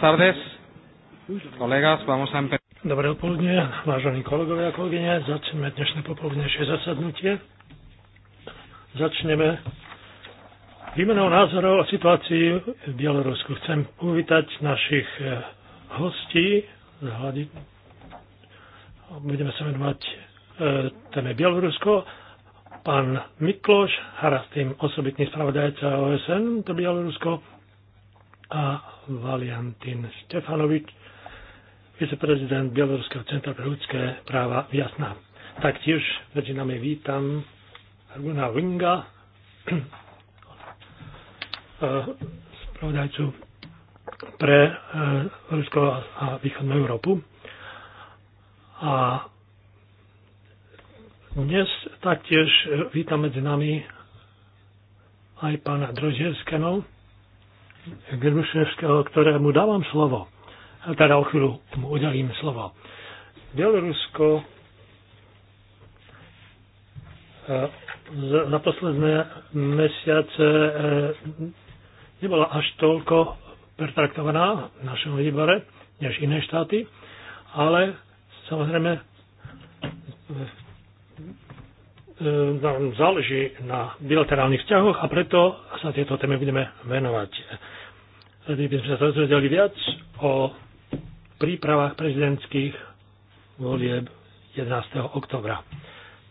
tardes, kolegas, Vamos a empezar. Dobré popoludne, vážení kolegovia a kolegyne. Začneme dnešné popoludnejšie zasadnutie. Začneme výmenou názorov o situácii v Bielorusku. Chcem uvítať našich eh, hostí. Budeme sa venovať eh, téme Bielorusko. Pán Mikloš, Harastim, osobitný spravodajca OSN do Bielorusko a Valiantin Štefanovič, viceprezident Bieloruského centra pre ľudské práva Jasná. Taktiež medzi nami vítam Runa Winga, eh, spravodajcu pre eh, Rusko a východnú Európu. A dnes taktiež eh, vítam medzi nami aj pána Drožierskenov, Grduševského, ktorému dávam slovo. A teda o chvíľu mu udelím slovo. Bielorusko za posledné mesiace e, nebola až toľko pertraktovaná v našom výbore, než iné štáty, ale samozrejme Ehm, nám záleží na bilaterálnych vzťahoch a preto sa tieto téme budeme venovať. Rady by sme sa dozvedeli viac o prípravách prezidentských volieb 11. oktobra.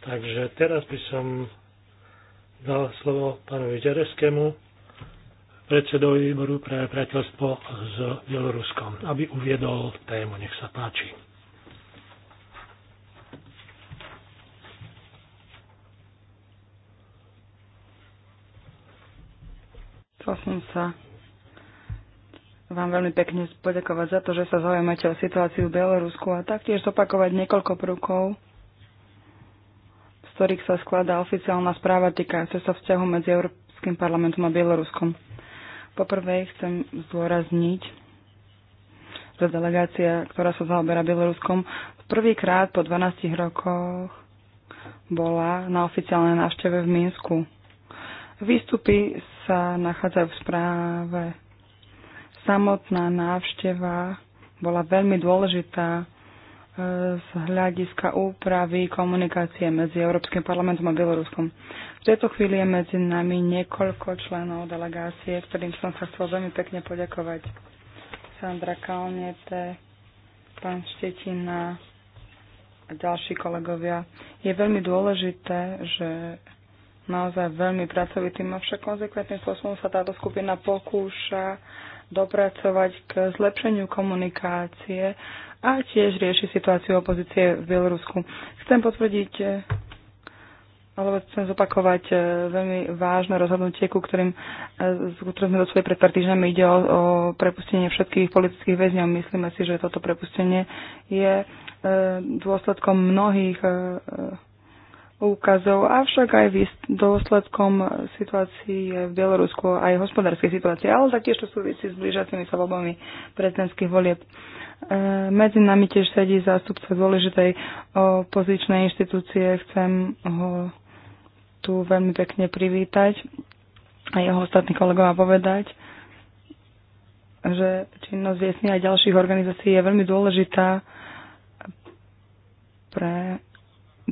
Takže teraz by som dal slovo pánovi Žereskému, predsedovi výboru pre priateľstvo s Bieloruskom, aby uviedol tému. Nech sa páči. Chcel som sa vám veľmi pekne poďakovať za to, že sa zaujímate o situáciu v Bielorusku a taktiež zopakovať niekoľko prvkov, z ktorých sa skladá oficiálna správa týkajúca sa vzťahu medzi Európskym parlamentom a Bieloruskom. Poprvé chcem zdôrazniť, že delegácia, ktorá sa zaoberá Bieloruskom, prvýkrát po 12 rokoch bola na oficiálnej návšteve v Minsku. Výstupy sa nachádzajú v správe. Samotná návšteva bola veľmi dôležitá e, z hľadiska úpravy komunikácie medzi Európskym parlamentom a Bieloruskom. V tejto chvíli je medzi nami niekoľko členov delegácie, ktorým som sa chcel veľmi pekne poďakovať. Sandra Kalniete, pán Štetina a ďalší kolegovia. Je veľmi dôležité, že naozaj veľmi pracovitým, avšak no konzekventným spôsobom sa táto skupina pokúša dopracovať k zlepšeniu komunikácie a tiež rieši situáciu opozície v Bielorusku. Chcem potvrdiť, eh, alebo chcem zopakovať eh, veľmi vážne rozhodnutie, ku ktorým, eh, ktoré sme dospeli pred pár týždňami. Ide o, o prepustenie všetkých politických väzňov. Myslíme si, že toto prepustenie je dôsledkom mnohých úkazov, avšak aj dôsledkom situácii v Bielorusku, aj hospodárskej situácie, ale taktiež to súvisí s blížacimi sa voľbami prezidentských volieb. E, medzi nami tiež sedí zástupca dôležitej opozičnej inštitúcie. Chcem ho tu veľmi pekne privítať a jeho ostatní kolegov a povedať, že činnosť Viesny a ďalších organizácií je veľmi dôležitá pre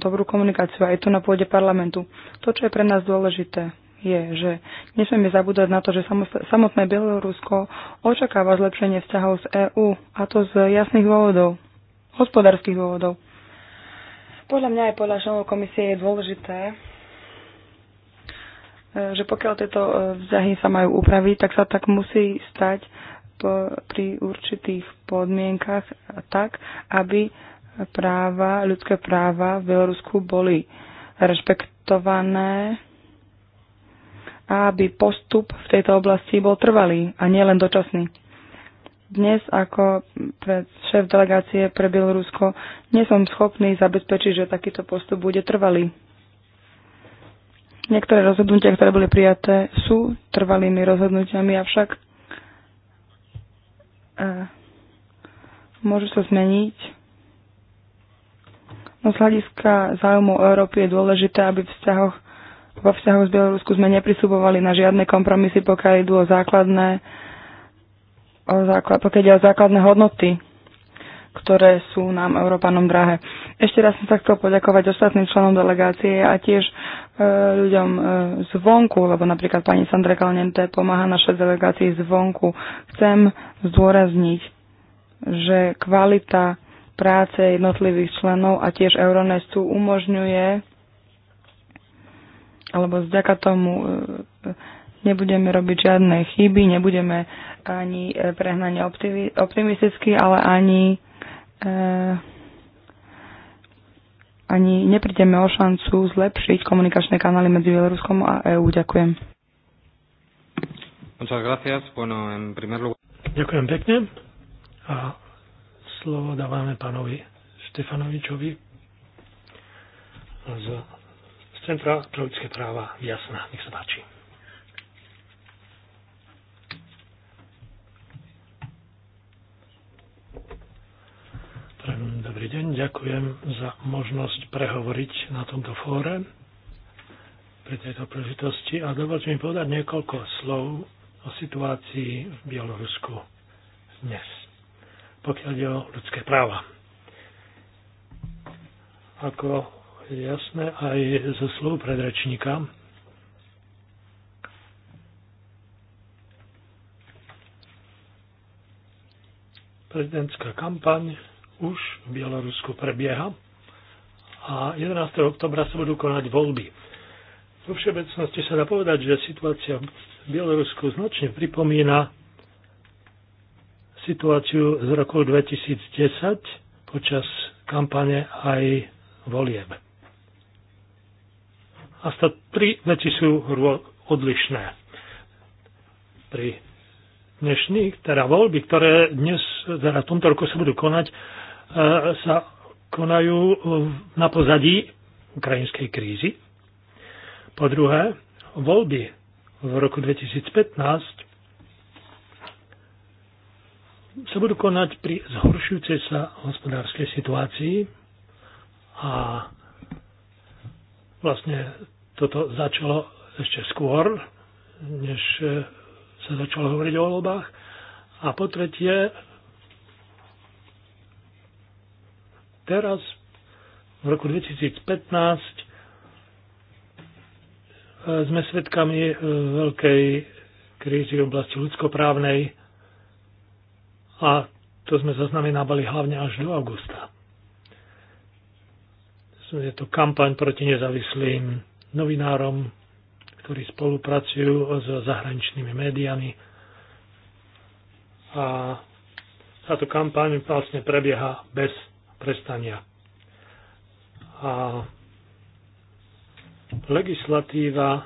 dobrú komunikáciu aj tu na pôde parlamentu. To, čo je pre nás dôležité, je, že nesmieme zabúdať na to, že samotné Bielorusko očakáva zlepšenie vzťahov z EÚ, a to z jasných dôvodov, hospodárskych dôvodov. Podľa mňa aj podľa členov komisie je dôležité, e, že pokiaľ tieto e, vzťahy sa majú upraviť, tak sa tak musí stať pri určitých podmienkach tak, aby práva, ľudské práva v Bielorusku boli rešpektované a aby postup v tejto oblasti bol trvalý a nielen dočasný. Dnes ako pred šéf delegácie pre Bielorusko nie som schopný zabezpečiť, že takýto postup bude trvalý. Niektoré rozhodnutia, ktoré boli prijaté, sú trvalými rozhodnutiami, avšak e, môžu sa zmeniť No z hľadiska záujmu Európy je dôležité, aby v vzťahoch, vo vzťahoch s Bielorusku sme neprisubovali na žiadne kompromisy, pokiaľ idú o základné, o základ, pokiaľ ide o základné hodnoty, ktoré sú nám Európanom drahé. Ešte raz som sa chcel poďakovať ostatným členom delegácie a tiež e, ľuďom e, zvonku, lebo napríklad pani Sandra Kalnente pomáha našej delegácii zvonku. Chcem zdôrazniť, že kvalita práce jednotlivých členov a tiež Euronestu umožňuje, alebo vďaka tomu e, nebudeme robiť žiadne chyby, nebudeme ani e, prehnane optimisticky, ale ani, e, ani neprídeme o šancu zlepšiť komunikačné kanály medzi Bieloruskom a EÚ. Ďakujem. Ďakujem pekne. A Slovo dávame pánovi Štefanovičovi z Centra pre ľudské práva Jasná. Nech sa páči. Dobrý deň, ďakujem za možnosť prehovoriť na tomto fóre pri tejto príležitosti a dovolte mi povedať niekoľko slov o situácii v Bielorusku dnes pokiaľ ide o ľudské práva. Ako jasné aj zo slov predrečníka, prezidentská kampaň už v Bielorusku prebieha a 11. oktobra sa budú konať voľby. Vo všeobecnosti sa dá povedať, že situácia v Bielorusku značne pripomína situáciu z roku 2010 počas kampane aj volieb. A to tri veci sú odlišné. Pri dnešných, teda voľby, ktoré dnes, teda v tomto roku sa budú konať, e, sa konajú na pozadí ukrajinskej krízy. Po druhé, voľby v roku 2015 sa budú konať pri zhoršujúcej sa hospodárskej situácii a vlastne toto začalo ešte skôr, než sa začalo hovoriť o voľbách. A po tretie, teraz v roku 2015 e, sme svedkami e, veľkej krízy v oblasti ľudskoprávnej a to sme zaznamenávali hlavne až do augusta. Je to kampaň proti nezávislým novinárom, ktorí spolupracujú s zahraničnými médiami. A táto kampaň vlastne prebieha bez prestania. A legislatíva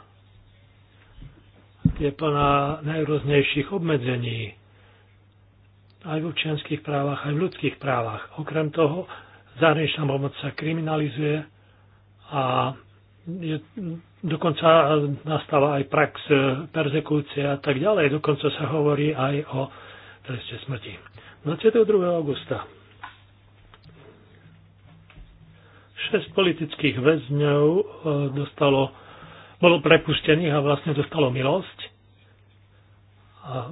je plná najrôznejších obmedzení aj v občianských právach, aj v ľudských právach. Okrem toho, zahraničná pomoc sa kriminalizuje a je, dokonca nastáva aj prax e, persekúcie a tak ďalej. Dokonca sa hovorí aj o treste smrti. 22. augusta 6 politických väzňov e, dostalo, bolo prepustených a vlastne dostalo milosť. A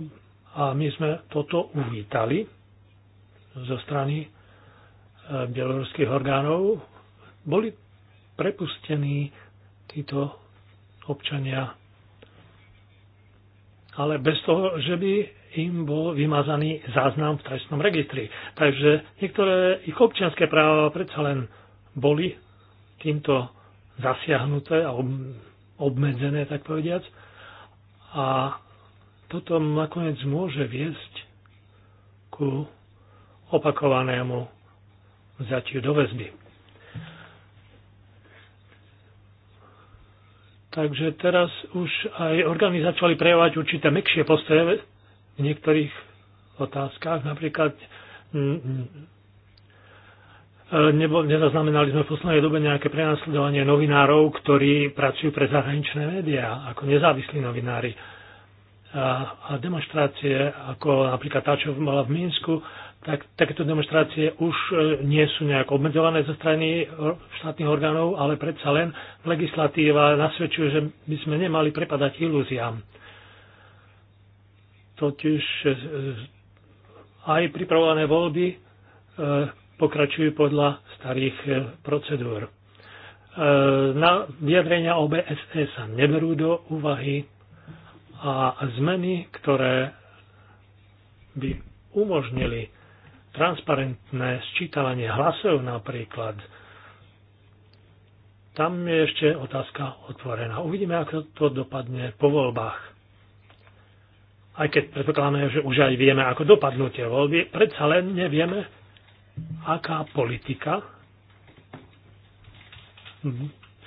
a my sme toto uvítali zo strany e, bieloruských orgánov. Boli prepustení títo občania, ale bez toho, že by im bol vymazaný záznam v trestnom registri. Takže niektoré ich občianské práva predsa len boli týmto zasiahnuté a obmedzené, tak povediac. A toto nakoniec môže viesť ku opakovanému vzatiu do väzby. Takže teraz už aj orgány začali prejavovať určité mekšie postoje v niektorých otázkach. Napríklad mm, mm, e, nebo, nezaznamenali sme v poslednej dobe nejaké prenasledovanie novinárov, ktorí pracujú pre zahraničné médiá ako nezávislí novinári a, a demonstrácie, ako napríklad tá, čo mala v Minsku, tak takéto demonstrácie už e, nie sú nejak obmedzované zo strany e, štátnych orgánov, ale predsa len legislatíva nasvedčuje, že by sme nemali prepadať ilúziám. Totiž e, aj pripravované voľby pokračujú podľa starých procedúr. Na vyjadrenia OBSE sa neberú do úvahy, a zmeny, ktoré by umožnili transparentné sčítavanie hlasov napríklad. Tam je ešte otázka otvorená. Uvidíme, ako to dopadne po voľbách. Aj keď predpokladáme, že už aj vieme, ako dopadnú tie voľby, predsa len nevieme, aká politika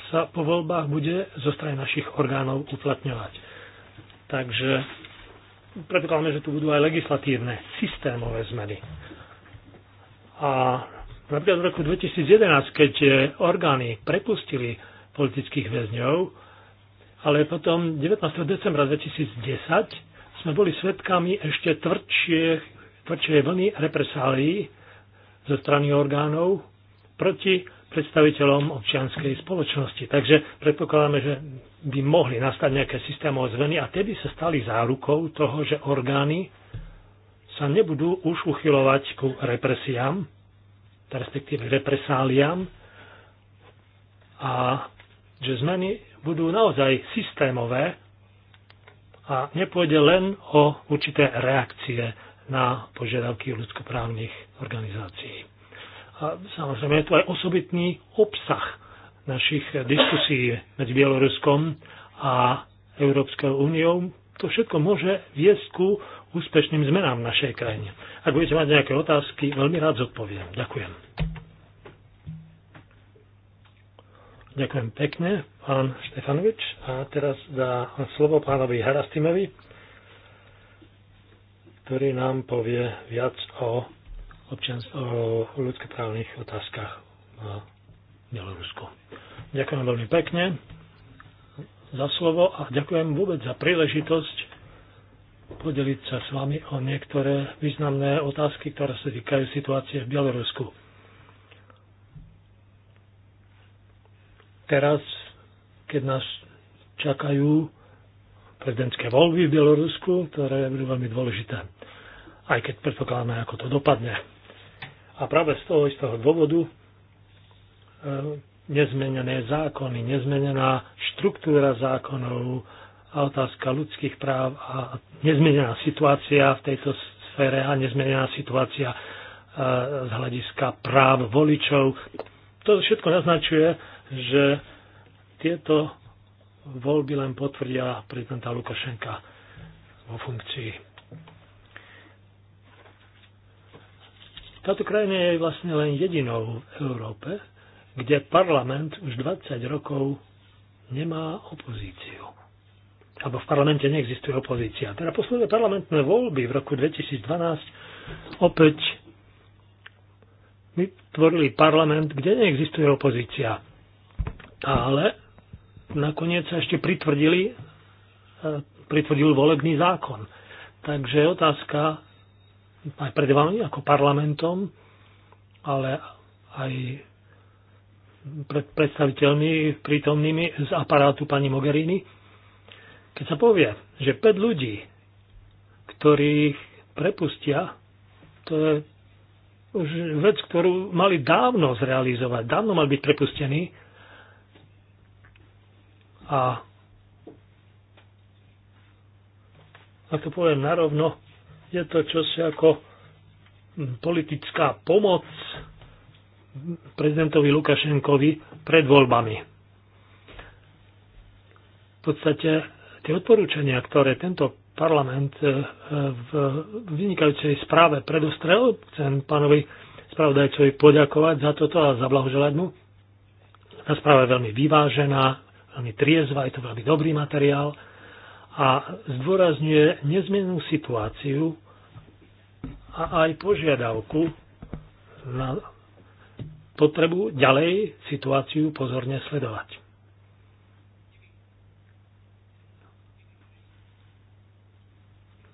sa po voľbách bude zo strany našich orgánov uplatňovať. Takže predpokladáme, že tu budú aj legislatívne, systémové zmeny. A napríklad v roku 2011, keď orgány prepustili politických väzňov, ale potom 19. decembra 2010 sme boli svedkami ešte tvrdšie, vlny represálií zo strany orgánov proti predstaviteľom občianskej spoločnosti. Takže predpokladáme, že by mohli nastať nejaké systémové zmeny a tedy sa stali zárukou toho, že orgány sa nebudú už uchylovať ku represiám, respektíve represáliám a že zmeny budú naozaj systémové a nepôjde len o určité reakcie na požiadavky ľudskoprávnych organizácií. A samozrejme je to aj osobitný obsah našich diskusí medzi Bieloruskom a Európskou úniou. To všetko môže viesť ku úspešným zmenám v našej krajine. Ak budete mať nejaké otázky, veľmi rád zodpoviem. Ďakujem. Ďakujem pekne, pán Štefanovič. A teraz dá slovo pánovi Harastimovi, ktorý nám povie viac o občans- o ľudskoprávnych otázkach v Bielorusku. Ďakujem veľmi pekne za slovo a ďakujem vôbec za príležitosť podeliť sa s vami o niektoré významné otázky, ktoré sa týkajú situácie v Bielorusku. Teraz, keď nás čakajú prezidentské voľby v Bielorusku, ktoré budú veľmi dôležité, aj keď predpokladáme, ako to dopadne. A práve z toho istého dôvodu e, nezmenené zákony, nezmenená štruktúra zákonov a otázka ľudských práv a nezmenená situácia v tejto sfére a nezmenená situácia e, z hľadiska práv voličov. To všetko naznačuje, že tieto voľby len potvrdia prezidenta Lukašenka vo funkcii. Táto krajina je vlastne len jedinou v Európe, kde parlament už 20 rokov nemá opozíciu. Alebo v parlamente neexistuje opozícia. Teda posledné parlamentné voľby v roku 2012 opäť vytvorili parlament, kde neexistuje opozícia. Ale nakoniec sa ešte pritvrdili, eh, pritvrdil volebný zákon. Takže otázka aj pred vami ako parlamentom, ale aj pred predstaviteľmi prítomnými z aparátu pani Mogherini. Keď sa povie, že 5 ľudí, ktorých prepustia, to je už vec, ktorú mali dávno zrealizovať, dávno mal byť prepustený. A ak to poviem narovno, je to čosi ako hm, politická pomoc prezidentovi Lukašenkovi pred voľbami. V podstate tie odporúčania, ktoré tento parlament e, e, v vynikajúcej správe predostrel. Chcem pánovi spravodajcovi poďakovať za toto a zablahoželať mu. Tá správa je veľmi vyvážená, veľmi triezva, je to veľmi dobrý materiál a zdôrazňuje nezmiennú situáciu a aj požiadavku na potrebu ďalej situáciu pozorne sledovať.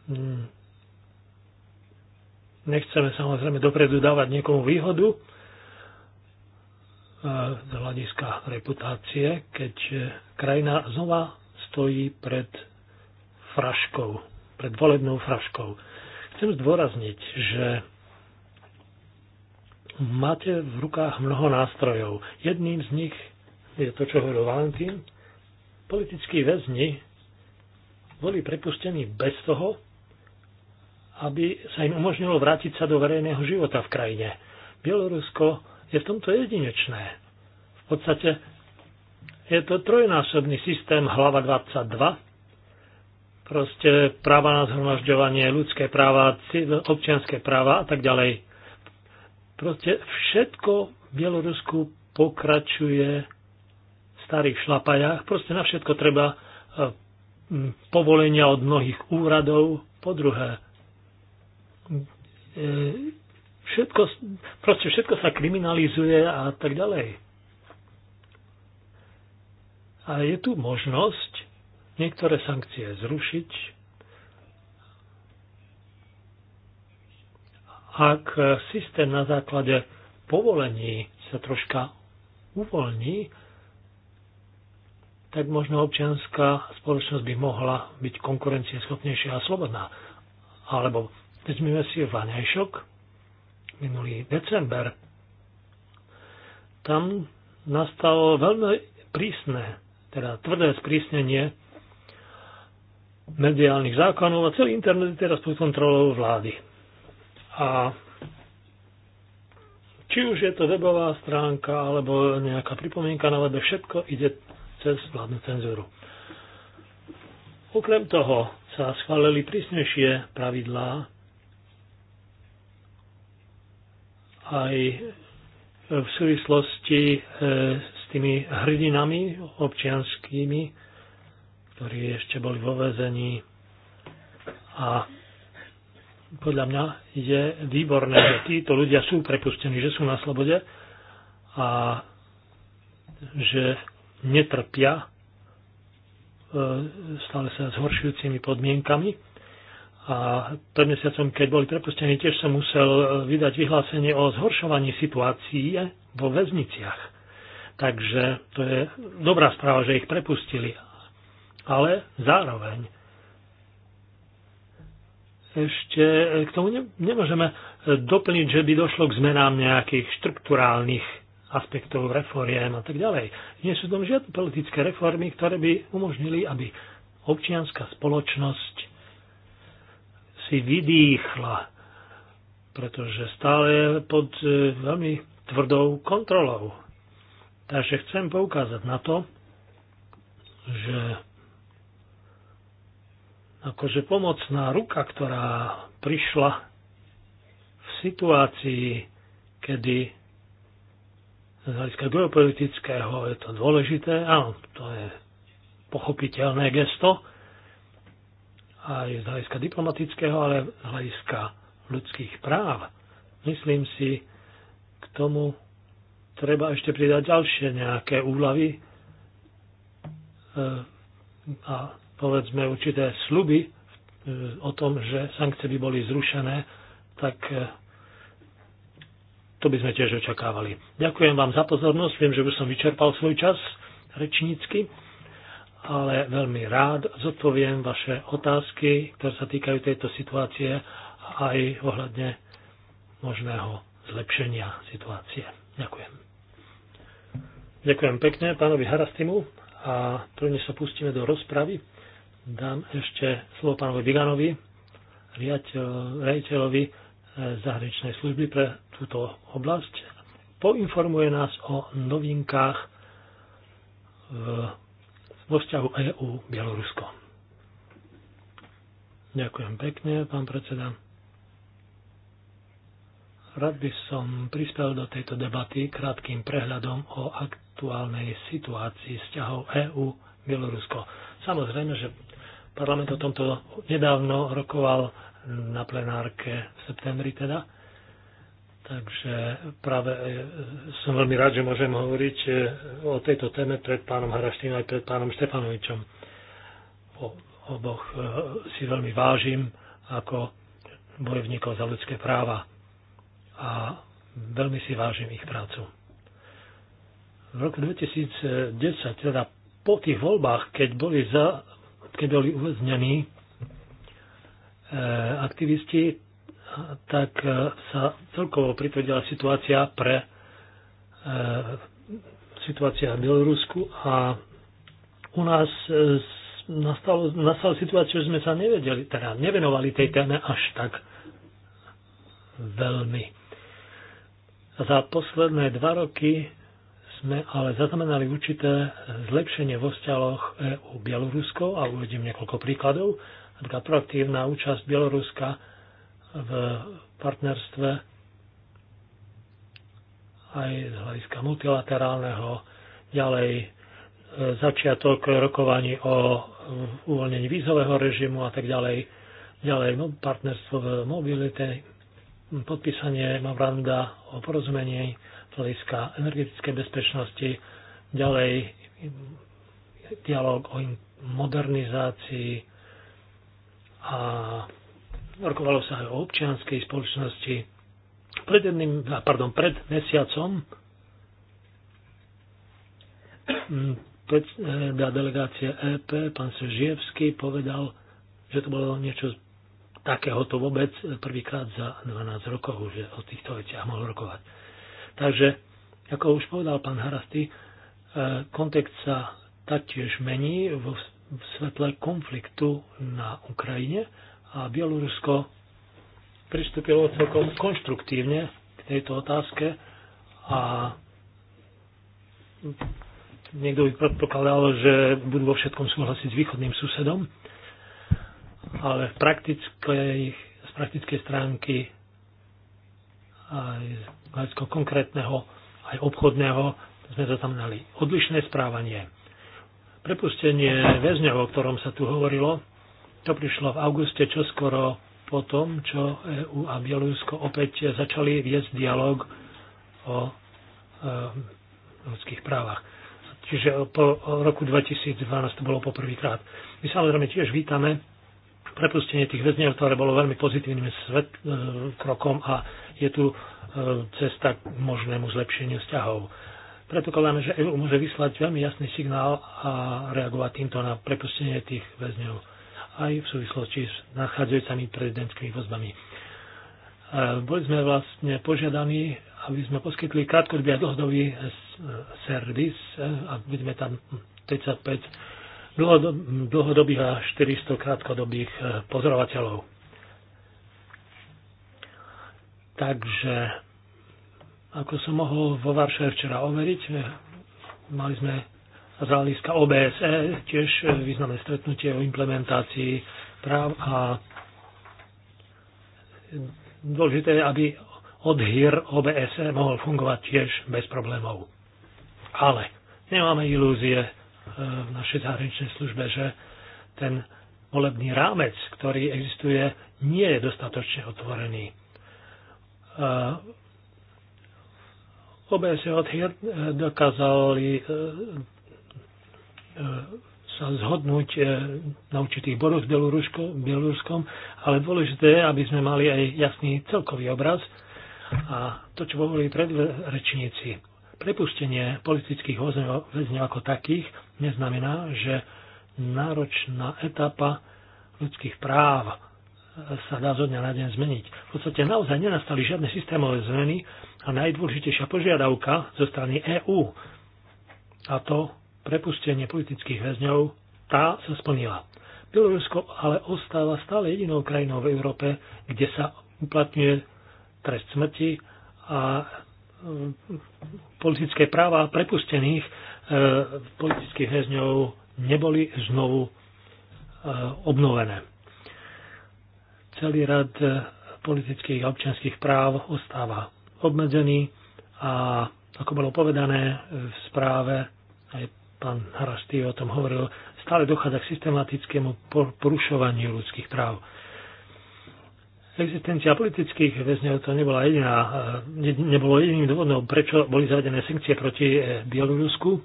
Hmm. Nechceme samozrejme dopredu dávať niekomu výhodu e, z hľadiska reputácie, keď e, krajina znova stojí pred fraškou, pred volebnou fraškou. Chcem zdôrazniť, že máte v rukách mnoho nástrojov. Jedným z nich je to, čo hovoril Valentín. Politickí väzni boli prepustení bez toho, aby sa im umožnilo vrátiť sa do verejného života v krajine. Bielorusko je v tomto jedinečné. V podstate je to trojnásobný systém hlava 22, proste práva na zhromažďovanie, ľudské práva, občianské práva a tak ďalej. Proste všetko v Bielorusku pokračuje v starých šlapajách. Proste na všetko treba e, povolenia od mnohých úradov. Po druhé, e, všetko, proste všetko sa kriminalizuje a tak ďalej. A je tu možnosť niektoré sankcie zrušiť, ak systém na základe povolení sa troška uvoľní, tak možno občianská spoločnosť by mohla byť konkurencieschopnejšia a slobodná. Alebo vezmeme si Vanejšok, minulý december. Tam nastalo veľmi prísne, teda tvrdé sprísnenie mediálnych zákonov a celý internet je teraz pod kontrolou vlády. A či už je to webová stránka alebo nejaká pripomienka na webe, všetko ide cez vládnu cenzúru. Okrem toho sa schválili prísnejšie pravidlá aj v súvislosti eh, s tými hrdinami občianskými, ktorí ešte boli vo vezení. A podľa mňa je výborné, že títo ľudia sú prepustení, že sú na slobode a že netrpia e, stále sa zhoršujúcimi podmienkami. A pred mesiacom, keď boli prepustení, tiež som musel vydať vyhlásenie o zhoršovaní situácií vo väzniciach. Takže to je dobrá správa, že ich prepustili ale zároveň ešte k tomu ne, nemôžeme e, doplniť, že by došlo k zmenám nejakých štruktúrálnych aspektov reforiem a tak ďalej. Nie sú tam žiadne politické reformy, ktoré by umožnili, aby občianská spoločnosť si vydýchla, pretože stále je pod e, veľmi tvrdou kontrolou. Takže chcem poukázať na to, že akože pomocná ruka, ktorá prišla v situácii, kedy z hľadiska geopolitického je to dôležité, áno, to je pochopiteľné gesto, aj z hľadiska diplomatického, ale z hľadiska ľudských práv. Myslím si, k tomu treba ešte pridať ďalšie nejaké úlavy e, a povedzme určité sluby e, o tom, že sankcie by boli zrušené, tak e, to by sme tiež očakávali. Ďakujem vám za pozornosť. Viem, že už som vyčerpal svoj čas rečnícky, ale veľmi rád zodpoviem vaše otázky, ktoré sa týkajú tejto situácie aj ohľadne možného zlepšenia situácie. Ďakujem. Ďakujem pekne pánovi Harastimu a prvne sa pustíme do rozpravy dám ešte slovo pánovi Biganovi, riaditeľovi eh, zahraničnej služby pre túto oblasť. Poinformuje nás o novinkách v, eh, vo vzťahu EU-Bielorusko. Ďakujem pekne, pán predseda. Rád by som prispel do tejto debaty krátkým prehľadom o aktuálnej situácii vzťahov EU-Bielorusko. Samozrejme, že Parlament o tomto nedávno rokoval na plenárke v septembri teda. Takže práve e, som veľmi rád, že môžem hovoriť e, o tejto téme pred pánom Haraštinom aj pred pánom Štefanovičom. O oboch e, si veľmi vážim ako bojovníkov za ľudské práva a veľmi si vážim ich prácu. V roku 2010, teda po tých voľbách, keď boli za, keď boli uväznení e, aktivisti, tak e, sa celkovo pritvrdila situácia pre e, situácia v Bielorusku a u nás e, nastalo, nastala situácia, že sme sa nevedeli, teda nevenovali tej téme až tak veľmi. Za posledné dva roky sme ale zaznamenali určité zlepšenie vo vzťahoch EU Bielorusko a uvedím niekoľko príkladov. Napríklad proaktívna účasť Bieloruska v partnerstve aj z hľadiska multilaterálneho, ďalej e, začiatok rokovaní o uvoľnení vízového režimu a tak ďalej, ďalej no, partnerstvo v mobilite, podpísanie memoranda o porozumení hľadiska energetickej bezpečnosti, ďalej dialog o modernizácii a rokovalo sa aj o občianskej spoločnosti. Pred, jedným, pardon, pred mesiacom mm, predseda eh, delegácie EP, pán Sežievský, povedal, že to bolo niečo takéhoto vôbec eh, prvýkrát za 12 rokov, že o týchto veciach mohol rokovať. Takže, ako už povedal pán Harasty, e, kontext sa taktiež mení vo svetle konfliktu na Ukrajine a Bielorusko pristúpilo celkom konštruktívne k tejto otázke a niekto by predpokladal, že budú vo všetkom súhlasiť s východným susedom, ale v praktickej, z praktickej stránky aj hľadiska konkrétneho, aj obchodného, sme zaznamenali odlišné správanie. Prepustenie väzňov, o ktorom sa tu hovorilo, to prišlo v auguste čoskoro po tom, čo EU a Bielorusko opäť začali viesť dialog o e, ľudských právach. Čiže po roku 2012 to bolo poprvýkrát. My samozrejme tiež vítame prepustenie tých väzňov, ktoré bolo veľmi pozitívnym svet, e, krokom a je tu e, cesta k možnému zlepšeniu vzťahov. Predpokladáme, že EU môže vyslať veľmi jasný signál a reagovať týmto na prepustenie tých väzňov aj v súvislosti s nachádzajúcimi prezidentskými vozbami. E, boli sme vlastne požiadaní, aby sme poskytli krátkodobý a dlhodobý servis, a budeme tam 35 dlhodobých a 400 krátkodobých e, pozorovateľov. Takže, ako som mohol vo Varšave včera overiť, e, mali sme z hľadiska OBSE tiež e, významné stretnutie o implementácii práv a dôležité je, aby odhýr OBSE mohol fungovať tiež bez problémov. Ale nemáme ilúzie, E, v našej zahraničnej službe, že ten volebný rámec, ktorý existuje, nie je dostatočne otvorený. E, OBS e, dokázali sa zhodnúť na určitých bodoch s Bieloruskom, ale dôležité je, aby sme mali aj jasný celkový obraz a to, čo hovorili predrečníci. Prepustenie politických väzňov ako takých neznamená, že náročná etapa ľudských práv sa dá zo dňa na deň zmeniť. V podstate naozaj nenastali žiadne systémové zmeny a najdôležitejšia požiadavka zo strany EÚ, a to prepustenie politických väzňov, tá sa splnila. Bielorusko ale ostáva stále jedinou krajinou v Európe, kde sa uplatňuje trest smrti a politické práva prepustených e, politických väzňov neboli znovu e, obnovené. Celý rad e, politických a občianských práv ostáva obmedzený a ako bolo povedané v správe, aj pán Harastý o tom hovoril, stále dochádza k systematickému porušovaniu ľudských práv. Existencia politických väzňov to nebola jediná, e, nebolo jediným dôvodom, prečo boli zavedené sankcie proti e, Bielorusku.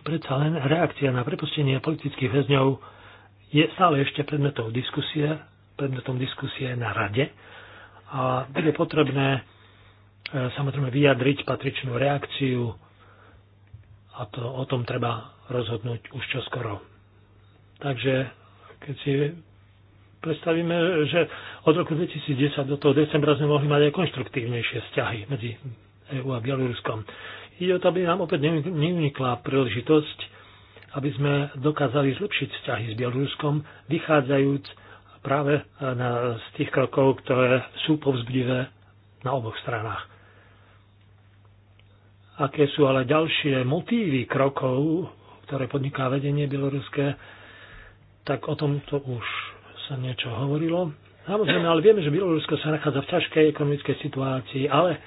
Predsa len reakcia na prepustenie politických väzňov je stále ešte predmetom diskusie, predmetom diskusie na rade a bude potrebné e, samozrejme vyjadriť patričnú reakciu a to, o tom treba rozhodnúť už čoskoro. Takže keď si predstavíme, že od roku 2010 do toho decembra sme mohli mať aj konštruktívnejšie vzťahy medzi EU a Bieloruskom. Ide o to, aby nám opäť neunikla príležitosť, aby sme dokázali zlepšiť vzťahy s Bieloruskom, vychádzajúc práve e, na, z tých krokov, ktoré sú povzbudivé na oboch stranách. Aké sú ale ďalšie motívy krokov, ktoré podniká vedenie bieloruské, tak o tom to už sa niečo hovorilo. Samozrejme, ale vieme, že Bielorusko sa nachádza v ťažkej ekonomickej situácii, ale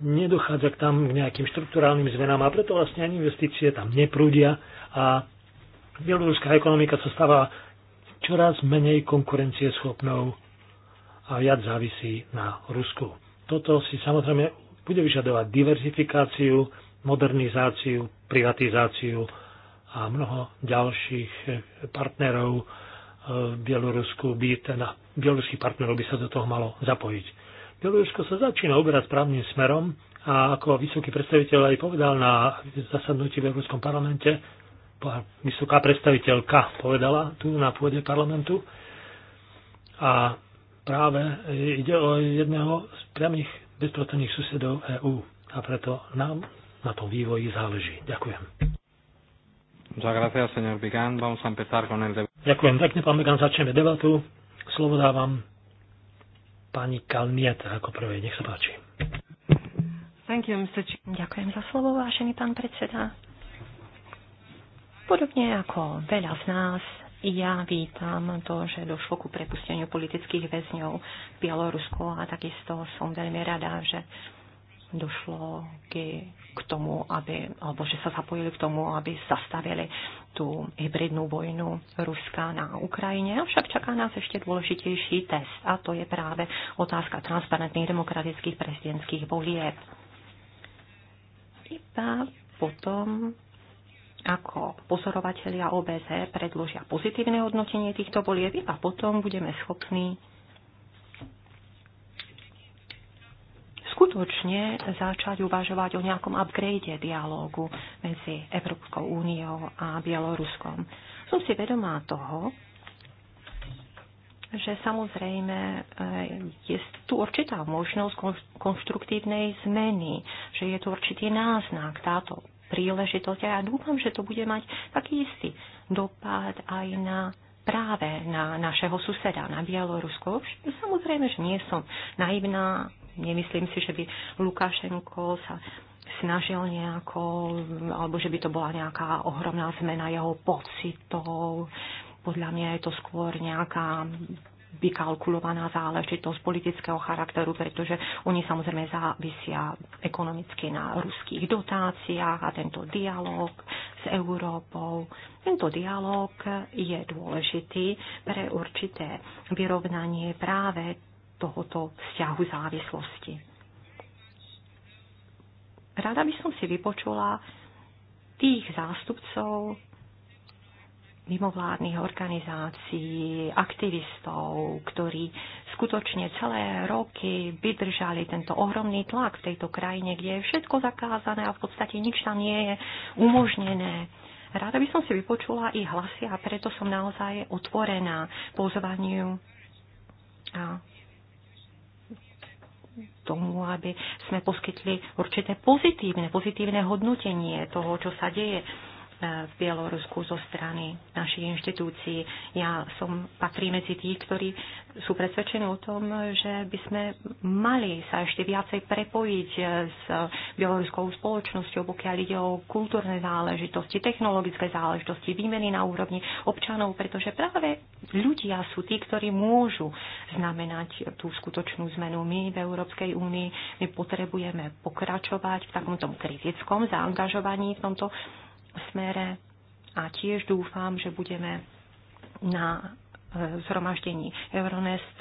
nedochádza k tam k nejakým štruktúrálnym zmenám a preto vlastne ani investície tam neprúdia a bieloruská ekonomika sa stáva čoraz menej konkurencieschopnou a viac závisí na Rusku. Toto si samozrejme bude vyžadovať diverzifikáciu, modernizáciu, privatizáciu a mnoho ďalších partnerov Bielorusku by ten, bieloruských partnerov by sa do toho malo zapojiť. Bielorusko sa začína uberať správnym smerom a ako vysoký predstaviteľ aj povedal na zasadnutí v Európskom parlamente, vysoká predstaviteľka povedala tu na pôde parlamentu a práve ide o jedného z priamých bezprostredných susedov EÚ a preto nám na tom vývoji záleží. Ďakujem. Ďakujem pekne, pán Began, začneme debatu. Slovo dávam pani Kalniete ako prvé. Nech sa páči. Thank you, Mr. Ďakujem za slovo, vážený pán predseda. Podobne ako veľa z nás, ja vítam to, že došlo ku prepusteniu politických väzňov v Bielorusku a takisto som veľmi rada, že došlo k tomu, aby, alebo že sa zapojili k tomu, aby zastavili tú hybridnú vojnu Ruska na Ukrajine. Avšak čaká nás ešte dôležitejší test a to je práve otázka transparentných demokratických prezidentských volieb. Iba potom ako pozorovatelia OBZ e predložia pozitívne hodnotenie týchto volieb, iba potom budeme schopní skutočne začať uvažovať o nejakom upgrade dialógu medzi Európskou úniou a Bieloruskom. Som si vedomá toho, že samozrejme eh, je tu určitá možnosť konštruktívnej zmeny, že je tu určitý náznak táto príležitosť a ja dúfam, že to bude mať taký istý dopad aj na práve na našeho suseda, na Bielorusko. Samozrejme, že nie som naivná Nemyslím si, že by Lukašenko sa snažil nejako, alebo že by to bola nejaká ohromná zmena jeho pocitov. Podľa mňa je to skôr nejaká vykalkulovaná záležitosť politického charakteru, pretože oni samozrejme závisia ekonomicky na ruských dotáciách a tento dialog s Európou. Tento dialog je dôležitý pre určité vyrovnanie práve tohoto vzťahu závislosti. Rada by som si vypočula tých zástupcov mimovládnych organizácií, aktivistov, ktorí skutočne celé roky vydržali tento ohromný tlak v tejto krajine, kde je všetko zakázané a v podstate nič tam nie je umožnené. Ráda by som si vypočula ich hlasy a preto som naozaj otvorená pozvaniu a tomu, aby sme poskytli určité pozitívne, pozitívne hodnotenie toho, čo sa deje E, v Bielorusku zo strany našich inštitúcií. Ja som patrí medzi tých, ktorí sú presvedčení o tom, že by sme mali sa ešte viacej prepojiť e, s bieloruskou spoločnosťou, pokiaľ ide o kultúrne záležitosti, technologické záležitosti, výmeny na úrovni občanov, pretože práve ľudia sú tí, ktorí môžu znamenať tú skutočnú zmenu. My v Európskej únii my potrebujeme pokračovať v takomto kritickom zaangažovaní v tomto smere a tiež dúfam, že budeme na e, zhromaždení Euronest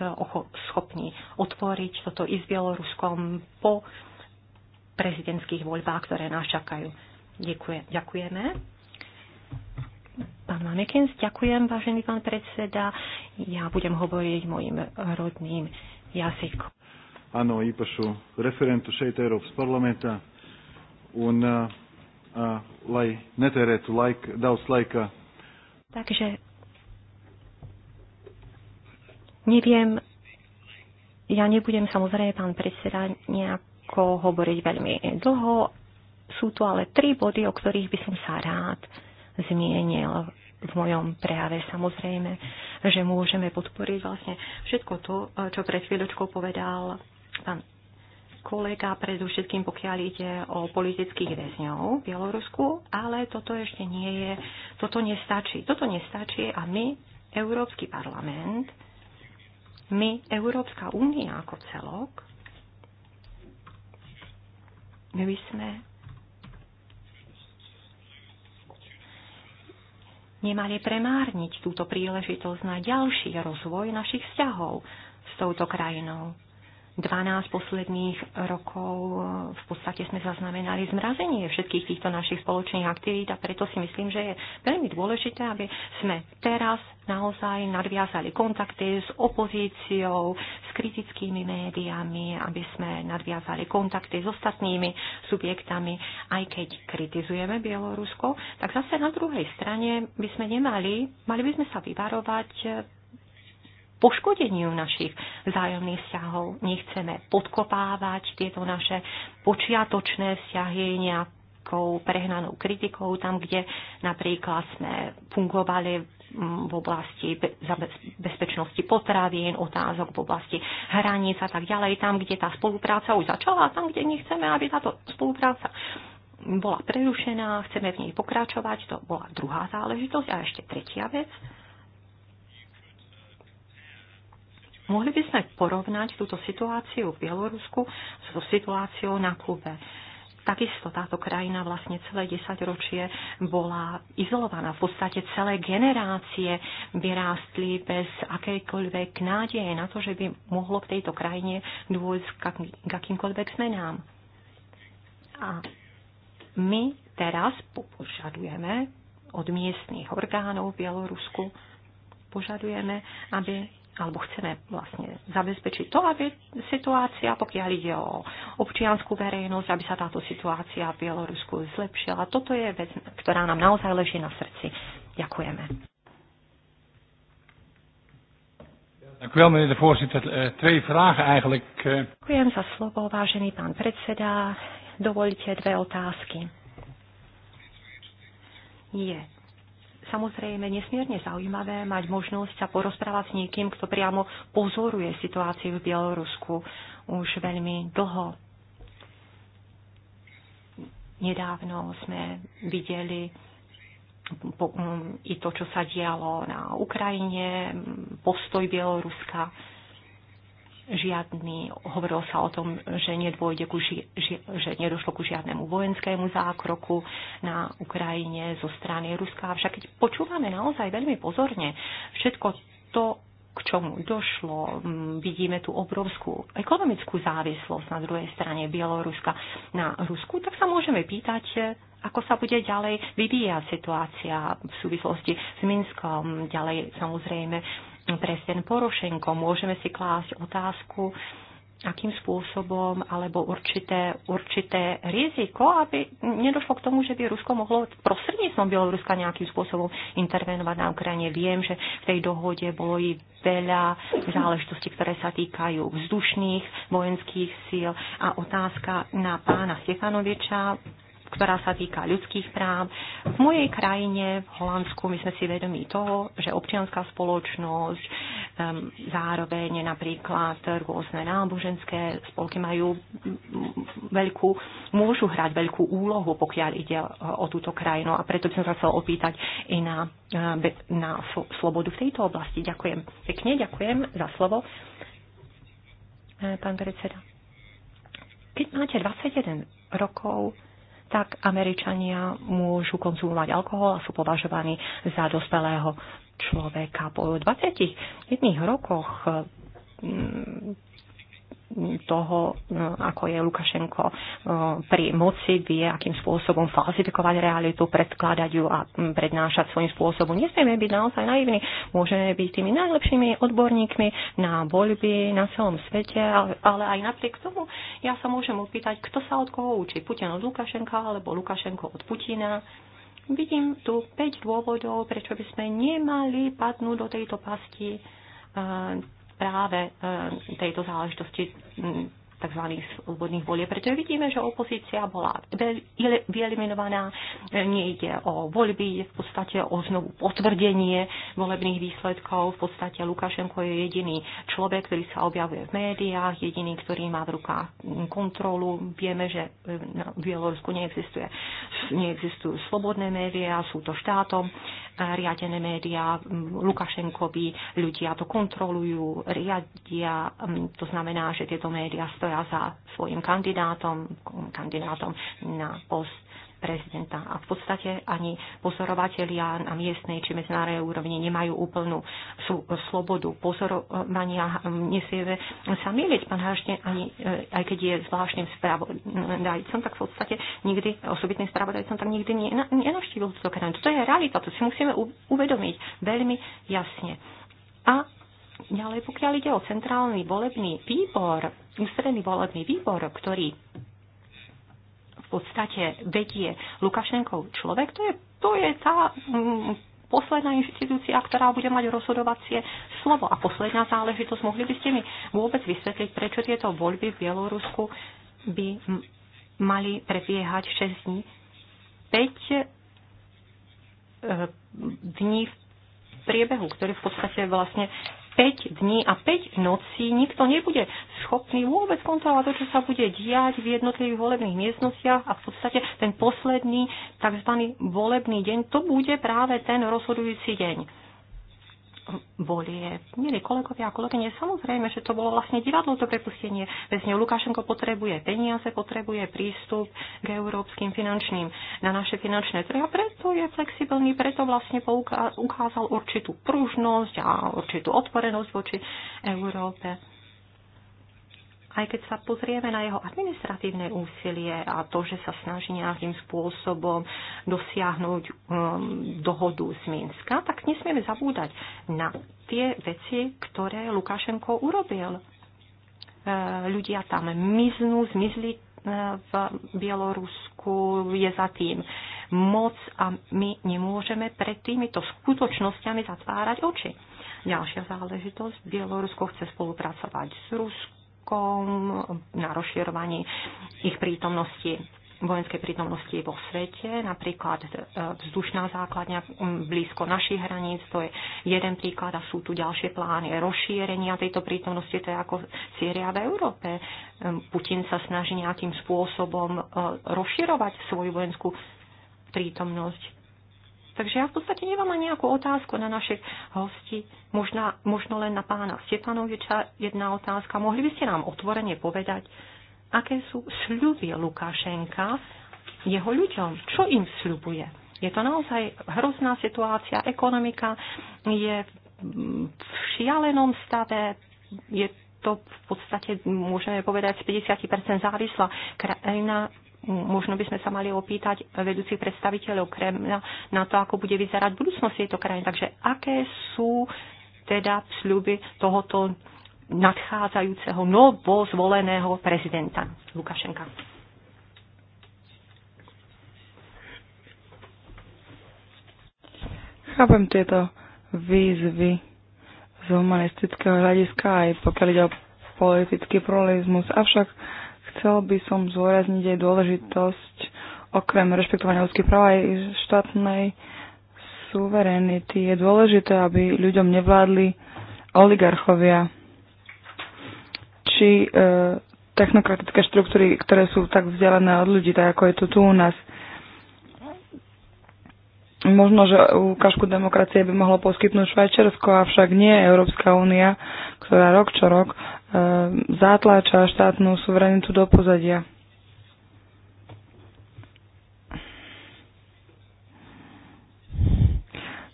schopní otvoriť toto i s Bieloruskom po prezidentských voľbách, ktoré nás čakajú. Ďakujem, ďakujeme. Pán Manekens, ďakujem, vážený pán predseda. Ja budem hovoriť mojim rodným jazykom. Áno, Ipašu, referentu šeit z parlamenta. Un uh, lai netērētu laika, daudz laika. Takže neviem, ja nebudem samozrejme, pán predseda, nejako hovoriť veľmi dlho. Sú tu ale tri body, o ktorých by som sa rád zmienil v mojom prejave samozrejme, že môžeme podporiť vlastne všetko to, čo pred chvíľočkou povedal pán kolega predovšetkým pokiaľ ide o politických väzňov v Bielorusku, ale toto ešte nie je, toto nestačí. Toto nestačí a my, Európsky parlament, my, Európska únia ako celok, my by sme nemali premárniť túto príležitosť na ďalší rozvoj našich vzťahov s touto krajinou. 12 posledných rokov e, v podstate sme zaznamenali zmrazenie všetkých týchto našich spoločných aktivít a preto si myslím, že je veľmi dôležité, aby sme teraz naozaj nadviazali kontakty s opozíciou, s kritickými médiami, aby sme nadviazali kontakty s ostatnými subjektami. Aj keď kritizujeme Bielorusko, tak zase na druhej strane by sme nemali, mali by sme sa vyvarovať poškodeniu našich vzájomných vzťahov. Nechceme podkopávať tieto naše počiatočné vzťahy nejakou prehnanou kritikou, tam, kde napríklad sme fungovali v oblasti bezpečnosti potravín, otázok v oblasti hraníc a tak ďalej, tam, kde tá spolupráca už začala, tam, kde nechceme, aby táto spolupráca bola prerušená, chceme v nej pokračovať, to bola druhá záležitosť. A ešte tretia vec, Mohli by sme porovnať túto situáciu v Bielorusku so situáciou na Kube. Takisto táto krajina vlastne celé desaťročie bola izolovaná. V podstate celé generácie vyrástli bez akejkoľvek nádeje na to, že by mohlo v tejto krajine dôjsť k akýmkoľvek zmenám. A my teraz požadujeme od miestných orgánov v Bielorusku, požadujeme, aby alebo chceme vlastne zabezpečiť to, aby situácia, pokiaľ ide o občianskú verejnosť, aby sa táto situácia v Bielorusku zlepšila. Toto je vec, ktorá nám naozaj leží na srdci. Ďakujeme. Dank u wel, meneer de voorzitter. Uh, twee vragen eigenlijk. Uh... Ďakujem za slovo, vážený pán predseda. Dovolite dve otázky. Je samozrejme nesmierne zaujímavé mať možnosť sa porozprávať s niekým, kto priamo pozoruje situáciu v Bielorusku už veľmi dlho. Nedávno sme videli i to, čo sa dialo na Ukrajine, postoj Bieloruska žiadny, hovorilo sa o tom, že nedôjde ku ži, ži, že nedošlo ku žiadnemu vojenskému zákroku na Ukrajine zo strany Ruska. Avšak keď počúvame naozaj veľmi pozorne všetko to, k čomu došlo. Vidíme tú obrovskú ekonomickú závislosť na druhej strane Bieloruska na Rusku, tak sa môžeme pýtať, ako sa bude ďalej vyvíjať situácia v súvislosti s Minskom, ďalej samozrejme prezident Porošenko. Môžeme si klásť otázku, akým spôsobom, alebo určité, určité riziko, aby nedošlo k tomu, že by Rusko mohlo prostredníctvom Bieloruska nejakým spôsobom intervenovať na Ukrajine. Viem, že v tej dohode bolo i veľa záležitostí, ktoré sa týkajú vzdušných vojenských síl a otázka na pána Stefanoviča ktorá sa týka ľudských práv. V mojej krajine, v Holandsku, my sme si vedomí toho, že občianská spoločnosť, ehm, zároveň napríklad rôzne náboženské spolky majú veľkú, môžu hrať veľkú úlohu, pokiaľ ide o túto krajinu. A preto by som sa chcel opýtať i na, ehm, na slobodu v tejto oblasti. Ďakujem pekne, ďakujem za slovo, ehm, pán predseda. Keď máte 21 rokov, tak Američania môžu konzumovať alkohol a sú považovaní za dospelého človeka. Po 21 rokoch mm, toho, e, ako je Lukašenko e, pri moci, vie, akým spôsobom falsifikovať realitu, predkladať ju a prednášať svojím spôsobom. Nesmieme byť naozaj naivní, môžeme byť tými najlepšími odborníkmi na voľby na celom svete, ale aj napriek tomu ja sa môžem opýtať, kto sa od koho učí, Putin od Lukašenka alebo Lukašenko od Putina. Vidím tu 5 dôvodov, prečo by sme nemali padnúť do tejto pasti právě e, této záležitosti tzv. slobodných volieb, pretože vidíme, že opozícia bola vyeliminovaná, nejde o voľby, je v podstate o znovu potvrdenie volebných výsledkov. V podstate Lukašenko je jediný človek, ktorý sa objavuje v médiách, jediný, ktorý má v rukách kontrolu. Vieme, že v e, Bielorusku neexistuje, neexistujú slobodné médiá, sú to štátom riadené médiá, Lukašenkovi ľudia to kontrolujú, riadia, to znamená, že tieto médiá postoja za svojim kandidátom, kandidátom na post prezidenta. A v podstate ani pozorovatelia na miestnej či medzinárodnej úrovni nemajú úplnú slobodu pozorovania. Nesieve sa miliť, pán Hašne, ani, e, aj keď je zvláštnym spravodajcom, tak v podstate nikdy, osobitným spravodajcom, tak nikdy nenoštívil túto krajinu. Toto je realita, to si musíme uvedomiť veľmi jasne. A ďalej, pokiaľ ide o centrálny volebný výbor, ústredný volebný výbor, ktorý v podstate vedie Lukašenkov človek, to je, to je tá mm, posledná inštitúcia, ktorá bude mať rozhodovacie slovo. A posledná záležitosť, mohli by ste mi vôbec vysvetliť, prečo tieto voľby v Bielorusku by mali prebiehať 6 dní. 5 e, dní v priebehu, ktorý v podstate vlastne 5 dní a 5 nocí nikto nebude schopný vôbec kontrolovať to, čo sa bude diať v jednotlivých volebných miestnostiach a v podstate ten posledný tzv. volebný deň, to bude práve ten rozhodujúci deň bolie Milí kolegovia a kolegyne, samozrejme, že to bolo vlastne divadlo to prepustenie. Vezňou Lukašenko potrebuje peniaze, potrebuje prístup k európskym finančným, na naše finančné trhy a preto je flexibilný, preto vlastne ukázal určitú pružnosť a určitú otvorenosť voči Európe aj keď sa pozrieme na jeho administratívne úsilie a to, že sa snaží nejakým spôsobom dosiahnuť um, dohodu z Minska, tak nesmieme zabúdať na tie veci, ktoré Lukašenko urobil. E, ľudia tam miznú, zmizli uh, v Bielorusku, je za tým moc a my nemôžeme pred týmito skutočnosťami zatvárať oči. Ďalšia záležitosť. Bielorusko chce spolupracovať s Ruskom krokom na rozširovaní ich prítomnosti vojenskej prítomnosti vo svete, napríklad e, vzdušná základňa blízko našich hraníc, to je jeden príklad a sú tu ďalšie plány rozšírenia tejto prítomnosti, to je ako Sýria v Európe. E, Putin sa snaží nejakým spôsobom e, rozširovať svoju vojenskú prítomnosť Takže ja v podstate nemám ani nejakú otázku na našich hosti, možná, možno len na pána Stepanoviča jedna otázka. Mohli by ste nám otvorene povedať, aké sú sľuby Lukašenka jeho ľuďom? Čo im sľubuje? Je to naozaj hrozná situácia, ekonomika je v šialenom stave, je to v podstate, môžeme povedať, z 50% závislá krajina možno by sme sa mali opýtať vedúcich predstaviteľov Kremľa na to, ako bude vyzerať budúcnosť tejto krajiny. Takže aké sú teda sľuby tohoto nadchádzajúceho novo zvoleného prezidenta Lukašenka. Chápem tieto výzvy z humanistického hľadiska aj pokiaľ ide o politický pluralizmus, avšak Chcel by som zôrazniť aj dôležitosť okrem rešpektovania ľudských práv aj štátnej suverenity. Je dôležité, aby ľuďom nevládli oligarchovia či e, technokratické štruktúry, ktoré sú tak vzdialené od ľudí, tak ako je to tu u nás. Možno, že ukážku demokracie by mohlo poskytnúť Švajčiarsko, avšak nie Európska únia, ktorá rok čo rok Ehm, zatláča štátnu suverenitu do pozadia.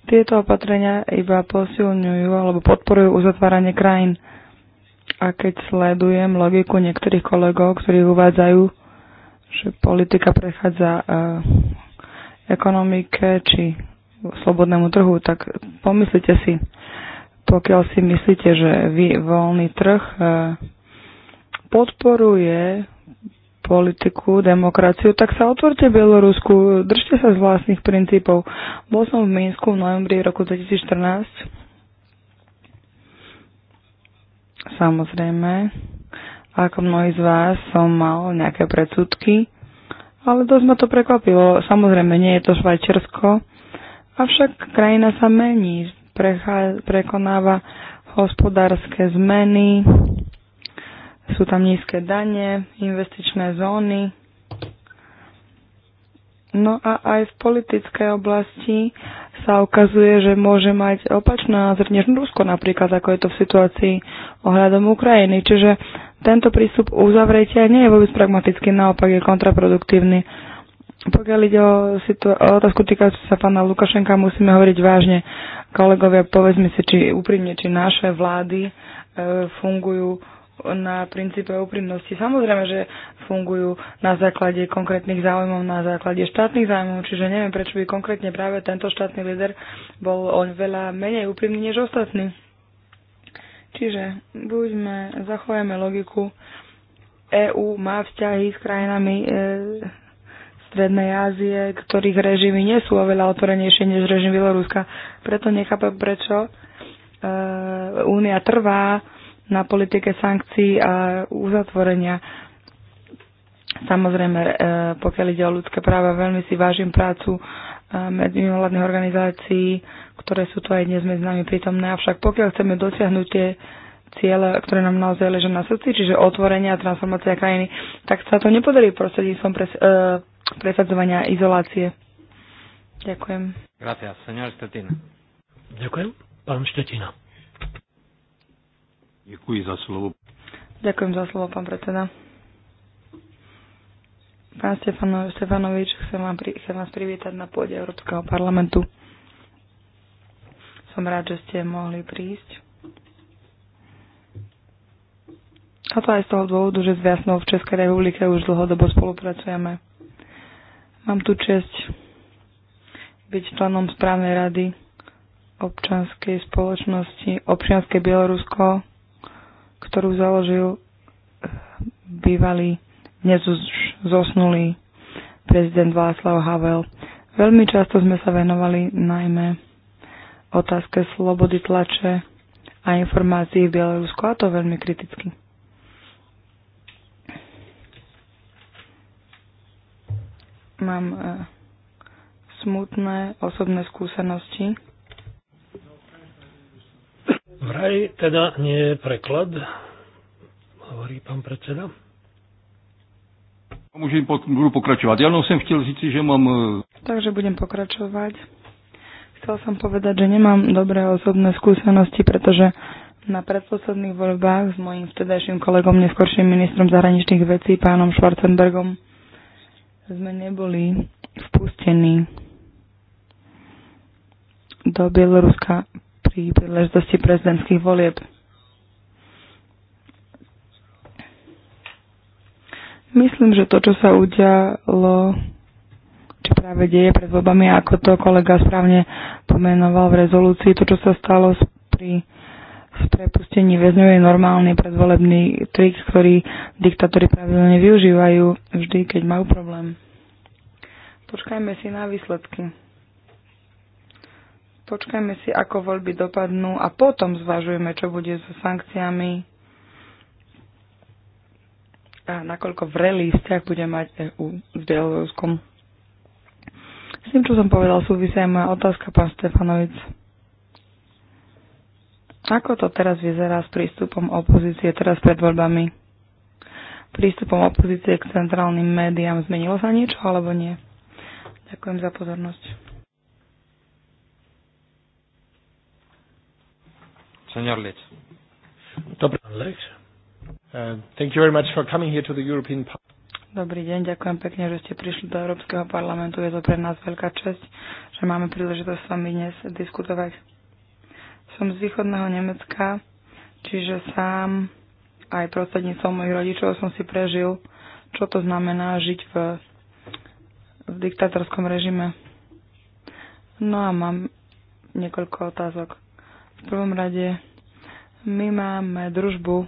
Tieto opatrenia iba posilňujú alebo podporujú uzatváranie krajín. A keď sledujem logiku niektorých kolegov, ktorí uvádzajú, že politika prechádza eh, ekonomike či slobodnému trhu, tak pomyslite si, pokiaľ si myslíte, že vy, voľný trh e, podporuje politiku, demokraciu, tak sa otvorte Bielorusku, držte sa z vlastných princípov. Bol som v Minsku v novembri roku 2014. Samozrejme, ako mnohí z vás som mal nejaké predsudky, ale dosť ma to prekvapilo. Samozrejme, nie je to Švajčersko, avšak krajina sa mení prekonáva hospodárske zmeny, sú tam nízke dane, investičné zóny. No a aj v politickej oblasti sa ukazuje, že môže mať opačný názor než Rusko napríklad, ako je to v situácii ohľadom Ukrajiny. Čiže tento prístup uzavretia nie je vôbec pragmatický, naopak je kontraproduktívny. Pokiaľ ide o, situ- o otázku týkajúcu sa pána Lukašenka, musíme hovoriť vážne. Kolegovia, povedzme si, či úprimne, či naše vlády e, fungujú na princípe úprimnosti. Samozrejme, že fungujú na základe konkrétnych záujmov, na základe štátnych záujmov, čiže neviem, prečo by konkrétne práve tento štátny líder bol veľa menej úprimný než ostatný. Čiže buďme, zachovajme logiku. EÚ má vzťahy s krajinami e, Strednej Ázie, ktorých režimy nie sú oveľa otvorenejšie než režim Bieloruska. Preto nechápem, prečo e, Únia trvá na politike sankcií a uzatvorenia. Samozrejme, e, pokiaľ ide o ľudské práva, veľmi si vážim prácu e, mimovládnych organizácií, ktoré sú tu aj dnes medzi nami prítomné. Avšak pokiaľ chceme dosiahnuť tie ciele, ktoré nám naozaj ležia na srdci, čiže otvorenie a transformácia krajiny, tak sa to nepodarí prostredníctvom pres, e, presadzovania izolácie. Ďakujem. Gracias, señor Štetina. Ďakujem. Pán Štetina. Ďakujem za slovo. Ďakujem za slovo, pán predseda. Pán Stefano, Stefanovič, chcem, vám, chcem vás privítať na pôde Európskeho parlamentu. Som rád, že ste mohli prísť. A to aj z toho dôvodu, že s Viasnou v Českej republike už dlhodobo spolupracujeme. Mám tu čest byť členom správnej rady občanskej spoločnosti Občianske Bielorusko, ktorú založil bývalý, dnes už zosnulý prezident Václav Havel. Veľmi často sme sa venovali najmä otázke slobody tlače a informácií v Bielorusku a to veľmi kriticky. Mám e, smutné osobné skúsenosti. Vraj teda nie je preklad, hovorí pán predseda. Môžem, budu pokračovať. Ja som chcel říci, že mám... E, Takže budem pokračovať. Chcel som povedať, že nemám dobré osobné skúsenosti, pretože na predposledných voľbách s mojím vtedajším kolegom, neskôrším ministrom zahraničných vecí, pánom Schwarzenbergom, sme neboli vpustení do Bieloruska pri príležitosti prezidentských volieb. Myslím, že to, čo sa udialo, či práve deje pred voľbami, ako to kolega správne pomenoval v rezolúcii, to, čo sa stalo pri v prepustení väzňov je normálny predvolebný trik, ktorý diktatóri pravidelne využívajú vždy, keď majú problém. Počkajme si na výsledky. Počkajme si, ako voľby dopadnú a potom zvažujeme, čo bude so sankciami a nakoľko vrelý vzťah bude mať EU s Bieloruskom. S tým, čo som povedal, súvisia aj moja otázka, pán Stefanovic. Ako to teraz vyzerá s prístupom opozície teraz pred voľbami? Prístupom opozície k centrálnym médiám zmenilo sa niečo alebo nie? Ďakujem za pozornosť. Senior Lic. Dobre, Lex. Uh, thank you very much for coming here to the European Parliament. Dobrý deň, ďakujem pekne, že ste prišli do Európskeho parlamentu. Je to pre nás veľká čest, že máme príležitosť s vami dnes diskutovať som z východného Nemecka, čiže sám aj prostredníctvom mojich rodičov som si prežil, čo to znamená žiť v, v diktátorskom režime. No a mám niekoľko otázok. V prvom rade, my máme družbu e,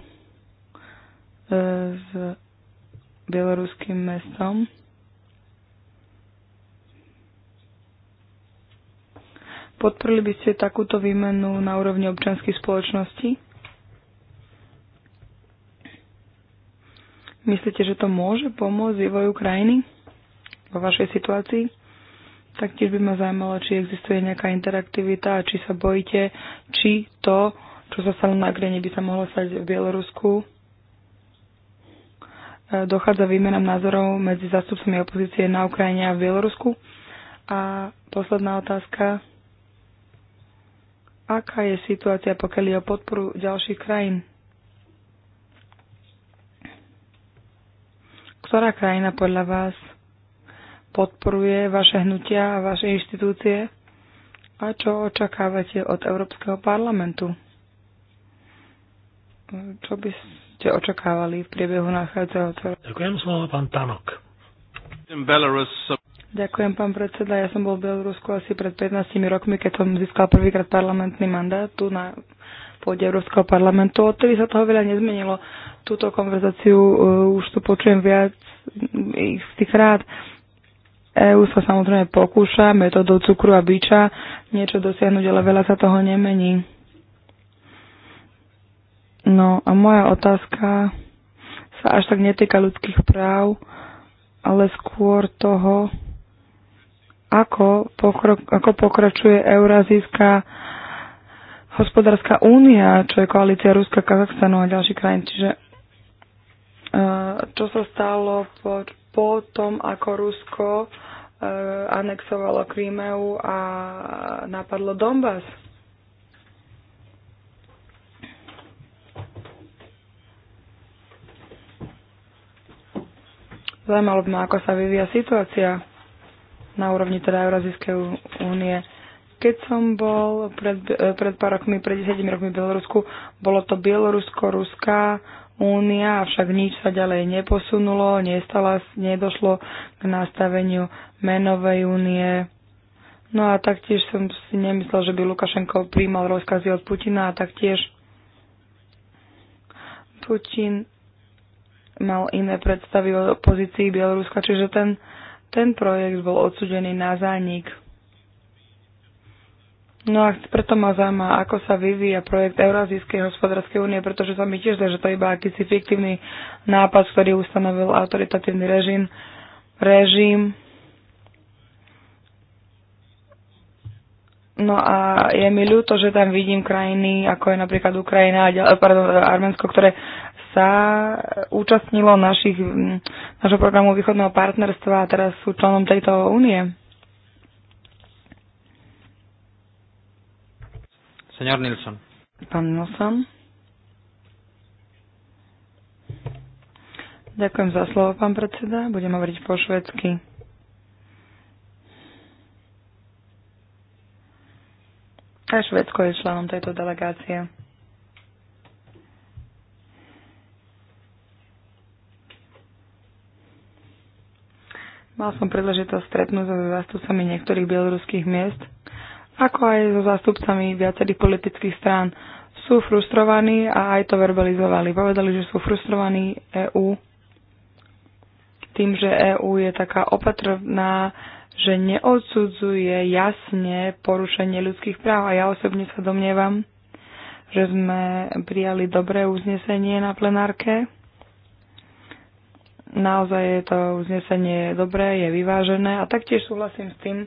s bieloruským mestom Podporili by ste takúto výmenu na úrovni občianskej spoločnosti? Myslíte, že to môže pomôcť vývoju krajiny vo vašej situácii? Taktiež by ma zaujímalo, či existuje nejaká interaktivita a či sa bojíte, či to, čo sa stalo na Grene, by sa mohlo stať v Bielorusku. E, dochádza výmenám názorov medzi zástupcami opozície na Ukrajine a v Bielorusku. A posledná otázka aká je situácia, pokiaľ je o podporu ďalších krajín? Ktorá krajina podľa vás podporuje vaše hnutia a vaše inštitúcie? A čo očakávate od Európskeho parlamentu? Čo by ste očakávali v priebehu nachádzajúceho? Ďakujem slovo, pán Tanok. In Belarus... so- Ďakujem, pán predseda. Ja som bol v Bielorusku asi pred 15 rokmi, keď som získal prvýkrát parlamentný mandát tu na pôde Európskeho parlamentu. Odtedy sa toho veľa nezmenilo. Túto konverzáciu uh, už tu počujem viac e, ich z tých rád. EU sa samozrejme pokúša metodou cukru a biča niečo dosiahnuť, ale veľa sa toho nemení. No a moja otázka sa až tak netýka ľudských práv, ale skôr toho, ako, pokrok, ako pokračuje Eurazijská hospodárska únia, čo je koalícia Ruska, Kazachstanu a ďalších krajín. Čiže e, čo sa stalo po, po tom, ako Rusko e, anexovalo Krímeu a napadlo Donbass. Zajímalo by ma, ako sa vyvíja situácia na úrovni teda Eurazijskej únie. Keď som bol pred, e, pred pár rokmi, pred 10 rokmi v Bielorusku, bolo to Bielorusko-Ruská únia, avšak nič sa ďalej neposunulo, nestala, nedošlo k nastaveniu menovej únie. No a taktiež som si nemyslel, že by Lukašenko príjmal rozkazy od Putina a taktiež Putin mal iné predstavy o pozícii Bieloruska, čiže ten ten projekt bol odsudený na zánik. No a preto ma zaujíma, ako sa vyvíja projekt Eurázijskej hospodárskej únie, pretože sa mi tiež zdá, že to je iba akýsi fiktívny nápad, ktorý ustanovil autoritatívny režim. režim. No a je mi ľúto, že tam vidím krajiny, ako je napríklad Ukrajina, pardon, Arménsko, ktoré sa účastnilo našich, našho programu východného partnerstva a teraz sú členom tejto únie. Senior Nilsson. Pán Nilsson. Ďakujem za slovo, pán predseda. Budem hovoriť po švedsky. Aj Švedsko je členom tejto delegácie. Mal som príležitosť stretnúť so zástupcami niektorých bieloruských miest, ako aj so zástupcami viacerých politických strán. Sú frustrovaní a aj to verbalizovali. Povedali, že sú frustrovaní EÚ tým, že EÚ je taká opatrná, že neodsudzuje jasne porušenie ľudských práv. A ja osobne sa domnievam, že sme prijali dobré uznesenie na plenárke Naozaj je to uznesenie dobré, je vyvážené a taktiež súhlasím s tým,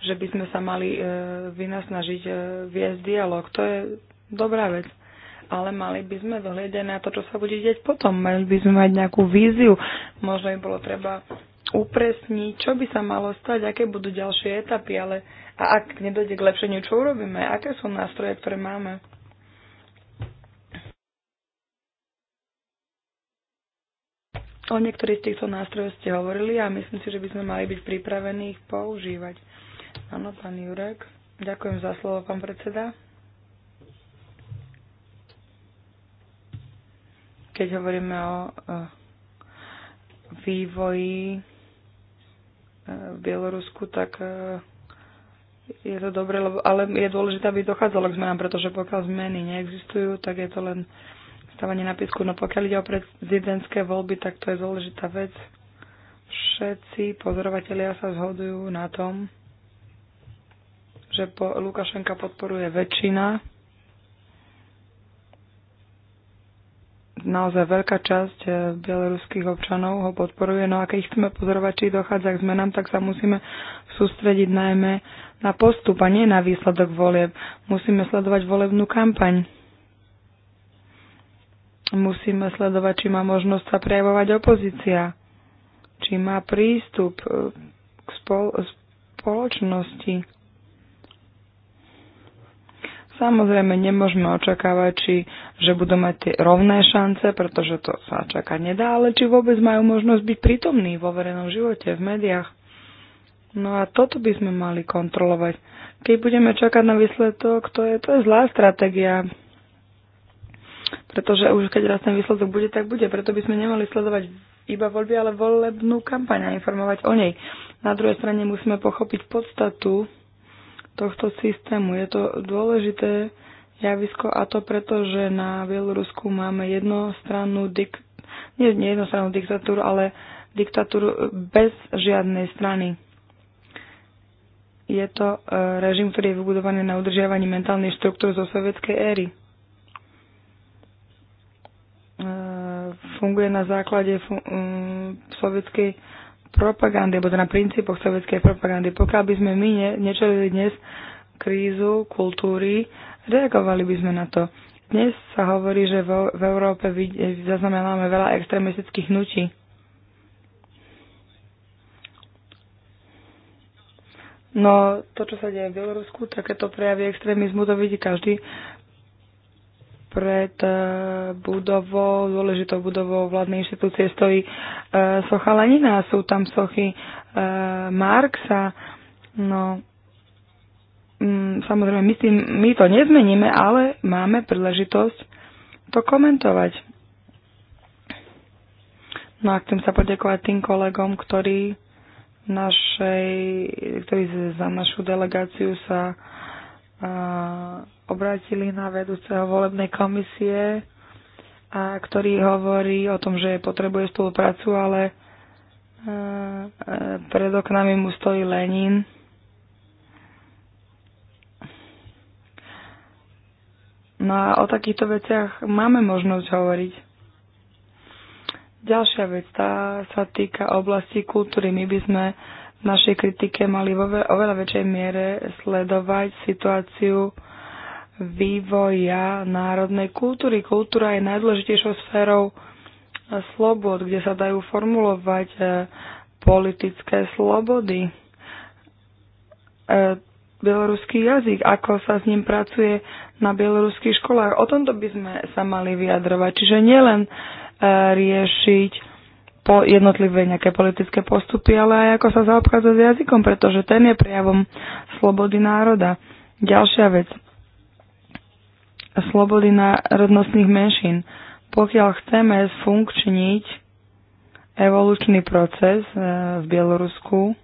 že by sme sa mali e, vynasnažiť e, viesť dialog. To je dobrá vec. Ale mali by sme dohľadať na to, čo sa bude deť potom. Mali by sme mať nejakú víziu. Možno by bolo treba upresniť, čo by sa malo stať, aké budú ďalšie etapy, ale a ak nedojde k lepšeniu, čo urobíme, aké sú nástroje, ktoré máme. O niektorých z týchto nástrojov ste hovorili a myslím si, že by sme mali byť pripravení ich používať. Áno, pán Jurek. Ďakujem za slovo, pán predseda. Keď hovoríme o vývoji e, v Bielorusku, tak e, je to dobre, ale je dôležité, aby dochádzalo k zmenám, pretože pokiaľ zmeny neexistujú, tak je to len stávanie na písku. No pokiaľ ide o prezidentské voľby, tak to je dôležitá vec. Všetci pozorovatelia sa zhodujú na tom, že po Lukašenka podporuje väčšina, naozaj veľká časť eh, bieloruských občanov ho podporuje. No a keď chceme pozorovať, či dochádza k zmenám, tak sa musíme sústrediť najmä na postup a nie na výsledok volieb. Musíme sledovať volebnú kampaň. Musíme sledovať, či má možnosť sa prejavovať opozícia, či má prístup e, k spol- spoločnosti. Samozrejme, nemôžeme očakávať, či, že budú mať tie rovné šance, pretože to sa čakať nedá, ale či vôbec majú možnosť byť prítomní vo verejnom živote, v médiách. No a toto by sme mali kontrolovať. Keď budeme čakať na výsledok, to je, to je zlá stratégia pretože už keď raz ten výsledok bude, tak bude. Preto by sme nemali sledovať iba voľby, ale volebnú kampaň a informovať o nej. Na druhej strane musíme pochopiť podstatu tohto systému. Je to dôležité javisko a to preto, že na Bielorusku máme jednostrannú dik- nie, nie jednostrannú diktatúru, ale diktatúru bez žiadnej strany. Je to e, režim, ktorý je vybudovaný na udržiavaní mentálnej štruktúry zo sovietskej éry. funguje na základe um, sovietskej propagandy, alebo na teda princípoch sovietskej propagandy. Pokiaľ by sme my ne- nečelili dnes krízu kultúry, reagovali by sme na to. Dnes sa hovorí, že v, v Európe zaznamenáme veľa extremistických hnutí. No to, čo sa deje v Bielorusku, takéto prejavy extrémizmu, to vidí každý pred eh, budovou, dôležitou budovou vládnej inštitúcie stojí eh, socha Lenina a sú tam sochy eh, Marxa. No, mm, samozrejme, my, tým, my to nezmeníme, ale máme príležitosť to komentovať. No a chcem sa podiekovať tým kolegom, ktorí našej, ktorí za našu delegáciu sa uh, obrátili na vedúceho volebnej komisie, a ktorý hovorí o tom, že potrebuje spoluprácu, ale e, e, pred oknami mu stojí Lenin. No a o takýchto veciach máme možnosť hovoriť. Ďalšia vec, tá sa týka oblasti kultúry. My by sme v našej kritike mali vo oveľa väčšej miere sledovať situáciu vývoja národnej kultúry. Kultúra je najdôležitejšou sférou slobod, kde sa dajú formulovať e, politické slobody. E, bieloruský jazyk, ako sa s ním pracuje na bieloruských školách. O tomto by sme sa mali vyjadrovať. Čiže nielen e, riešiť po jednotlivé nejaké politické postupy, ale aj ako sa zaobchádza s jazykom, pretože ten je prejavom slobody národa. Ďalšia vec slobody národnostných menšín. Pokiaľ chceme funkčniť evolučný proces eh, v Bielorusku,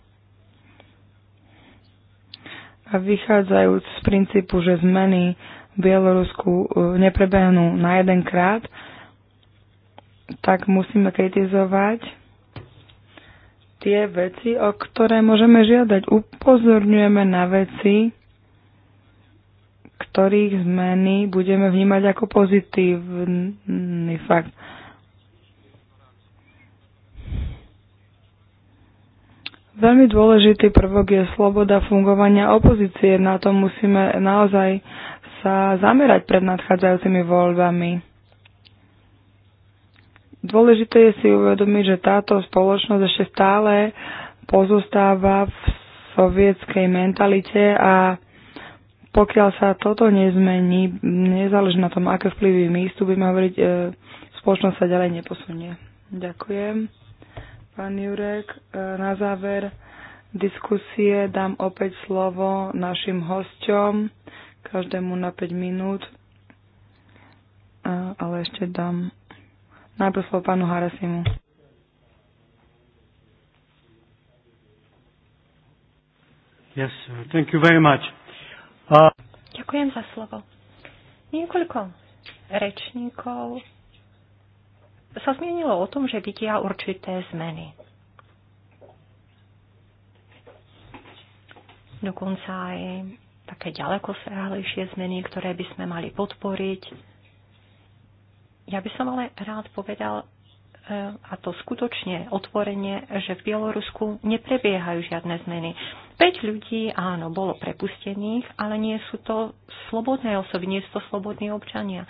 a vychádzajúc z princípu, že zmeny v Bielorusku eh, neprebehnú na jeden krát, tak musíme kritizovať tie veci, o ktoré môžeme žiadať. Upozorňujeme na veci, ktorých zmeny budeme vnímať ako pozitívny fakt. Veľmi dôležitý prvok je sloboda fungovania opozície. Na to musíme naozaj sa zamerať pred nadchádzajúcimi voľbami. Dôležité je si uvedomiť, že táto spoločnosť ešte stále pozostáva v sovietskej mentalite a pokiaľ sa toto nezmení, nezáleží na tom, aké vplyvy my tu budeme hovoriť, e, spoločnosť sa ďalej neposunie. Ďakujem. Pán Jurek, e, na záver diskusie dám opäť slovo našim hosťom, každému na 5 minút, e, ale ešte dám najprv slovo pánu Harasimu. Yes, sir. thank you very much. A... Ďakujem za slovo. Niekoľko rečníkov sa zmienilo o tom, že vidia určité zmeny. Dokonca aj také ďaleko sehalejšie zmeny, ktoré by sme mali podporiť. Ja by som ale rád povedal, a to skutočne otvorenie, že v Bielorusku neprebiehajú žiadne zmeny. Peť ľudí, áno, bolo prepustených, ale nie sú to slobodné osoby, nie sú to slobodní občania.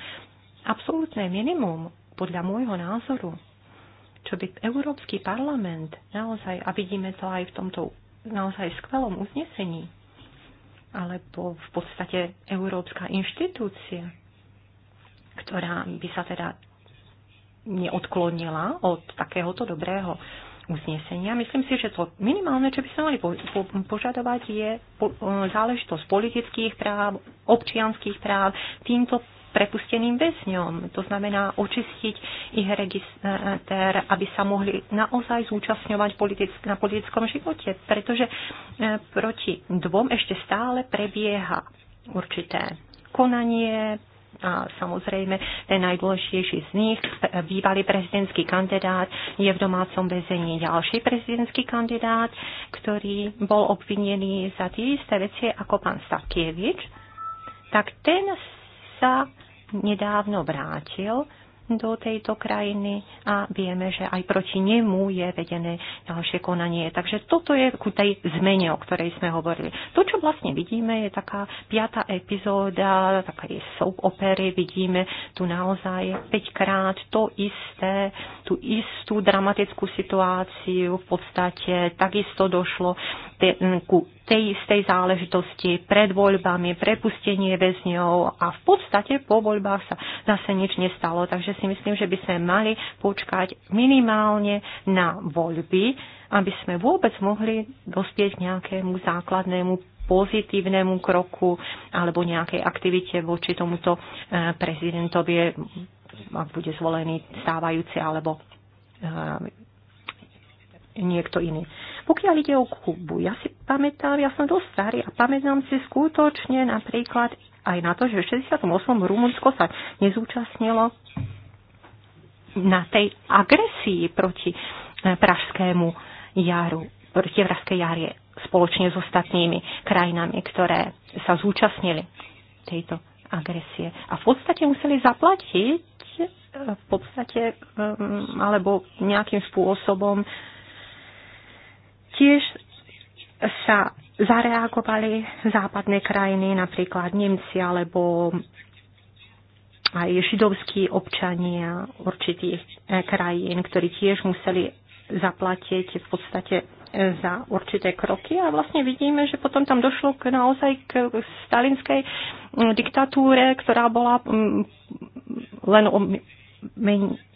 Absolutné minimum, podľa môjho názoru, čo by Európsky parlament naozaj, a vidíme to aj v tomto naozaj skvelom uznesení, alebo v podstate Európska inštitúcia, ktorá by sa teda neodklonila od takéhoto dobrého uznesenia. Myslím si, že to minimálne, čo by sme mali po, po, požadovať, je po, e, záležitosť politických práv, občianských práv týmto prepusteným väzňom. To znamená očistiť ich register, aby sa mohli naozaj zúčastňovať politick- na politickom živote, pretože e, proti dvom ešte stále prebieha určité konanie, a samozrejme ten najdôležitejší z nich, e, bývalý prezidentský kandidát, je v domácom väzení ďalší prezidentský kandidát, ktorý bol obvinený za tie isté veci ako pán Stavkievič, tak ten sa nedávno vrátil do tejto krajiny a vieme, že aj proti nemu je vedené ďalšie konanie. Takže toto je ku tej zmene, o ktorej sme hovorili. To, čo vlastne vidíme, je taká piata epizóda, také soap opery, vidíme tu naozaj 5 krát to isté, tú istú dramatickú situáciu, v podstate takisto došlo ku tej istej záležitosti pred voľbami, prepustenie väzňov a v podstate po voľbách sa zase nič nestalo. Takže si myslím, že by sme mali počkať minimálne na voľby, aby sme vôbec mohli dospieť k nejakému základnému pozitívnemu kroku alebo nejakej aktivite voči tomuto e, prezidentovi, ak bude zvolený stávajúci alebo e, niekto iný. Pokiaľ ide o Kubu, ja si pamätám, ja som dosť starý a pamätám si skutočne napríklad aj na to, že v 68. Rumunsko sa nezúčastnilo na tej agresii proti eh, pražskému jaru, proti pražskej jarie spoločne s ostatnými krajinami, ktoré sa zúčastnili tejto agresie. A v podstate museli zaplatiť eh, v podstate eh, alebo nejakým spôsobom Tiež sa zareagovali západné krajiny, napríklad Nemci alebo aj židovskí občania určitých eh, krajín, ktorí tiež museli zaplatiť v podstate eh, za určité kroky a vlastne vidíme, že potom tam došlo k, naozaj k stalinskej eh, diktatúre, ktorá bola mm, len o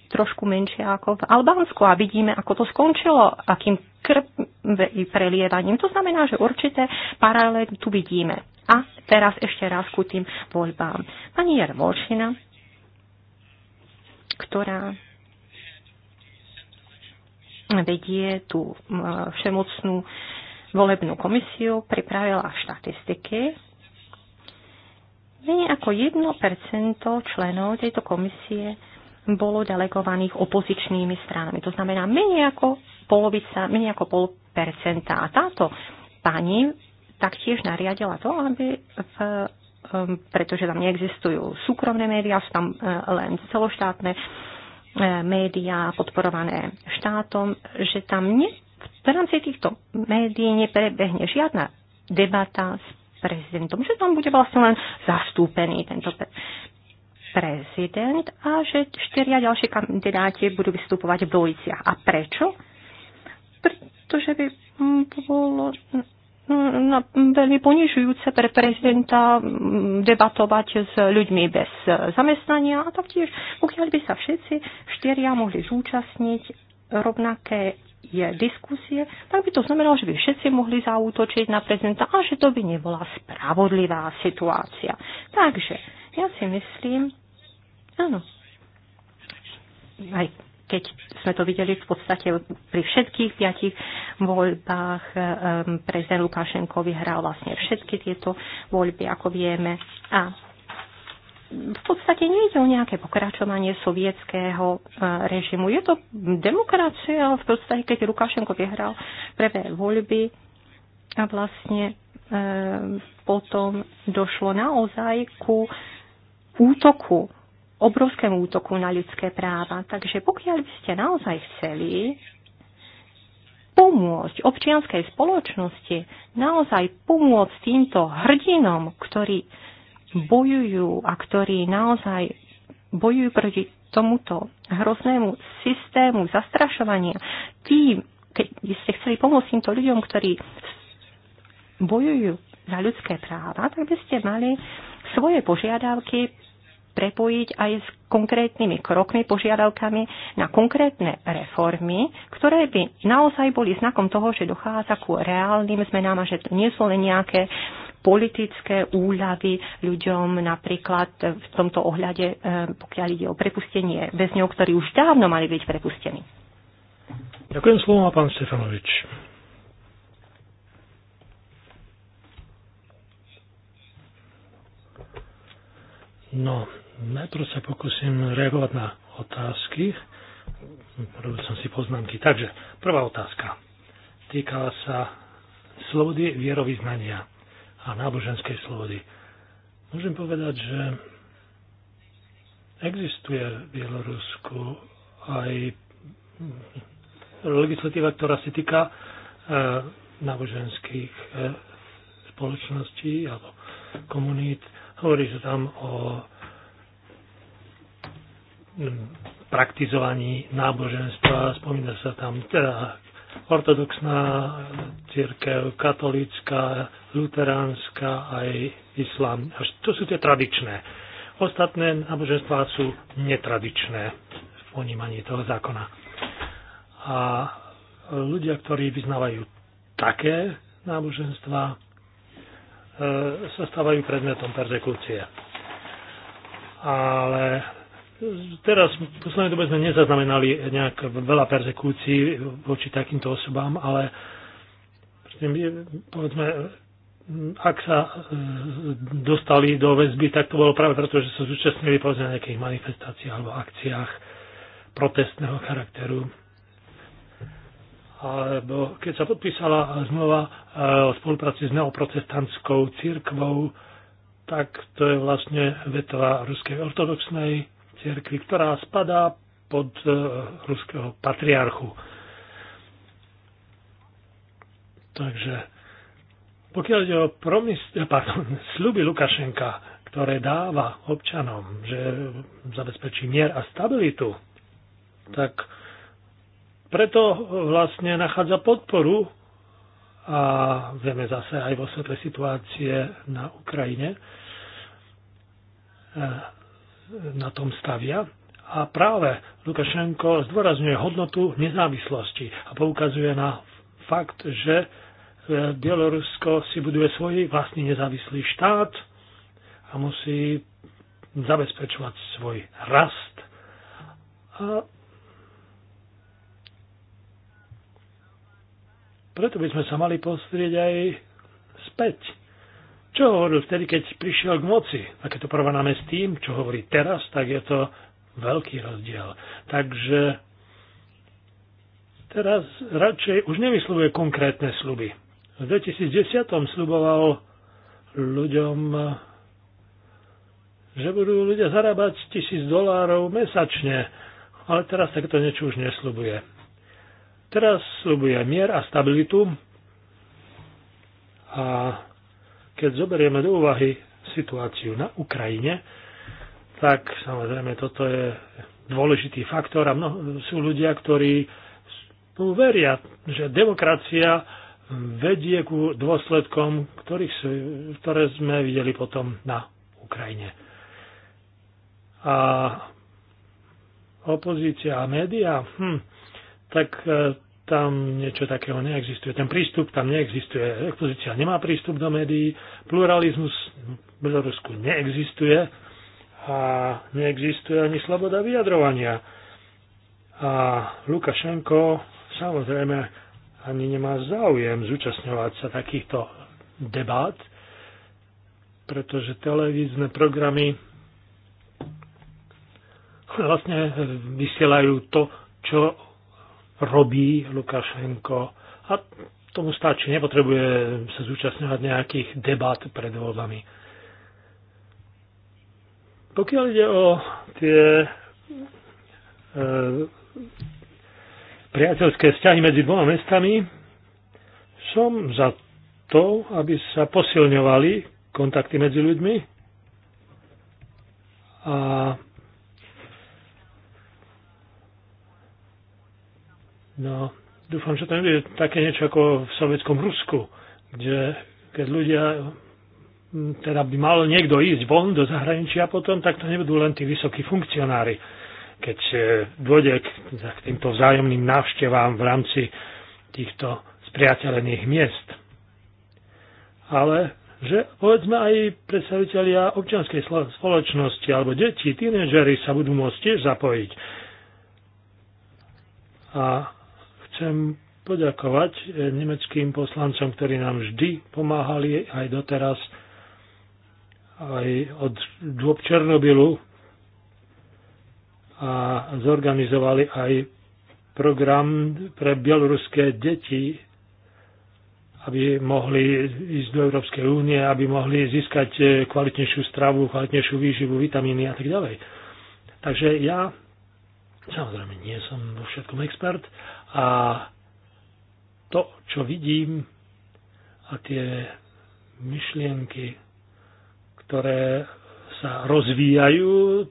trošku menšia ako v Albánsku a vidíme, ako to skončilo, akým krvi prelievaním. To znamená, že určité paralely tu vidíme. A teraz ešte raz ku tým voľbám. Pani Jarmolšina, ktorá vedie tú všemocnú volebnú komisiu, pripravila štatistiky Menej ako 1% členov tejto komisie bolo delegovaných opozičnými stranami. To znamená menej ako polovica, menej ako pol percenta. A táto pani taktiež nariadila to, aby v um, pretože tam neexistujú súkromné médiá, sú tam uh, len celoštátne uh, médiá podporované štátom, že tam ne, v rámci týchto médií neprebehne žiadna debata s prezidentom, že tam bude vlastne len zastúpený tento prezident a že štyria ďalší kandidáti budú vystupovať v dvojiciach. A prečo? Pretože by bolo no, no veľmi ponižujúce pre prezidenta mm, debatovať s ľuďmi bez zamestnania a taktiež, pokiaľ by sa všetci štyria mohli zúčastniť rovnaké je diskusie, tak by to znamenalo, že by všetci mohli zautočiť na prezidenta a že to by nebola spravodlivá situácia. Takže ja si myslím, Áno. Aj keď sme to videli v podstate pri všetkých piatich voľbách, um, prezident Lukášenko vyhral vlastne všetky tieto voľby, ako vieme. A v podstate nejde o nejaké pokračovanie sovietského eh, režimu. Je to demokracia, ale v podstate, keď Lukášenko vyhral prvé voľby a vlastne e, potom došlo naozaj ku útoku obrovskému útoku na ľudské práva. Takže pokiaľ by ste naozaj chceli pomôcť občianskej spoločnosti, naozaj pomôcť týmto hrdinom, ktorí bojujú a ktorí naozaj bojujú proti tomuto hroznému systému zastrašovania. Tým, keď ste chceli pomôcť týmto ľuďom, ktorí bojujú za ľudské práva, tak by ste mali svoje požiadavky prepojiť aj s konkrétnymi krokmi, požiadavkami na konkrétne reformy, ktoré by naozaj boli znakom toho, že dochádza ku reálnym zmenám a že to nie sú len nejaké politické úľavy ľuďom napríklad v tomto ohľade, e, pokiaľ ide o prepustenie väzňov, ktorí už dávno mali byť prepustení. Ďakujem slovo a pán Stefanovič. No, Najprv sa pokúsim reagovať na otázky. Robil som si poznámky. Takže, prvá otázka. Týkala sa slobody vierovýznania a náboženskej slobody. Môžem povedať, že existuje v Bielorusku aj legislatíva, ktorá sa týka e, náboženských e, spoločností alebo komunít. Hovorí sa tam o praktizovaní náboženstva. Spomína sa tam teda ortodoxná církev, katolická, luteránska, aj islám. Až to sú tie tradičné. Ostatné náboženstvá sú netradičné v ponímaní toho zákona. A ľudia, ktorí vyznávajú také náboženstva, e, sa stávajú predmetom persekúcie. Ale Teraz v poslednej dobe sme nezaznamenali nejak veľa persekúcií voči takýmto osobám, ale povedzme, ak sa dostali do väzby, tak to bolo práve preto, že sa zúčastnili povedzme na nejakých manifestáciách alebo akciách protestného charakteru. Alebo keď sa podpísala zmluva eh, o spolupráci s neoprotestantskou církvou, tak to je vlastne vetva ruskej ortodoxnej cerkvi, ktorá spadá pod e, ruského patriarchu. Takže pokiaľ ide o promis, e, pardon, sluby Lukašenka, ktoré dáva občanom, že zabezpečí mier a stabilitu, tak preto vlastne nachádza podporu a vieme zase aj vo svetle situácie na Ukrajine, e, na tom stavia. A práve Lukašenko zdôrazňuje hodnotu nezávislosti a poukazuje na fakt, že e, Bielorusko si buduje svoj vlastný nezávislý štát a musí zabezpečovať svoj rast. A preto by sme sa mali postrieť aj späť čo hovoril vtedy, keď prišiel k moci? A to porovnáme s tým, čo hovorí teraz, tak je to veľký rozdiel. Takže teraz radšej už nevyslovuje konkrétne sluby. V 2010. sluboval ľuďom, že budú ľudia zarábať tisíc dolárov mesačne, ale teraz takéto niečo už nesľubuje. Teraz slubuje mier a stabilitu a keď zoberieme do úvahy situáciu na Ukrajine, tak samozrejme toto je dôležitý faktor a mnoho, sú ľudia, ktorí no, veria, že demokracia vedie ku dôsledkom, ktorých, ktoré sme videli potom na Ukrajine. A opozícia a médiá, hm, tak eh, tam niečo takého neexistuje. Ten prístup tam neexistuje. Expozícia nemá prístup do médií, pluralizmus v Bielorusku neexistuje a neexistuje ani sloboda vyjadrovania. A Lukašenko samozrejme ani nemá záujem zúčastňovať sa takýchto debát, pretože televízne programy vlastne vysielajú to, čo robí Lukašenko a tomu stačí, nepotrebuje sa zúčastňovať nejakých debat pred voľbami. Pokiaľ ide o tie e, priateľské vzťahy medzi dvoma mestami, som za to, aby sa posilňovali kontakty medzi ľuďmi a No, dúfam, že to nebude také niečo ako v sovietskom Rusku, kde keď ľudia teda by mal niekto ísť von do zahraničia potom, tak to nebudú len tí vysokí funkcionári. Keď e, dôjde k, týmto vzájomným návštevám v rámci týchto spriateľených miest. Ale že povedzme aj predstavitelia občianskej spoločnosti alebo deti, tínežery sa budú môcť tiež zapojiť. A Chcem poďakovať e, nemeckým poslancom, ktorí nám vždy pomáhali aj doteraz, aj od dôb Černobylu a zorganizovali aj program pre bieloruské deti, aby mohli ísť do Európskej únie, aby mohli získať e, kvalitnejšiu stravu, kvalitnejšiu výživu, vitamíny a tak ďalej. Takže ja samozrejme nie som vo všetkom expert, a to, čo vidím a tie myšlienky, ktoré sa rozvíjajú,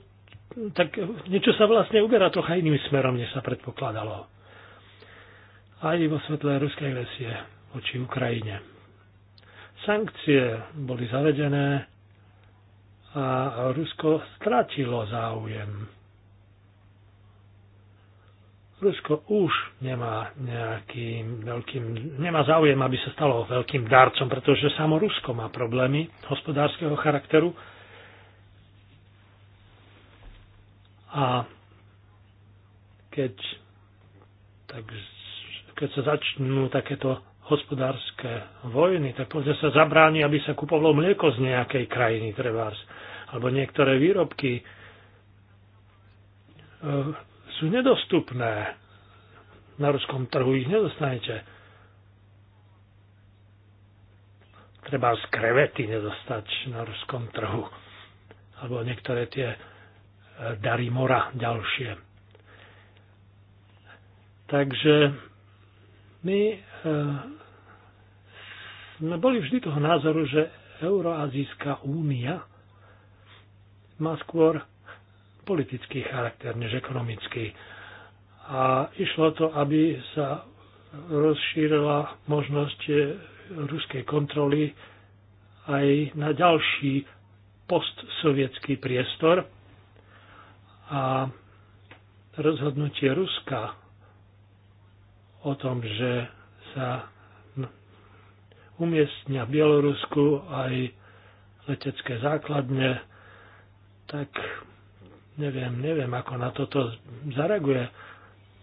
tak niečo sa vlastne uberá trocha iným smerom, než sa predpokladalo. Aj vo svetle ruskej lesie voči Ukrajine. Sankcie boli zavedené a Rusko strátilo záujem Rusko už nemá nejakým veľkým, nemá záujem, aby sa stalo veľkým darcom, pretože samo Rusko má problémy hospodárskeho charakteru. A keď, tak, keď sa začnú takéto hospodárske vojny, tak povedzme sa zabráni, aby sa kupovalo mlieko z nejakej krajiny, trebárs, alebo niektoré výrobky e, sú nedostupné. Na ruskom trhu ich nedostanete. Treba z krevety nedostať na ruskom trhu. Alebo niektoré tie e, dary mora ďalšie. Takže my e, sme boli vždy toho názoru, že Euroazijská únia má skôr politický charakter než ekonomický. A išlo to, aby sa rozšírila možnosť eh, ruskej kontroly aj na ďalší postsovietský priestor a rozhodnutie Ruska o tom, že sa umiestnia v Bielorusku aj letecké základne, tak Neviem, neviem, ako na toto zareaguje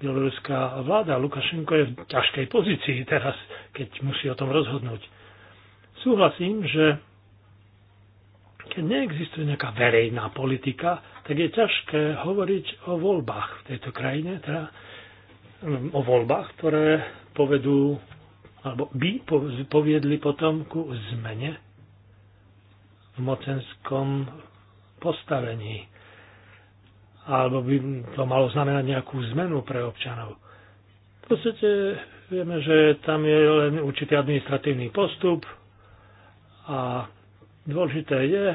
bieloruská vláda. Lukašenko je v ťažkej pozícii teraz, keď musí o tom rozhodnúť. Súhlasím, že keď neexistuje nejaká verejná politika, tak je ťažké hovoriť o voľbách v tejto krajine, teda mm, o voľbách, ktoré povedú alebo by poviedli potom ku zmene v mocenskom postavení alebo by to malo znamenať nejakú zmenu pre občanov. V podstate vieme, že tam je len určitý administratívny postup a dôležité je,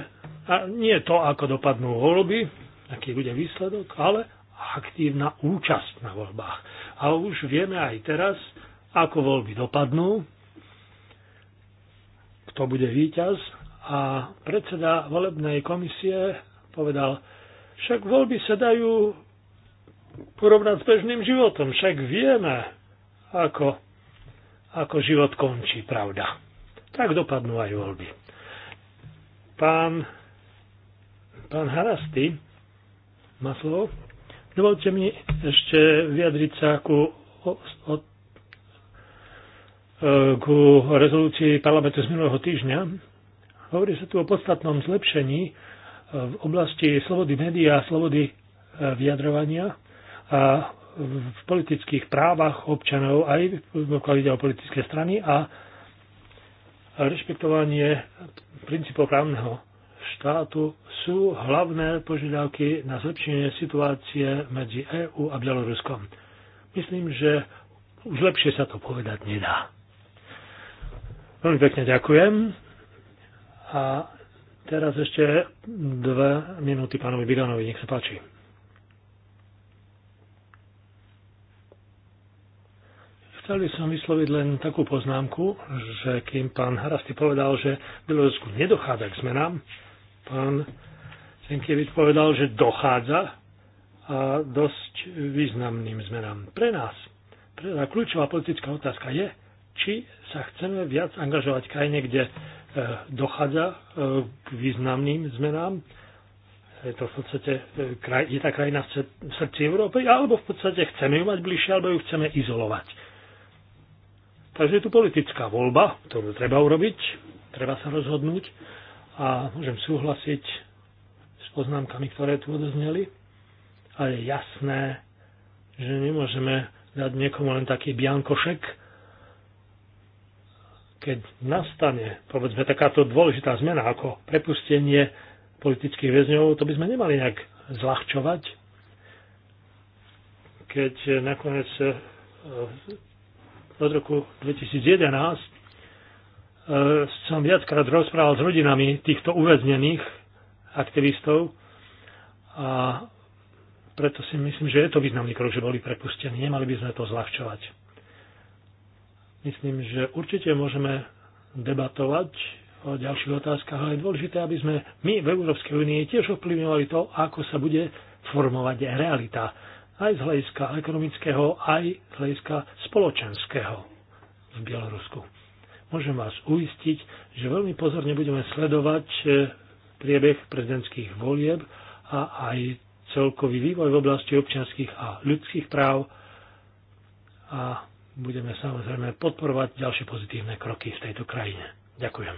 a nie to, ako dopadnú voľby, aký bude výsledok, ale aktívna účasť na voľbách. A už vieme aj teraz, ako voľby dopadnú, kto bude víťaz a predseda volebnej komisie povedal, však voľby sa dajú porovnať s bežným životom. Však vieme, ako, ako život končí, pravda. Tak dopadnú aj voľby. Pán, pán Harasty má slovo. Dovolte mi ešte vyjadriť sa ku, o, o, e, ku rezolúcii parlamentu z minulého týždňa. Hovorí sa tu o podstatnom zlepšení v oblasti slobody médií a slobody e, vyjadrovania a v politických právach občanov aj v ide o politické strany a rešpektovanie princípov právneho štátu sú hlavné požiadavky na zlepšenie situácie medzi EÚ a Bieloruskom. Myslím, že už lepšie sa to povedať nedá. Veľmi pekne ďakujem a Teraz ešte dve minúty pánovi Bidanovi, nech sa páči. Chcel by som vysloviť len takú poznámku, že kým pán Harasti povedal, že v Bielorusku nedochádza k zmenám, pán Senkievič povedal, že dochádza a dosť významným zmenám. Pre nás pre, kľúčová politická otázka je, či sa chceme viac angažovať krajine, kde E, dochádza e, k významným zmenám. Je to v podstate, e, je tá krajina v srdci Európy, alebo v podstate chceme ju mať bližšie, alebo ju chceme izolovať. Takže je tu politická voľba, ktorú treba urobiť, treba sa rozhodnúť a môžem súhlasiť s poznámkami, ktoré tu odozneli. A je jasné, že nemôžeme dať niekomu len taký biankošek, keď nastane, povedzme, takáto dôležitá zmena ako prepustenie politických väzňov, to by sme nemali nejak zľahčovať, keď nakoniec eh, od roku 2011 eh, som viackrát rozprával s rodinami týchto uväznených aktivistov a preto si myslím, že je to významný krok, že boli prepustení. Nemali by sme to zľahčovať. Myslím, že určite môžeme debatovať o ďalších otázkach, ale je dôležité, aby sme my v Európskej únii tiež ovplyvňovali to, ako sa bude formovať realita. Aj z hľadiska ekonomického, aj z hľadiska spoločenského v Bielorusku. Môžem vás uistiť, že veľmi pozorne budeme sledovať e, priebeh prezidentských volieb a aj celkový vývoj v oblasti občianských a ľudských práv a budeme samozrejme podporovať ďalšie pozitívne kroky v tejto krajine. Ďakujem.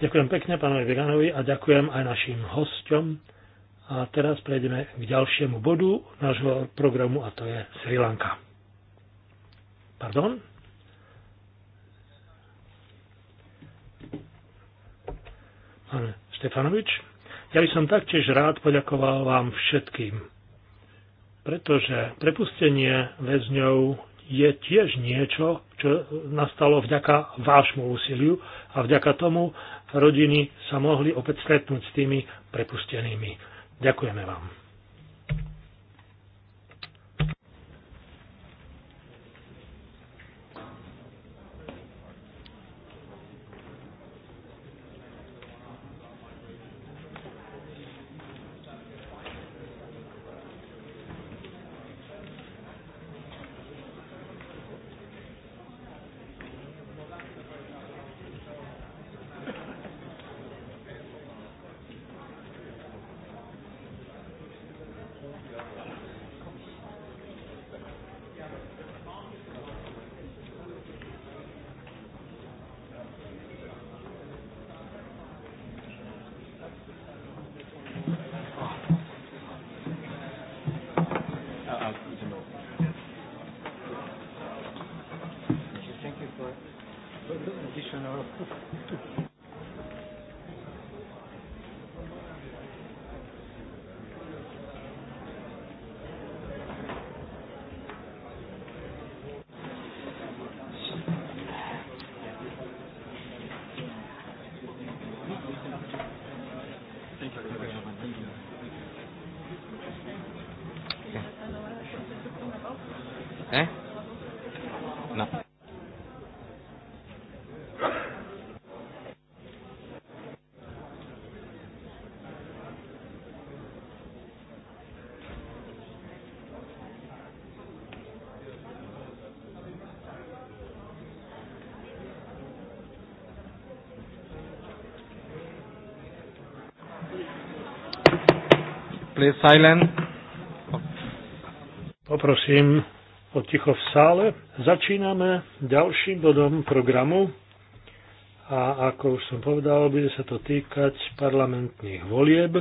Ďakujem pekne pánovi Viganovi a ďakujem aj našim hosťom. A teraz prejdeme k ďalšiemu bodu nášho programu a to je Sri Lanka. Pardon? Pán Štefanovič, ja by som taktiež rád poďakoval vám všetkým, pretože prepustenie väzňov je tiež niečo, čo nastalo vďaka vášmu úsiliu a vďaka tomu rodiny sa mohli opäť stretnúť s tými prepustenými. Ďakujeme vám. Please silent. Poprosím o ticho v sále. Začíname ďalším bodom programu a ako už som povedal, bude sa to týkať parlamentných volieb.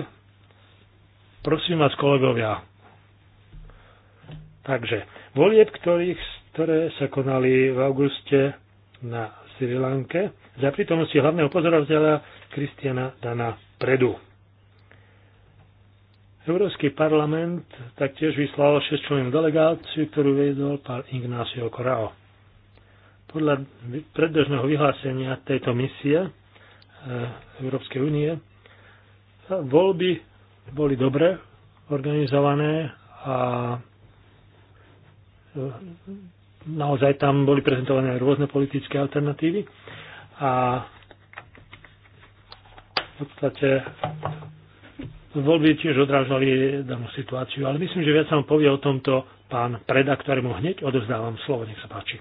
Prosím vás, kolegovia. Takže, volieb, ktorých, ktoré sa konali v auguste na Sri Lanke za prítomnosti hlavného pozorovateľa Kristiana Dana Predu. Európsky parlament taktiež vyslal šesťčlennú delegáciu, ktorú vedol pán Ignacio Corao. Podľa predbežného vyhlásenia tejto misie eh, Európskej únie voľby boli dobre organizované a eh, naozaj tam boli prezentované rôzne politické alternatívy a v podstate voľby tiež odrážali danú situáciu, ale myslím, že viac vám povie o tomto pán Preda, ktorému hneď odovzdávam slovo. Nech sa páči.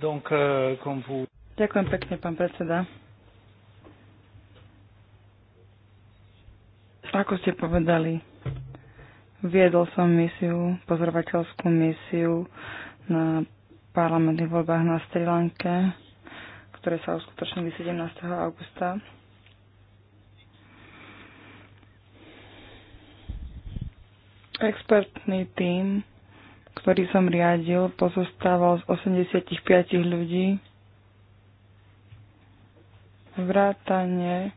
Euh, Ďakujem pekne, pán predseda. Ako ste povedali, viedol som misiu, pozorovateľskú misiu na parlamentných voľbách na Sri Lanke ktoré sa uskutočnili 17. augusta. Expertný tím, ktorý som riadil, pozostával z 85 ľudí. Vrátanie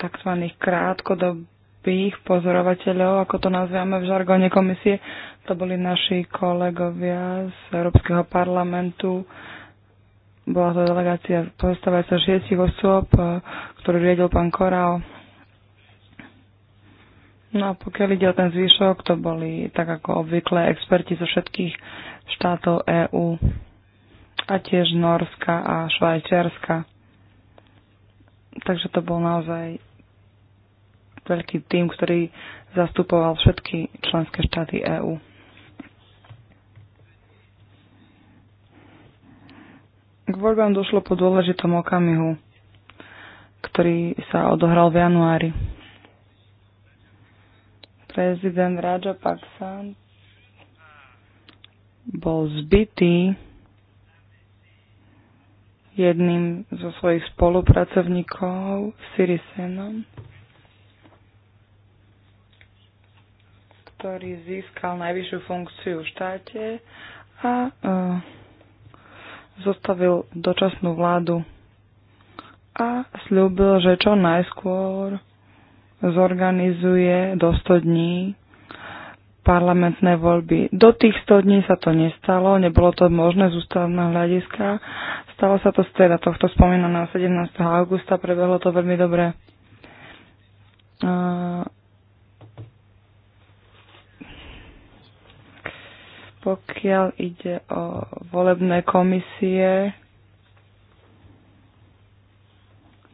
tzv. krátkodobých pozorovateľov, ako to nazývame v žargóne komisie, to boli naši kolegovia z Európskeho parlamentu, bola to delegácia pozostávajúca šiestich osôb, eh, ktorú riedil pán Korál. No a pokiaľ ide o ten zvyšok, to boli tak ako obvykle experti zo všetkých štátov EÚ a tiež Norska a Švajčiarska. Takže to bol naozaj veľký tým, ktorý zastupoval všetky členské štáty EÚ. K voľbám došlo po dôležitom okamihu, ktorý sa odohral v januári. Prezident Raja Paksan bol zbytý jedným zo svojich spolupracovníkov, Sirisenom, ktorý získal najvyššiu funkciu v štáte a uh, zostavil dočasnú vládu a slúbil, že čo najskôr zorganizuje do 100 dní parlamentné voľby. Do tých 100 dní sa to nestalo, nebolo to možné z ústavného hľadiska. Stalo sa to teda tohto spomínaného 17. augusta, prebehlo to veľmi dobre. Pokiaľ ide o volebné komisie,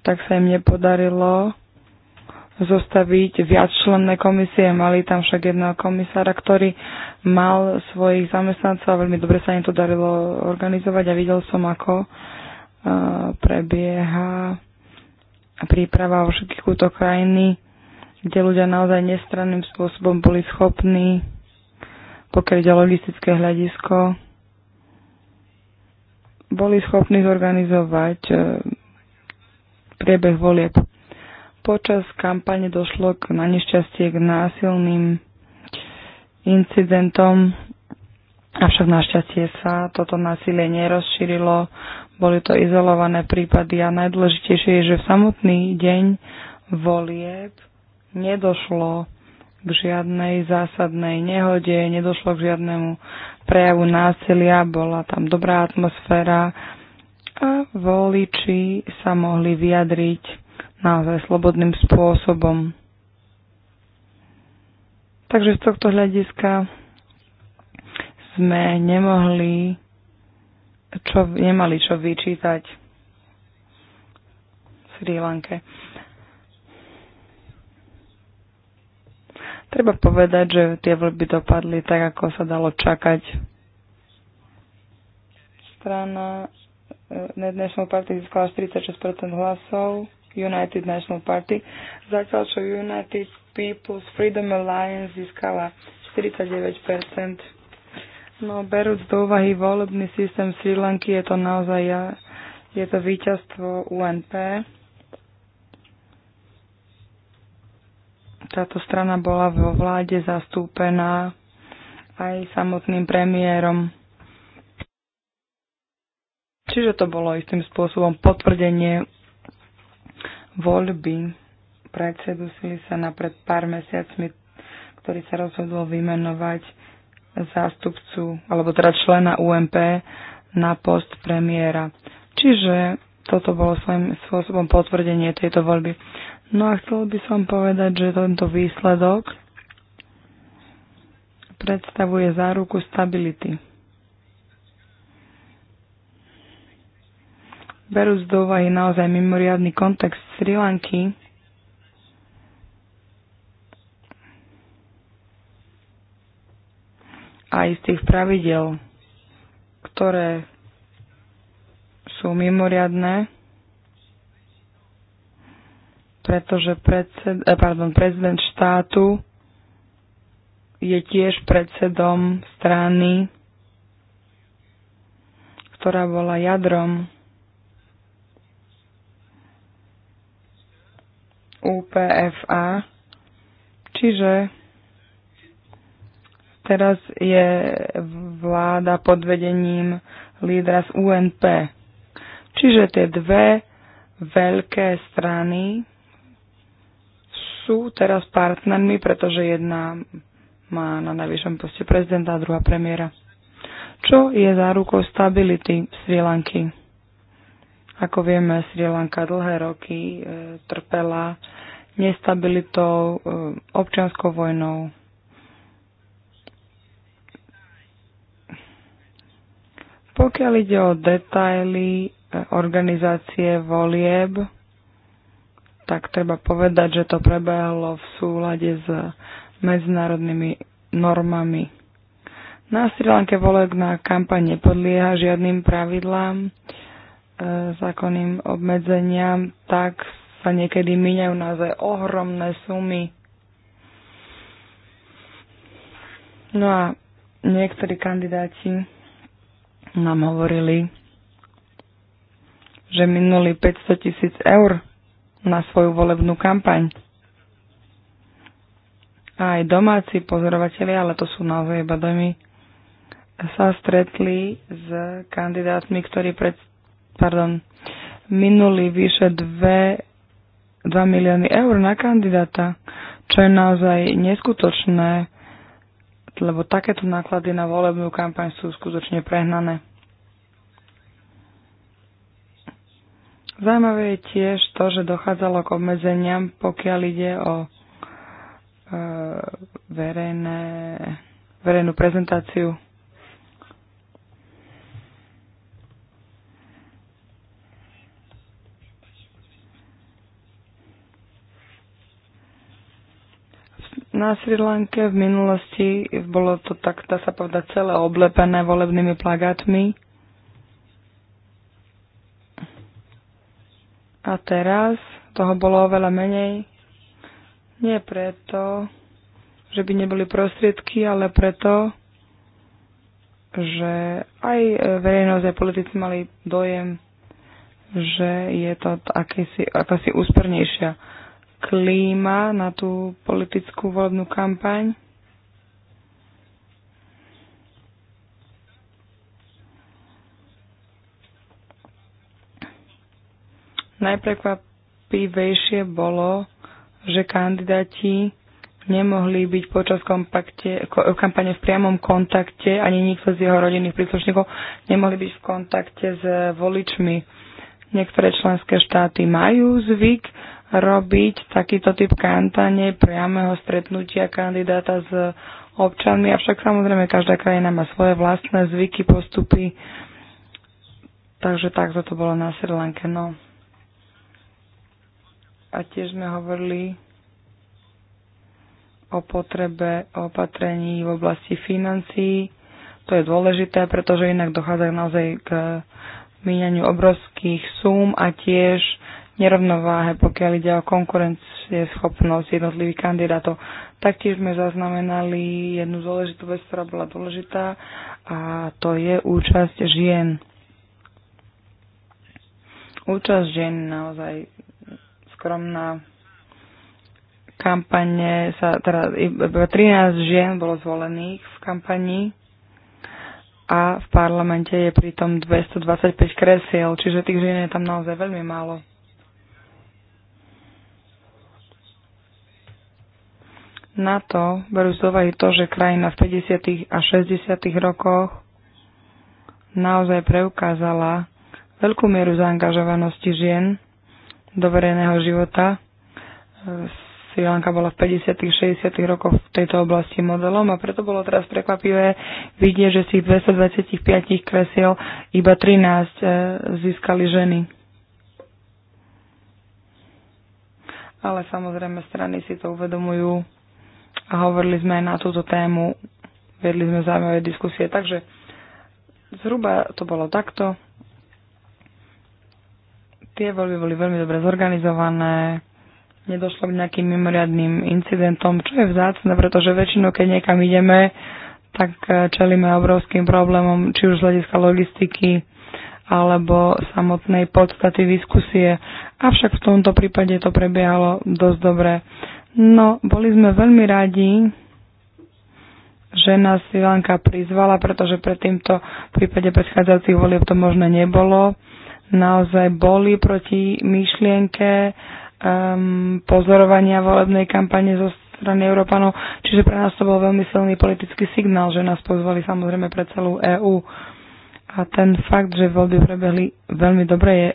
tak sa im nepodarilo zostaviť viacčlenné komisie. Mali tam však jedného komisára, ktorý mal svojich zamestnancov a veľmi dobre sa im to darilo organizovať a videl som, ako uh, prebieha príprava vo všetkých kútoch krajiny, kde ľudia naozaj nestranným spôsobom boli schopní pokiaľ ide logistické hľadisko, boli schopní zorganizovať e, priebeh volieb. Počas kampane došlo k, na nešťastie k násilným incidentom, avšak našťastie sa toto násilie nerozšírilo, boli to izolované prípady a najdôležitejšie je, že v samotný deň volieb nedošlo k žiadnej zásadnej nehode, nedošlo k žiadnemu prejavu násilia, bola tam dobrá atmosféra a voliči sa mohli vyjadriť naozaj slobodným spôsobom. Takže z tohto hľadiska sme nemohli čo, nemali čo vyčítať v Sri Lanke. Treba povedať, že tie voľby dopadli tak, ako sa dalo čakať. Strana e, National Party získala 46% hlasov, United National Party, zatiaľ čo United People's Freedom Alliance získala 49%. No, berúc do úvahy volebný systém Sri Lanky, je to naozaj je to víťazstvo UNP. táto strana bola vo vláde zastúpená aj samotným premiérom. Čiže to bolo istým spôsobom potvrdenie voľby predsedu na pred pár mesiacmi, ktorý sa rozhodol vymenovať zástupcu, alebo teda člena UMP na post premiéra. Čiže toto bolo svojím spôsobom potvrdenie tejto voľby. No a chcel by som povedať, že tento výsledok predstavuje záruku stability. Berú z úvahy naozaj mimoriadný kontext Sri Lanky, a istých pravidel, ktoré sú mimoriadné, pretože predsed, eh, pardon, prezident štátu je tiež predsedom strany, ktorá bola jadrom UPFA, čiže teraz je vláda pod vedením lídra z UNP. Čiže tie dve veľké strany sú teraz partnermi, pretože jedna má na najvyššom poste prezidenta a druhá premiéra. Čo je zárukou stability Sri Lanky? Ako vieme, Sri Lanka dlhé roky e, trpela nestabilitou, e, občianskou vojnou. Pokiaľ ide o detaily e, organizácie volieb, tak treba povedať, že to prebehlo v súlade s medzinárodnými normami. Na Sri Lanke volebná kampaň nepodlieha žiadnym pravidlám, e, zákonným obmedzeniam, tak sa niekedy míňajú naozaj ohromné sumy. No a niektorí kandidáti nám hovorili, že minuli 500 tisíc eur na svoju volebnú kampaň. A aj domáci pozorovatelia, ale to sú naozaj iba dojmy, sa stretli s kandidátmi, ktorí pred, pardon, minuli vyše 2, 2 milióny eur na kandidáta, čo je naozaj neskutočné, lebo takéto náklady na volebnú kampaň sú skutočne prehnané. Zaujímavé je tiež to, že dochádzalo k obmedzeniam, pokiaľ ide o e, verejné, verejnú prezentáciu. na Sri Lanke v minulosti bolo to tak, dá sa povedať, celé oblepené volebnými plagátmi. A teraz toho bolo oveľa menej. Nie preto, že by neboli prostriedky, ale preto, že aj e, verejnosť a politici mali dojem, že je to akési, akási úspornejšia klíma na tú politickú voľbnú kampaň. Najprekvapivejšie bolo, že kandidáti nemohli byť počas kompakte, kampane v priamom kontakte, ani nikto z jeho rodinných príslušníkov nemohli byť v kontakte s voličmi. Niektoré členské štáty majú zvyk robiť takýto typ kantane priameho stretnutia kandidáta s občanmi, avšak samozrejme každá krajina má svoje vlastné zvyky, postupy, takže takto to bolo na Sri Lanke. No a tiež sme hovorili o potrebe opatrení v oblasti financií. To je dôležité, pretože inak dochádza naozaj k míňaniu obrovských súm a tiež nerovnováhe, pokiaľ ide o schopnosť jednotlivých kandidátov. Taktiež sme zaznamenali jednu dôležitú vec, ktorá bola dôležitá a to je účasť žien. Účasť žien naozaj skromná kampane sa, teda iba 13 e, žien bolo zvolených v kampani a v parlamente je pritom 225 kresiel, čiže tých žien je tam naozaj veľmi málo. Na to berú z úvahy to, že krajina v 50. a 60. rokoch naozaj preukázala veľkú mieru zaangažovanosti žien do verejného života. E, Sri Lanka bola v 50. 60. rokoch v tejto oblasti modelom a preto bolo teraz prekvapivé vidieť, že z tých 225 kresiel iba 13 e, získali ženy. Ale samozrejme strany si to uvedomujú a hovorili sme aj na túto tému, vedli sme zaujímavé diskusie, takže zhruba to bolo takto. Tie voľby boli veľmi dobre zorganizované, nedošlo k nejakým mimoriadným incidentom, čo je vzácne, pretože väčšinou, keď niekam ideme, tak e, čelíme obrovským problémom, či už z hľadiska logistiky, alebo samotnej podstaty diskusie. Avšak v tomto prípade to prebiehalo dosť dobre. No, boli sme veľmi radi, že nás Sri prizvala, pretože pred týmto v prípade predchádzajúcich volieb to možné nebolo naozaj boli proti myšlienke um, pozorovania volebnej kampane zo strany Európanov. Čiže pre nás to bol veľmi silný politický signál, že nás pozvali samozrejme pre celú EÚ. A ten fakt, že voľby prebehli veľmi dobre, je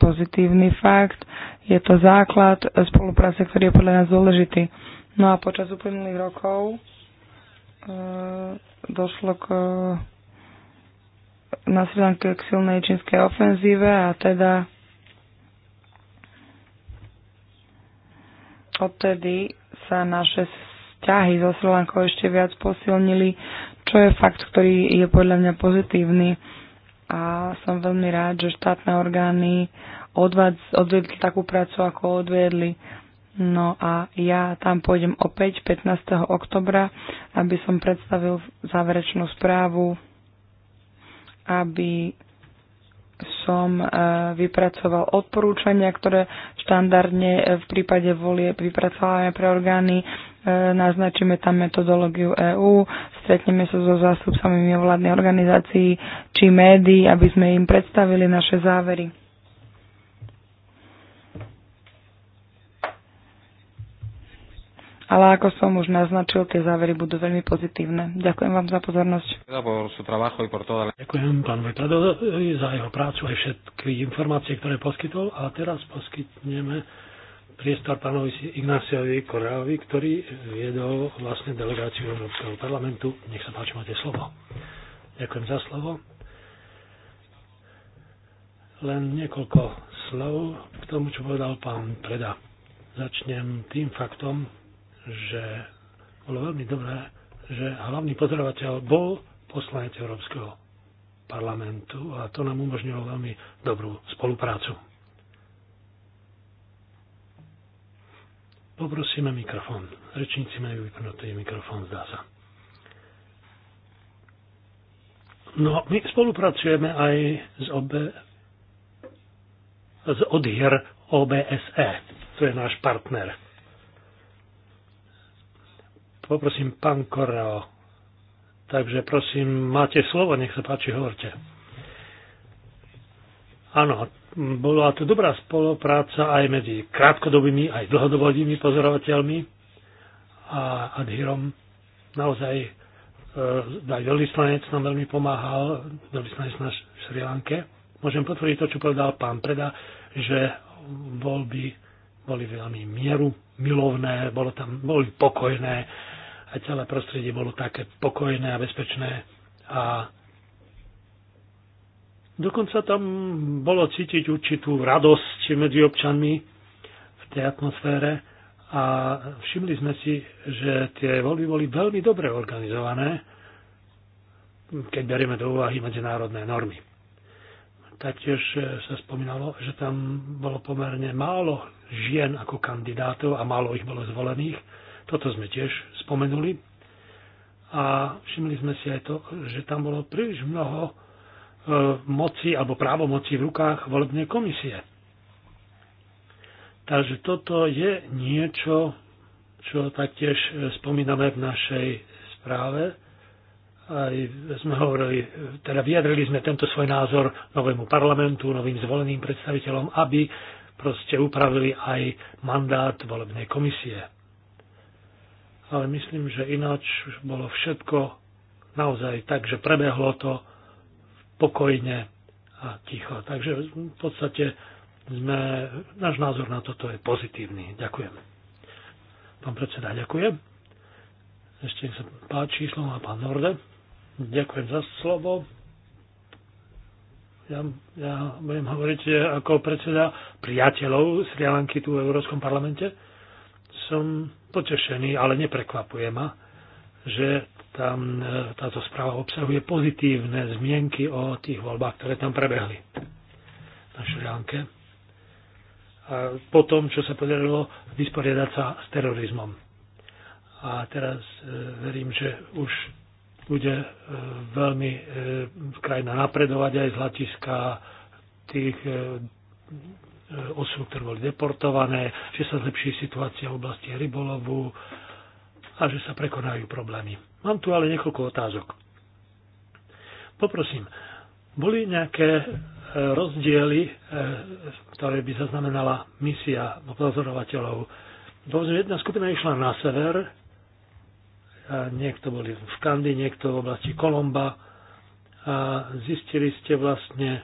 pozitívny fakt. Je to základ spolupráce, ktorý je podľa nás dôležitý. No a počas uplynulých rokov e, došlo k na Sri k silnej čínskej ofenzíve a teda odtedy sa naše vzťahy so Sri Lankou ešte viac posilnili, čo je fakt, ktorý je podľa mňa pozitívny a som veľmi rád, že štátne orgány odvedli takú prácu, ako odvedli. No a ja tam pôjdem opäť 15. oktobra, aby som predstavil záverečnú správu aby som e, vypracoval odporúčania, ktoré štandardne e, v prípade volie vypracovávame pre orgány, e, naznačíme tam metodológiu EÚ, stretneme sa so zástupcami mimovládnej organizácií či médií, aby sme im predstavili naše závery. ale ako som už naznačil, tie závery budú veľmi pozitívne. Ďakujem vám za pozornosť. Ďakujem pán Vetado za jeho prácu aj všetky informácie, ktoré poskytol a teraz poskytneme priestor pánovi Ignáciovi Koreovi, ktorý viedol vlastne delegáciu Európskeho parlamentu. Nech sa páči, máte slovo. Ďakujem za slovo. Len niekoľko slov k tomu, čo povedal pán Preda. Začnem tým faktom, že bolo veľmi dobré, že hlavný pozorovateľ bol poslanec Európskeho parlamentu a to nám umožnilo veľmi dobrú spoluprácu. Poprosíme mikrofón. Rečníci majú vypnutý mikrofón, zdá sa. No, my spolupracujeme aj s, OB... z odhier OBSE. To je náš partner. Poprosím, pán Koreo. Takže prosím, máte slovo, nech sa páči, hovorte. Áno, bola tu dobrá spolupráca aj medzi krátkodobými, aj dlhodobodými pozorovateľmi a adhírom. Naozaj e, aj veľvyslanec nám veľmi pomáhal, veľvyslanec na Sri Lanke. Môžem potvrdiť to, čo povedal pán Preda, že voľby boli veľmi mieru milovné, bolo tam, boli pokojné a celé prostredie bolo také pokojné a bezpečné a dokonca tam bolo cítiť určitú radosť medzi občanmi v tej atmosfére a všimli sme si, že tie voľby boli veľmi dobre organizované, keď berieme do úvahy medzinárodné normy. Taktiež sa spomínalo, že tam bolo pomerne málo žien ako kandidátov a málo ich bolo zvolených toto sme tiež spomenuli. A všimli sme si aj to, že tam bolo príliš mnoho e, moci alebo právomoci v rukách volebnej komisie. Takže toto je niečo, čo taktiež e, spomíname v našej správe. Aj sme hovorili, teda vyjadrili sme tento svoj názor novému parlamentu, novým zvoleným predstaviteľom, aby proste upravili aj mandát volebnej komisie ale myslím, že ináč bolo všetko naozaj tak, že prebehlo to pokojne a ticho. Takže v podstate sme, náš názor na toto je pozitívny. Ďakujem. Pán predseda, ďakujem. Ešte sa páči, slovo má pán Norde. Ďakujem za slovo. Ja, ja budem hovoriť ako predseda priateľov Sri Lanky tu v Európskom parlamente som potešený, ale neprekvapuje ma, že tam e, táto správa obsahuje pozitívne zmienky o tých voľbách, ktoré tam prebehli na Šrianke. A po tom, čo sa podarilo vysporiadať sa s terorizmom. A teraz e, verím, že už bude e, veľmi e, krajina napredovať aj z hľadiska tých e, E, osôb, ktoré boli deportované, že sa zlepší situácia v oblasti rybolovu a že sa prekonajú problémy. Mám tu ale niekoľko otázok. Poprosím, boli nejaké e, rozdiely, e, ktoré by zaznamenala misia pozorovateľov? Povedzme, jedna skupina išla na sever, niekto boli v Kandy, niekto v oblasti Kolomba a zistili ste vlastne,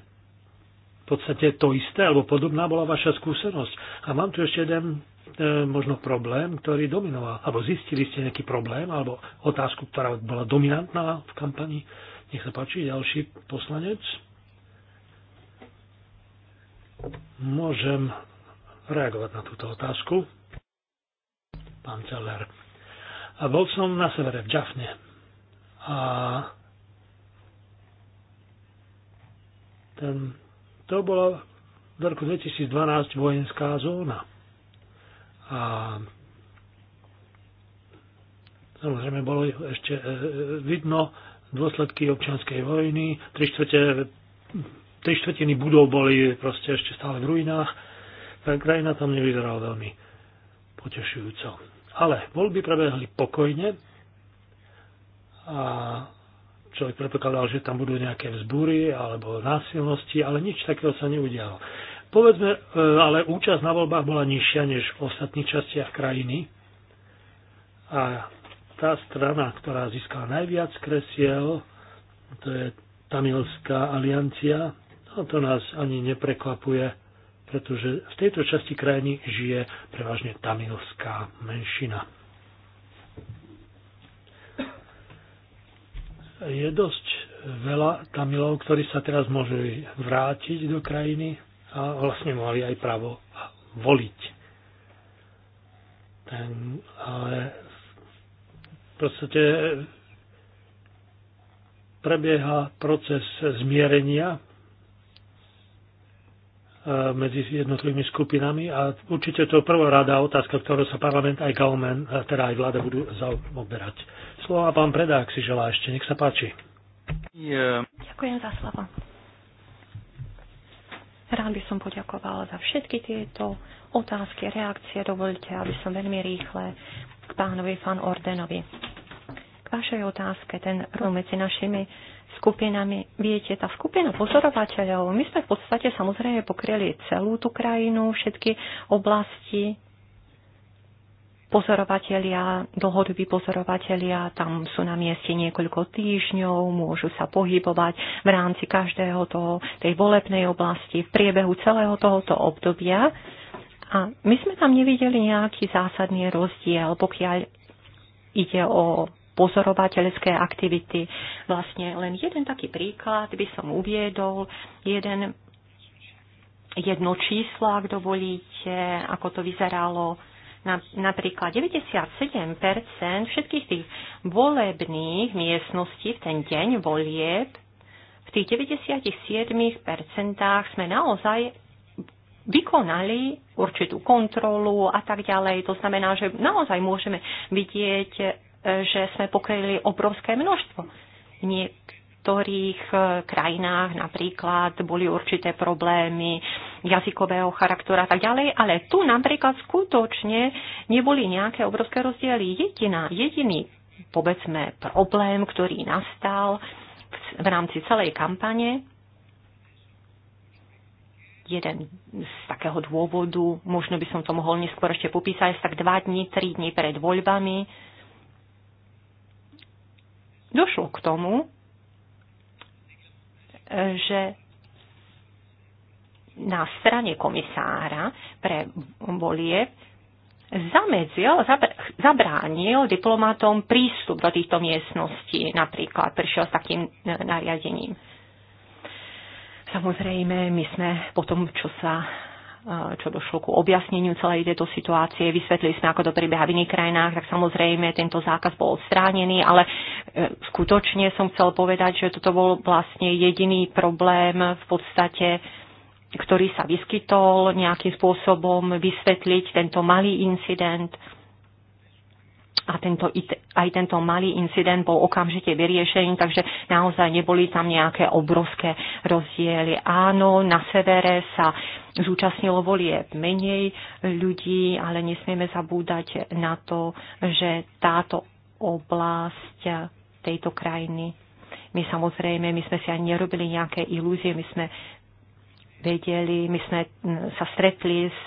podstate to isté alebo podobná bola vaša skúsenosť. A mám tu ešte jeden e, možno problém, ktorý dominoval. Alebo zistili ste nejaký problém alebo otázku, ktorá bola dominantná v kampani. Nech sa páči, ďalší poslanec. Môžem reagovať na túto otázku. Pán Celer. A bol som na severe, v Džafne. A ten to bola v roku 2012 vojenská zóna. A samozrejme bolo ešte e, e, vidno dôsledky občianskej vojny, tri, štvrte, tri štvrtiny budov boli proste ešte stále v ruinách, tak krajina tam nevyzerala veľmi potešujúco. Ale voľby prebehli pokojne a človek predpokladal, že tam budú nejaké vzbúry alebo násilnosti, ale nič takého sa neudialo. Povedzme, e, ale účasť na voľbách bola nižšia než v ostatných častiach krajiny. A tá strana, ktorá získala najviac kresiel, to je Tamilská aliancia, no to nás ani neprekvapuje, pretože v tejto časti krajiny žije prevažne tamilská menšina. je dosť veľa Tamilov, ktorí sa teraz môžu vrátiť do krajiny a vlastne mali aj právo voliť. Ten, ale v podstate prebieha proces zmierenia e, medzi jednotlivými skupinami a určite to prvorada otázka, ktorú sa parlament aj government, e, teda aj vláda budú zaoberať. Slova pán Predák si želá ešte, nech sa páči. Yeah. Ďakujem za slovo. Rád by som poďakovala za všetky tieto otázky, reakcie. Dovolte, aby som veľmi rýchle k pánovi Fan Ordenovi. K vašej otázke, ten rozdiel medzi našimi skupinami, viete, tá skupina pozorovateľov, my sme v podstate samozrejme pokryli celú tú krajinu, všetky oblasti, pozorovatelia, dlhodobí pozorovatelia, tam sú na mieste niekoľko týždňov, môžu sa pohybovať v rámci každého toho, tej volebnej oblasti v priebehu celého tohoto obdobia. A my sme tam nevideli nejaký zásadný rozdiel, pokiaľ ide o pozorovateľské aktivity. Vlastne len jeden taký príklad by som uviedol. Jeden, jedno číslo, ak dovolíte, ako to vyzeralo Napríklad 97% všetkých tých volebných miestností v ten deň volieb, v tých 97% sme naozaj vykonali určitú kontrolu a tak ďalej. To znamená, že naozaj môžeme vidieť, e, že sme pokryli obrovské množstvo. Nie niektorých e, krajinách napríklad boli určité problémy jazykového charakteru a tak ďalej, ale tu napríklad skutočne neboli nejaké obrovské rozdiely. Jediná, jediný, povedzme, problém, ktorý nastal v, v rámci celej kampane, jeden z takého dôvodu, možno by som to mohol neskôr ešte popísať, tak dva dní, tri dní pred voľbami, došlo k tomu, že na strane komisára pre volie zamedzil, zabránil diplomatom prístup do týchto miestností, napríklad prišiel s takým e, nariadením. Samozrejme, my sme potom, čo sa čo došlo ku objasneniu celej tejto situácie. Vysvetlili sme, ako to prebieha v iných krajinách, tak samozrejme tento zákaz bol odstránený, ale e, skutočne som chcel povedať, že toto bol vlastne jediný problém v podstate ktorý sa vyskytol, nejakým spôsobom vysvetliť tento malý incident a tento, aj tento malý incident bol okamžite vyriešený, takže naozaj neboli tam nejaké obrovské rozdiely. Áno, na severe sa zúčastnilo volie menej ľudí, ale nesmieme zabúdať na to, že táto oblasť tejto krajiny my samozrejme, my sme si ani nerobili nejaké ilúzie, my sme vedeli, my sme sa stretli s,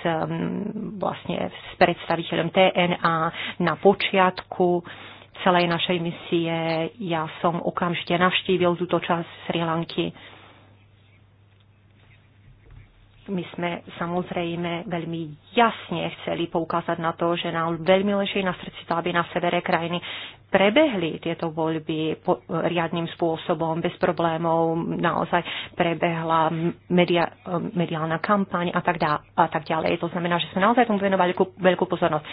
vlastne s predstaviteľom TNA na počiatku celej našej misie. Ja som okamžite navštívil túto časť Sri Lanky my sme samozrejme veľmi jasne chceli poukázať na to, že nám veľmi leží na srdci to, aby na severe krajiny prebehli tieto voľby po, riadným spôsobom, bez problémov, naozaj prebehla media, mediálna kampaň a tak, dá, a tak ďalej. To znamená, že sme naozaj tomu venovali veľkú, veľkú pozornosť.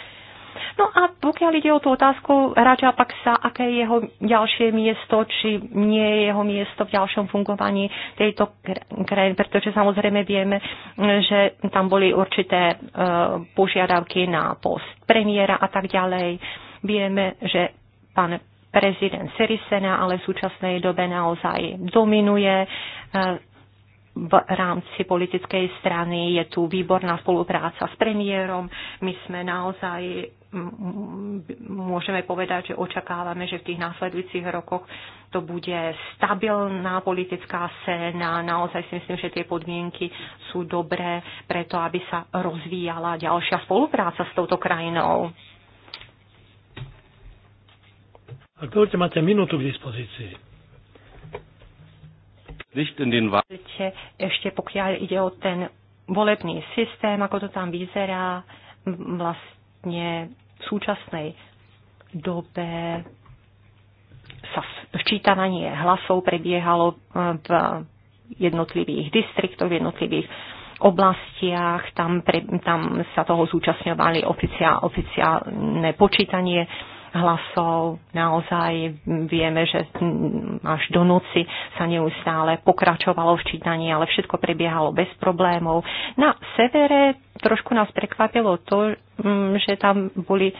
No a pokiaľ ide o tú otázku Raja Paksa, aké je jeho ďalšie miesto, či nie je jeho miesto v ďalšom fungovaní tejto krajiny, pretože samozrejme vieme, že tam boli určité e, požiadavky na post premiéra a tak ďalej. Vieme, že pán prezident Serisena, ale v súčasnej dobe naozaj dominuje e, v rámci politickej strany je tu výborná spolupráca s premiérom. My sme naozaj, môžeme povedať, že očakávame, že v tých následujúcich rokoch to bude stabilná politická scéna. Naozaj si myslím, že tie podmienky sú dobré preto, aby sa rozvíjala ďalšia spolupráca s touto krajinou. Ak dovolte, máte minútu k dispozícii ešte pokiaľ ide o ten volebný systém, ako to tam vyzerá vlastne v súčasnej dobe sa sčítavanie hlasov prebiehalo e, v jednotlivých distriktoch, v jednotlivých oblastiach, tam, pre, tam sa toho zúčastňovali oficiál, oficiálne počítanie hlasov. Naozaj vieme, že až do noci sa neustále pokračovalo v čítaní, ale všetko prebiehalo bez problémov. Na severe trošku nás prekvapilo to, mm, že tam boli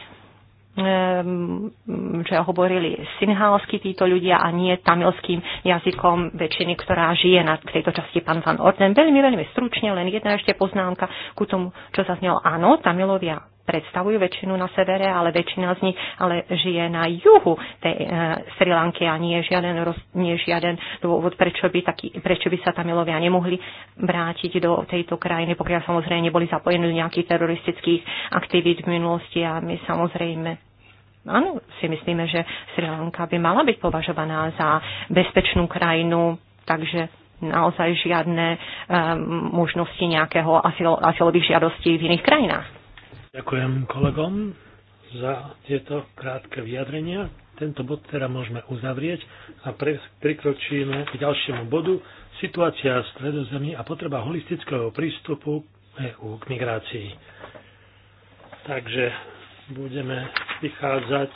mm, že hovorili sinhalsky títo ľudia a nie tamilským jazykom väčšiny, ktorá žije na tejto časti pán Van Orden. Veľmi, veľmi stručne, len jedna ešte poznámka ku tomu, čo sa znelo. Áno, tamilovia predstavujú väčšinu na severe, ale väčšina z nich ale žije na juhu tej e, Sri Lanky a nie je žiaden, roz, nie je žiaden dôvod, prečo by, taký, prečo by sa milovia nemohli vrátiť do tejto krajiny, pokiaľ samozrejme neboli zapojení do nejakých teroristických aktivít v minulosti a my samozrejme Áno, si myslíme, že Sri Lanka by mala byť považovaná za bezpečnú krajinu, takže naozaj žiadne um, možnosti nejakého asilových žiadostí v iných krajinách. Ďakujem kolegom za tieto krátke vyjadrenia. Tento bod teda môžeme uzavrieť a pre, prikročíme k ďalšiemu bodu. Situácia v stredozemí a potreba holistického prístupu EU k migrácii. Takže budeme vychádzať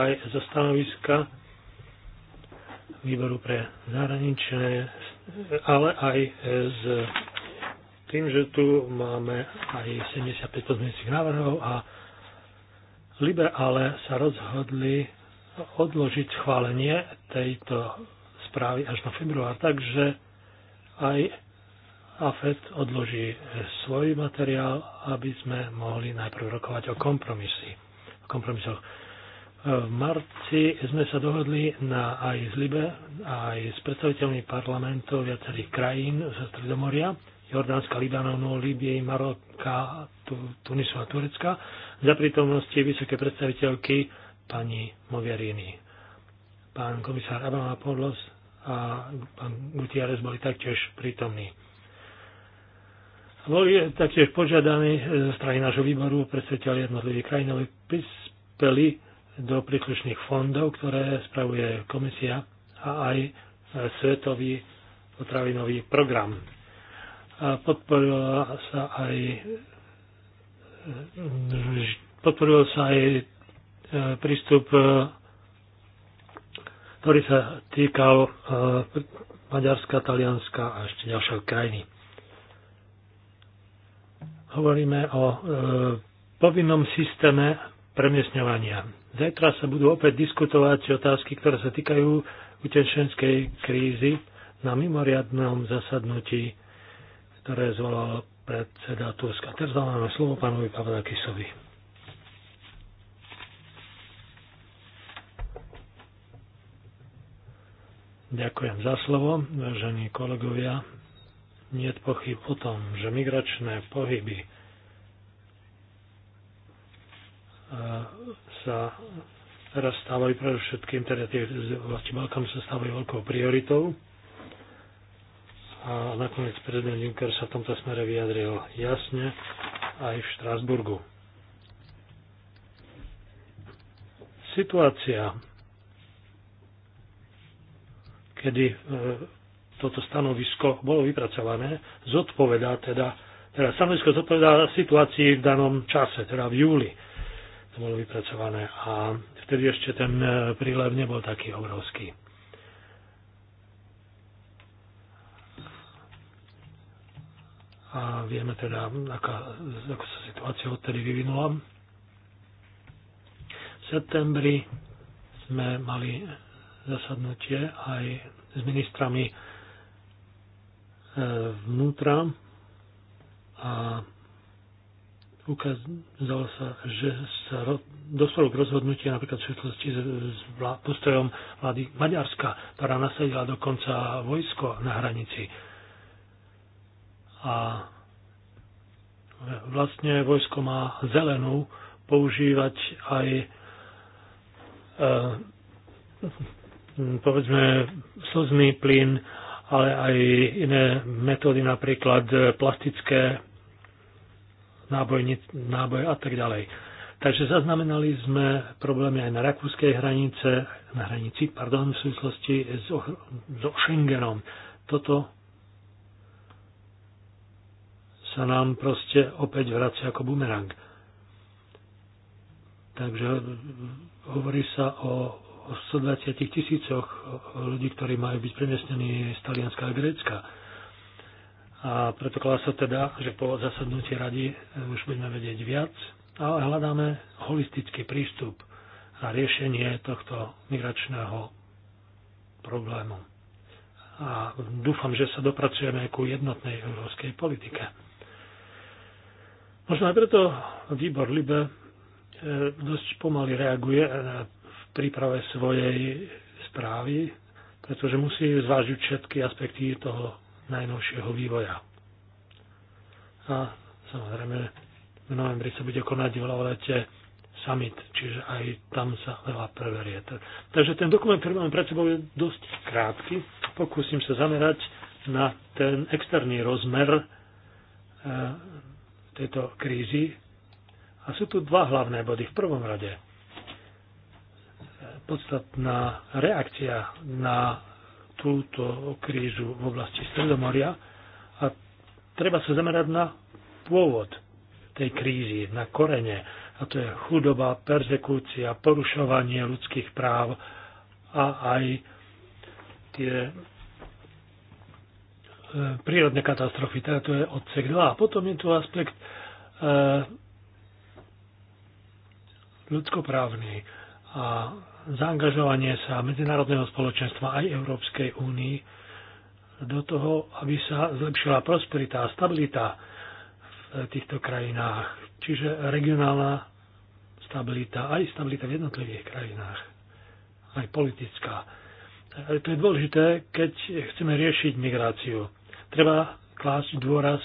aj zo stanoviska výboru pre zahraničné, ale aj z tým, že tu máme aj 75 pozmeňujúcich návrhov a liberále sa rozhodli odložiť schválenie tejto správy až na február, takže aj AFED odloží svoj materiál, aby sme mohli najprv rokovať o kompromisy, o kompromisoch. V marci sme sa dohodli na aj z Libe, aj s predstaviteľmi parlamentov viacerých krajín zo Stredomoria, Jordánska, Libanonu, Líbie, Maroka, Tunisu a Turecka za prítomnosti vysokej predstaviteľky pani Mogherini. Pán komisár Abraham Podlos a pán Gutiérrez boli taktiež prítomní. Boli taktiež požiadaní e, zo strany nášho výboru predstaviteľi jednotlivých krajín, aby prispeli do príslušných fondov, ktoré spravuje komisia a aj e, svetový potravinový program a podporila sa aj podporil sa aj e, prístup, e, ktorý sa týkal e, Maďarska, Talianska a ešte ďalšie krajiny. Hovoríme o povinnom systéme premiesňovania. Zajtra sa budú opäť diskutovať otázky, ktoré sa týkajú utečenskej krízy na mimoriadnom zasadnutí ktoré zvolal predseda Tuska. Teraz dávame slovo pánovi Pavlakisovi. Ďakujem za slovo, vážení kolegovia. Nie je pochyb o tom, že migračné pohyby e, sa teraz stávajú predovšetkým, teda tie oblasti Balkánu sa stávajú veľkou prioritou a nakoniec prezident Juncker sa v tomto smere vyjadril jasne aj v Štrásburgu. Situácia, kedy e, toto stanovisko bolo vypracované, zodpovedá teda, teda stanovisko zodpovedá situácii v danom čase, teda v júli to bolo vypracované a vtedy ešte ten e, prílev nebol taký obrovský. A vieme teda, aká, ako sa situácia odtedy vyvinula. V septembri sme mali zasadnutie aj s ministrami e, vnútra a ukázalo sa, že sa dospelo k rozhodnutiu napríklad v súvislosti s postojom vlády Maďarska, ktorá nasadila dokonca vojsko na hranici a vlastne vojsko má zelenú používať aj e, povedzme slzný plyn, ale aj iné metódy, napríklad plastické náboj, náboj a tak ďalej. Takže zaznamenali sme problémy aj na rakúskej hranice, na hranici, pardon, v súvislosti so Schengenom. Toto sa nám proste opäť vracia ako bumerang. Takže hovorí sa o, 120 tisícoch ľudí, ktorí majú byť premiestnení z Talianska a Grécka. A preto sa teda, že po zasadnutí rady e, už budeme vedieť viac a hľadáme holistický prístup na riešenie tohto migračného problému. A dúfam, že sa dopracujeme ku jednotnej európskej politike. Možno aj preto výbor Libe e, dosť pomaly reaguje v príprave svojej správy, pretože musí zvážiť všetky aspekty toho najnovšieho vývoja. A samozrejme, v novembri sa bude konať v Lavalete summit, čiže aj tam sa veľa preverie. Takže ten dokument, ktorý mám pred sebou, je dosť krátky. Pokúsim sa zamerať na ten externý rozmer e, tejto krízy. A sú tu dva hlavné body. V prvom rade e, podstatná reakcia na túto krízu v oblasti Stredomoria a treba sa zamerať na pôvod tej krízy, na korene. A to je chudoba, persekúcia, porušovanie ľudských práv a aj tie E, prírodné katastrofy, teda to je odsek 2. A potom je tu aspekt e, ľudskoprávny a zaangažovanie sa medzinárodného spoločenstva aj Európskej únii do toho, aby sa zlepšila prosperita a stabilita v týchto krajinách, čiže regionálna stabilita, aj stabilita v jednotlivých krajinách, aj politická. E, to je dôležité, keď chceme riešiť migráciu treba klásť dôraz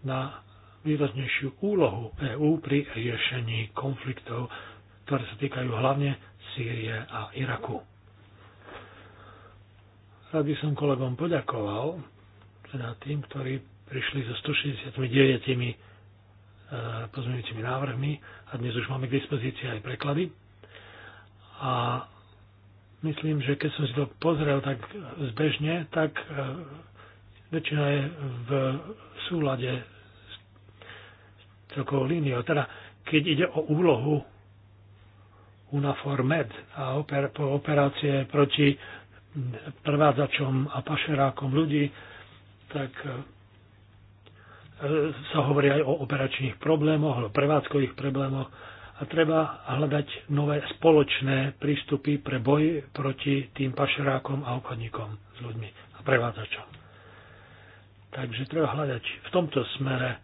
na výraznejšiu úlohu EÚ pri riešení konfliktov, ktoré sa týkajú hlavne Sýrie a Iraku. Rád by som kolegom poďakoval, teda tým, ktorí prišli so 169 e, pozmeňujúcimi návrhmi a dnes už máme k dispozícii aj preklady. A Myslím, že keď som si to pozrel tak zbežne, tak e, väčšina je v súlade s celkovou líniou. Teda, keď ide o úlohu UNAFOR MED a oper, po operácie proti prevádzačom a pašerákom ľudí, tak e, e, sa hovorí aj o operačných problémoch, o prevádzkových problémoch a treba hľadať nové spoločné prístupy pre boj proti tým pašerákom a obchodníkom s ľuďmi a prevádzačom. Takže treba hľadať v tomto smere e,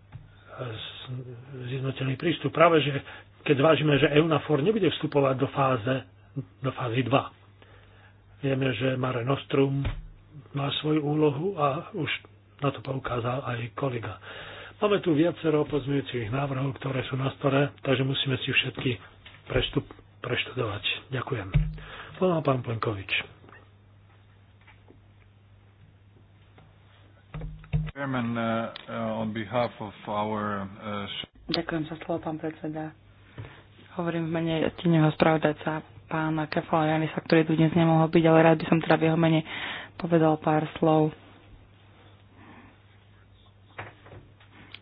zjednotený prístup. Práve, že keď zvážime, že EUNAFOR nebude vstupovať do fáze do fázy 2. Vieme, že Mare Nostrum má svoju úlohu a už na to poukázal aj kolega. Máme tu viacero pozmeňujúcich návrhov, ktoré sú na stole, takže musíme si všetky preštup, preštudovať. Ďakujem. Volá pán Plenkovič. Uh, uh, uh, Ďakujem za slovo, pán predseda. Hovorím v mene tíneho spravodajca pána Kefala Janisa, ktorý tu dnes nemohol byť, ale rád by som teda v jeho mene povedal pár slov.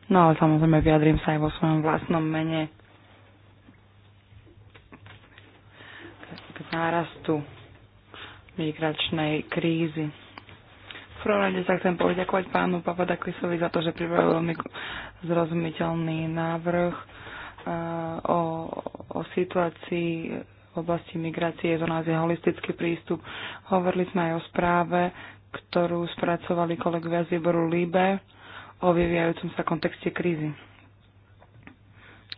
No ale samozrejme vyjadrím sa aj vo svojom vlastnom mene k nárastu migračnej krízy. V prvom rade sa chcem poďakovať pánu Papadaklisovi za to, že pripravil veľmi zrozumiteľný návrh o, o situácii v oblasti migrácie. Je to je holistický prístup. Hovorili sme aj o správe, ktorú spracovali kolegovia z výboru LIBE o vyvíjajúcom sa kontexte krízy.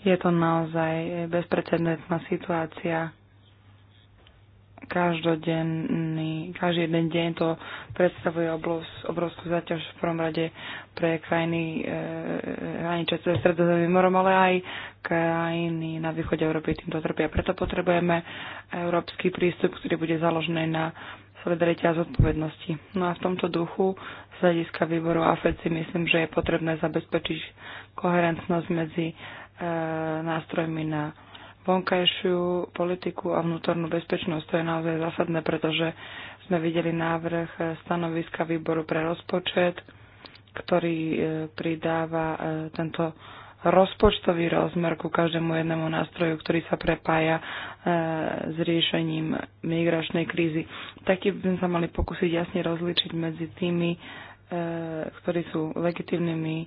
Je to naozaj bezprecedentná situácia. Každodenný, každý jeden deň to predstavuje obrovskú zaťaž v prvom rade pre krajiny eh, čo e, eh, stredozemným morom, ale aj krajiny na východe Európy týmto trpia. Preto potrebujeme európsky prístup, ktorý bude založený na solidarite a zodpovednosti. No a v tomto duchu z hľadiska výboru AFED si myslím, že je potrebné zabezpečiť koherentnosť medzi e, nástrojmi na vonkajšiu politiku a vnútornú bezpečnosť. To je naozaj zásadné, pretože sme videli návrh e, stanoviska výboru pre rozpočet, ktorý e, pridáva e, tento rozpočtový rozmer ku každému jednému nástroju, ktorý sa prepája e, s riešením migračnej krízy. Taký by sme sa mali pokúsiť jasne rozličiť medzi tými, e, ktorí sú legitívnymi e,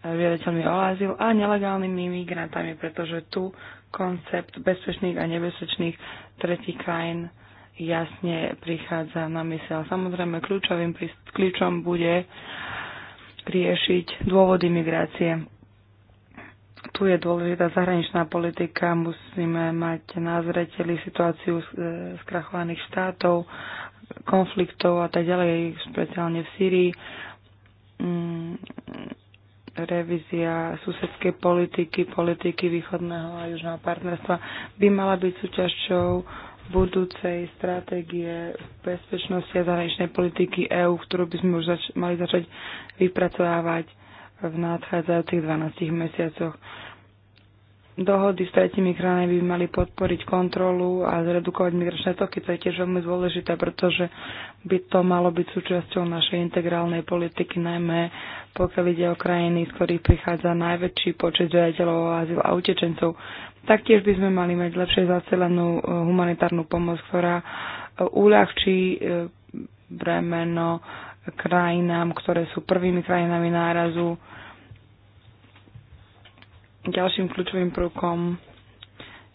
žiadateľmi o azyl a nelegálnymi migrantami, pretože tu koncept bezpečných a nebezpečných tretí krajín jasne prichádza na mysel. Samozrejme, kľúčovým kľúčom bude riešiť dôvody migrácie tu je dôležitá zahraničná politika, musíme mať na zreteli situáciu e, skrachovaných štátov, konfliktov a tak ďalej, špeciálne v Syrii. Mm, revízia susedskej politiky, politiky východného a južného partnerstva by mala byť súčasťou budúcej stratégie bezpečnosti a zahraničnej politiky EÚ, ktorú by sme už zač- mali začať vypracovávať v nadchádzajúcich 12 mesiacoch. Dohody s tretimi krajinami by mali podporiť kontrolu a zredukovať migračné toky, to je tiež veľmi dôležité, pretože by to malo byť súčasťou našej integrálnej politiky, najmä pokiaľ ide o krajiny, z ktorých prichádza najväčší počet žiadateľov o azyl a utečencov. Taktiež by sme mali mať lepšie zacelenú eh, humanitárnu pomoc, ktorá eh, uľahčí eh, bremeno krajinám, ktoré sú prvými krajinami nárazu. Ďalším kľúčovým prvkom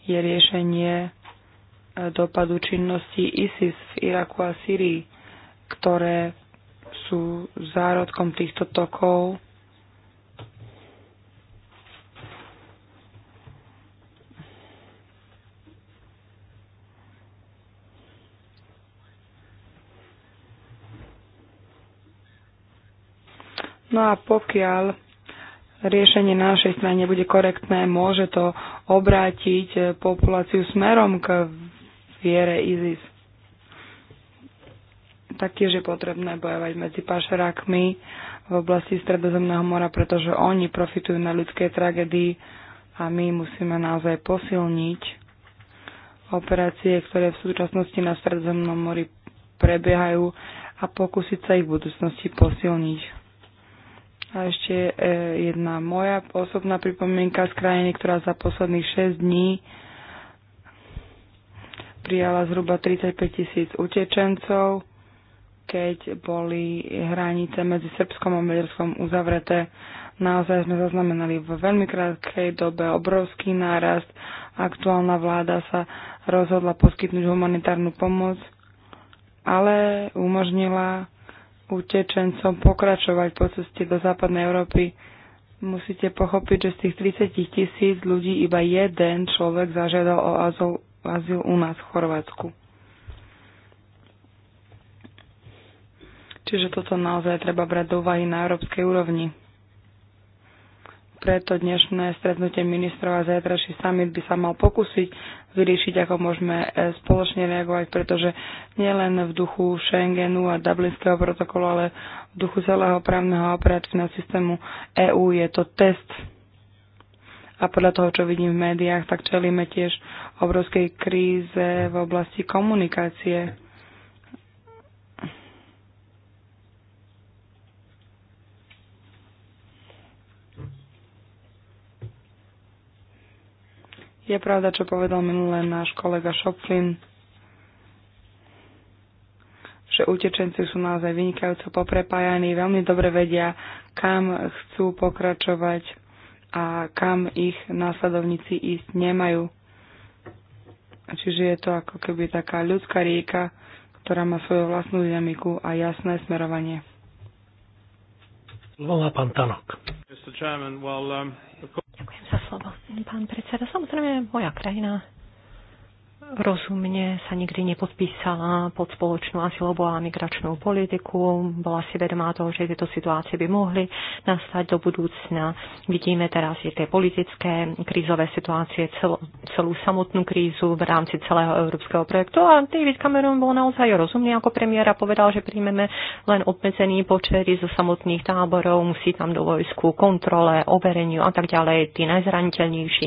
je riešenie e, dopadu činnosti ISIS v Iraku a Syrii, ktoré sú zárodkom týchto tokov No a pokiaľ riešenie na našej strane nebude korektné, môže to obrátiť e, populáciu smerom k viere ISIS. Taktiež je potrebné bojovať medzi pašerákmi v oblasti Stredozemného mora, pretože oni profitujú na ľudskej tragédii a my musíme naozaj posilniť operácie, ktoré v súčasnosti na Stredozemnom mori prebiehajú a pokúsiť sa ich v budúcnosti posilniť. A ešte e, jedna moja osobná pripomienka z krajiny, ktorá za posledných 6 dní prijala zhruba 35 tisíc utečencov, keď boli hranice medzi Srbskom a Maďarskom uzavreté. Naozaj sme zaznamenali v veľmi krátkej dobe obrovský nárast. Aktuálna vláda sa rozhodla poskytnúť humanitárnu pomoc, ale umožnila utečencom pokračovať po ceste do západnej Európy. Musíte pochopiť, že z tých 30 tisíc ľudí iba jeden človek zažiadal o azyl, azyl u nás v Chorvátsku. Čiže toto naozaj treba brať do úvahy na európskej úrovni preto dnešné stretnutie ministrov a zajtrajší summit by sa mal pokúsiť vyriešiť, ako môžeme e, spoločne reagovať, pretože nielen v duchu Schengenu a Dublinského protokolu, ale v duchu celého právneho operatívneho systému EÚ je to test. A podľa toho, čo vidím v médiách, tak čelíme tiež obrovskej kríze v oblasti komunikácie Je pravda, čo povedal minulé náš kolega Šopflin, že utečenci sú naozaj vynikajúco poprepájaní, veľmi dobre vedia, kam chcú pokračovať a kam ich následovníci ísť nemajú. Čiže je to ako keby taká ľudská rieka, ktorá má svoju vlastnú dynamiku a jasné smerovanie. Volá pán Tanok. Ďakujem za slovo, pán predseda. Samozrejme, moja krajina rozumne sa nikdy nepodpísala pod spoločnú asilovú a migračnú politiku. Bola si vedomá toho, že tieto situácie by mohli nastať do budúcna. Vidíme teraz je tie politické krízové situácie, cel, celú samotnú krízu v rámci celého európskeho projektu a David Cameron bol naozaj rozumný ako premiéra. Povedal, že príjmeme len obmedzený počet zo samotných táborov, musí tam do vojsku kontrole, overeniu a tak ďalej. Tí najzraniteľnejší,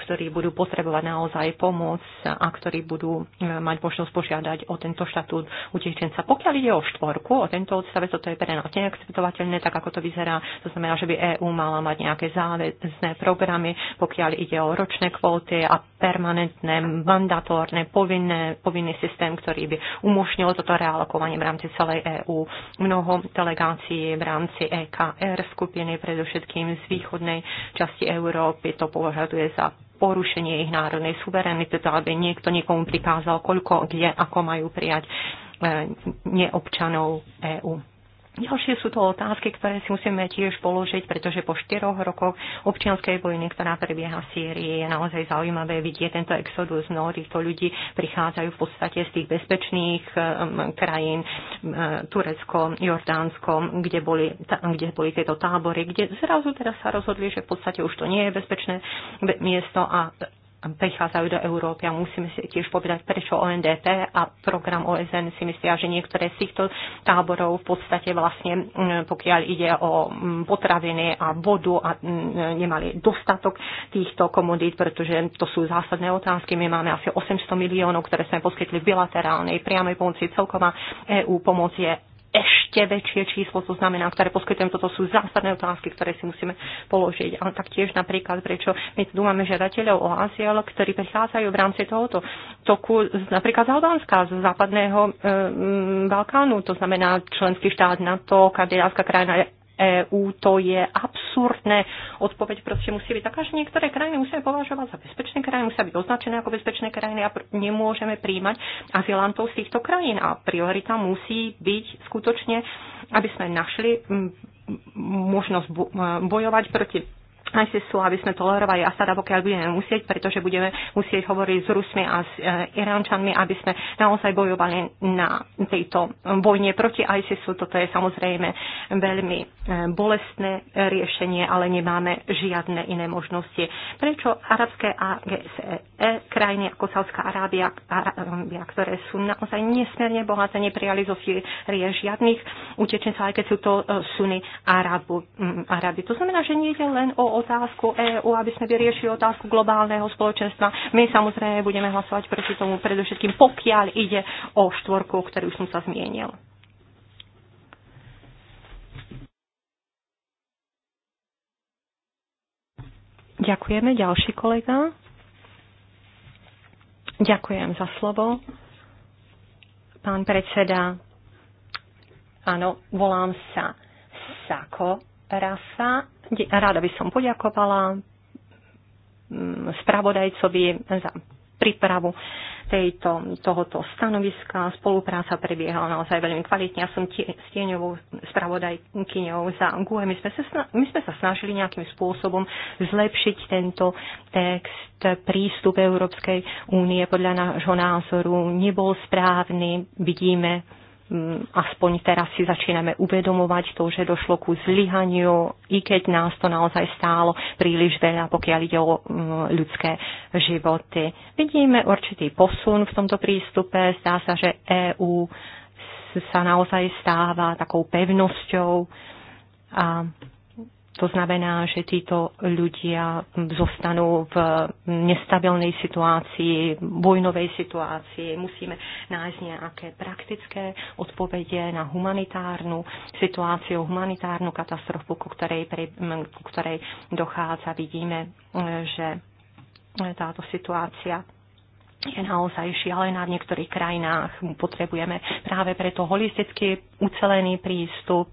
ktorí budú potrebovať naozaj pomoc a ktorí budú e, mať možnosť požiadať o tento štatút utečenca. Pokiaľ ide o štvorku, o tento odstavec, toto je pre nás neakceptovateľné, tak ako to vyzerá. To znamená, že by EÚ mala mať nejaké záväzné programy, pokiaľ ide o ročné kvóty a permanentné, mandatórne, povinné, povinný systém, ktorý by umožnil toto realokovanie v rámci celej EÚ. Mnoho delegácií v rámci EKR skupiny, predovšetkým z východnej časti Európy, to považuje za porušenie ich národnej suverenity, to aby niekto niekomu prikázal, koľko, kde, ako majú prijať eh, neobčanov EÚ. Ďalšie sú to otázky, ktoré si musíme tiež položiť, pretože po štyroch rokoch občianskej vojny, ktorá prebieha v Sýrii, je naozaj zaujímavé vidieť tento exodus. Mnoho týchto ľudí prichádzajú v podstate z tých bezpečných um, krajín, um, Turecko, Jordánsko, kde boli, ta, kde boli tieto tábory, kde zrazu teraz sa rozhodli, že v podstate už to nie je bezpečné miesto a prichádzajú do Európy a musíme si tiež povedať, prečo ONDP a program OSN si myslia, že niektoré z týchto táborov v podstate vlastne, mm, pokiaľ ide o mm, potraviny a vodu a mm, nemali dostatok týchto komodít, pretože to sú zásadné otázky. My máme asi 800 miliónov, ktoré sme poskytli v bilaterálnej priamej pomoci. Celková EU pomoc je ešte väčšie číslo, to znamená, ktoré poskytujem, toto sú zásadné otázky, ktoré si musíme položiť. A taktiež napríklad, prečo my tu máme žiadateľov o azyl, ktorí prichádzajú v rámci tohoto toku z, napríklad z Albánska, z západného e, Balkánu, to znamená členský štát NATO, kandidátska krajina EÚ, to je absurdné. Odpoveď proste musí byť taká, že niektoré krajiny musíme považovať za bezpečné krajiny, musia byť označené ako bezpečné krajiny a nemôžeme príjmať azylantov z týchto krajín. A priorita musí byť skutočne, aby sme našli možnosť bojovať proti ISISu, aby sme tolerovali Asada, pokiaľ budeme musieť, pretože budeme musieť hovoriť s Rusmi a s e, Iránčanmi, aby sme naozaj bojovali na tejto vojne proti ISISu. Toto je samozrejme veľmi e, bolestné riešenie, ale nemáme žiadne iné možnosti. Prečo arabské AGSE krajiny ako Saudská Arábia, Arábia, ktoré sú naozaj nesmierne bohaté, neprijali zo Sýrie žiadnych utečencov, aj keď sú to e, suny Arabu, Arabi. To znamená, že nie ide len o otázku EÚ, aby sme vyriešili otázku globálneho spoločenstva. My samozrejme budeme hlasovať proti tomu predovšetkým, pokiaľ ide o štvorku, ktorú som sa zmienil. Ďakujeme. Ďalší kolega. Ďakujem za slovo. Pán predseda, áno, volám sa Sako Rafa Ráda by som poďakovala mm, spravodajcovi za prípravu tejto, tohoto stanoviska. Spolupráca prebiehala naozaj veľmi kvalitne. Ja som s stieňovou spravodajkyňou za GUE. My my sme sa snažili nejakým spôsobom zlepšiť tento text. Prístup Európskej únie podľa nášho názoru nebol správny. Vidíme, Mm, aspoň teraz si začíname uvedomovať to, že došlo ku zlyhaniu, i keď nás to naozaj stálo príliš veľa, pokiaľ ide o mm, ľudské životy. Vidíme určitý posun v tomto prístupe. Zdá sa, že EÚ sa naozaj stáva takou pevnosťou a to znamená, že títo ľudia zostanú v nestabilnej situácii, vojnovej situácii. Musíme nájsť nejaké praktické odpovede na humanitárnu situáciu, humanitárnu katastrofu, ku ktorej, ku ktorej dochádza. Vidíme, že táto situácia je naozaj šialená v niektorých krajinách. Potrebujeme práve preto holisticky ucelený prístup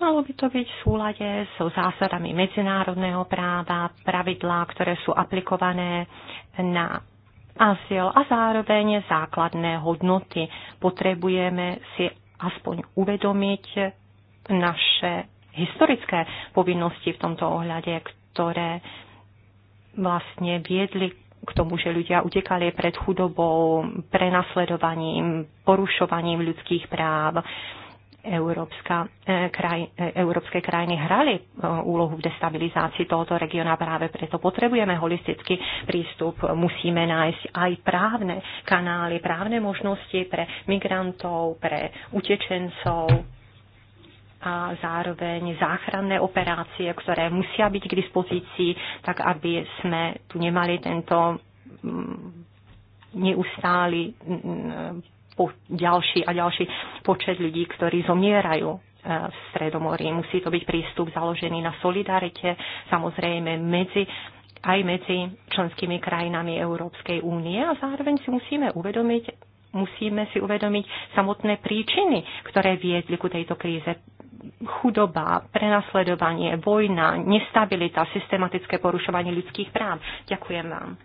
Malo by to byť v súlade so zásadami medzinárodného práva, pravidlá, ktoré sú aplikované na azyl a zároveň základné hodnoty. Potrebujeme si aspoň uvedomiť naše historické povinnosti v tomto ohľade, ktoré vlastne viedli k tomu, že ľudia utekali pred chudobou, prenasledovaním, porušovaním ľudských práv. Európska, e, kraj, e, európske krajiny hrali e, úlohu v destabilizácii tohoto regióna. Práve preto potrebujeme holistický prístup. Musíme nájsť aj právne kanály, právne možnosti pre migrantov, pre utečencov a zároveň záchranné operácie, ktoré musia byť k dispozícii, tak aby sme tu nemali tento mm, neustály mm, po ďalší a ďalší počet ľudí, ktorí zomierajú e, v Stredomorí. Musí to byť prístup založený na solidarite, samozrejme medzi aj medzi členskými krajinami Európskej únie a zároveň si musíme uvedomiť, musíme si uvedomiť samotné príčiny, ktoré viedli ku tejto kríze. Chudoba, prenasledovanie, vojna, nestabilita, systematické porušovanie ľudských práv. Ďakujem vám.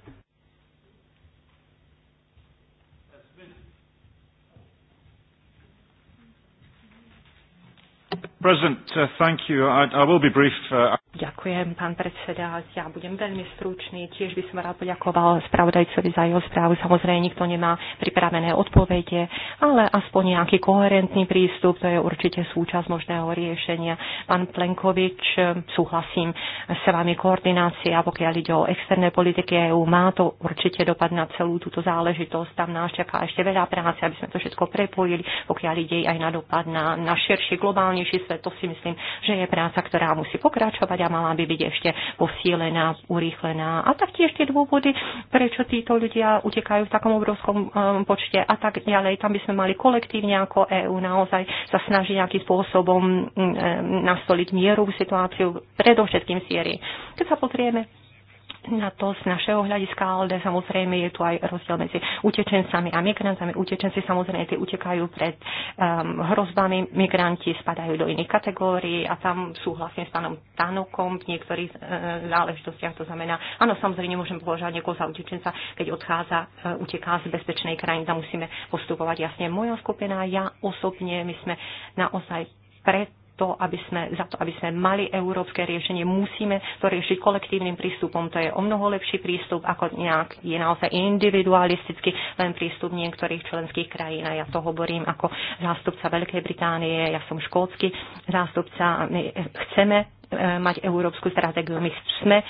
President, uh, thank you. I, I will be brief. Uh, Ďakujem, pán predseda. Ja budem veľmi stručný. Tiež by som rád poďakoval spravodajcovi za jeho správu. Samozrejme, nikto nemá pripravené odpovede, ale aspoň nejaký koherentný prístup, to je určite súčasť možného riešenia. Pán Plenkovič, súhlasím s vami, koordinácia, pokiaľ ide o externé politiky EÚ, má to určite dopad na celú túto záležitosť. Tam nás čaká ešte veľa práce, aby sme to všetko prepojili, pokiaľ ide aj na dopad na, na širší, globálnejší svet. To si myslím, že je práca, ktorá musí pokračovať a mala by byť ešte posílená, urýchlená. A taktiež tie dôvody, prečo títo ľudia utekajú v takom obrovskom um, počte a tak ďalej. Tam by sme mali kolektívne ako EÚ naozaj sa snažiť nejakým spôsobom um, um nastoliť mieru situáciu, predovšetkým v Sýrii. Keď sa pozrieme na to z našeho hľadiska, ale samozrejme je tu aj rozdiel medzi utečencami a migrantami. Utečenci samozrejme tie utekajú pred um, hrozbami, migranti spadajú do iných kategórií a tam súhlasím s pánom Tanokom v niektorých e, záležitostiach. To znamená, áno, samozrejme nemôžem považovať niekoho za utečenca, keď odchádza, e, uteká z bezpečnej krajiny, tam musíme postupovať jasne. Moja skupina, ja osobne, my sme naozaj pred to, aby sme, za to, aby sme mali európske riešenie, musíme to riešiť kolektívnym prístupom. To je o mnoho lepší prístup ako nejak je naozaj individualistický len prístup niektorých členských krajín. A ja to hovorím ako zástupca Veľkej Británie, ja som škótsky zástupca. My chceme E, mať európsku stratégiu. My sme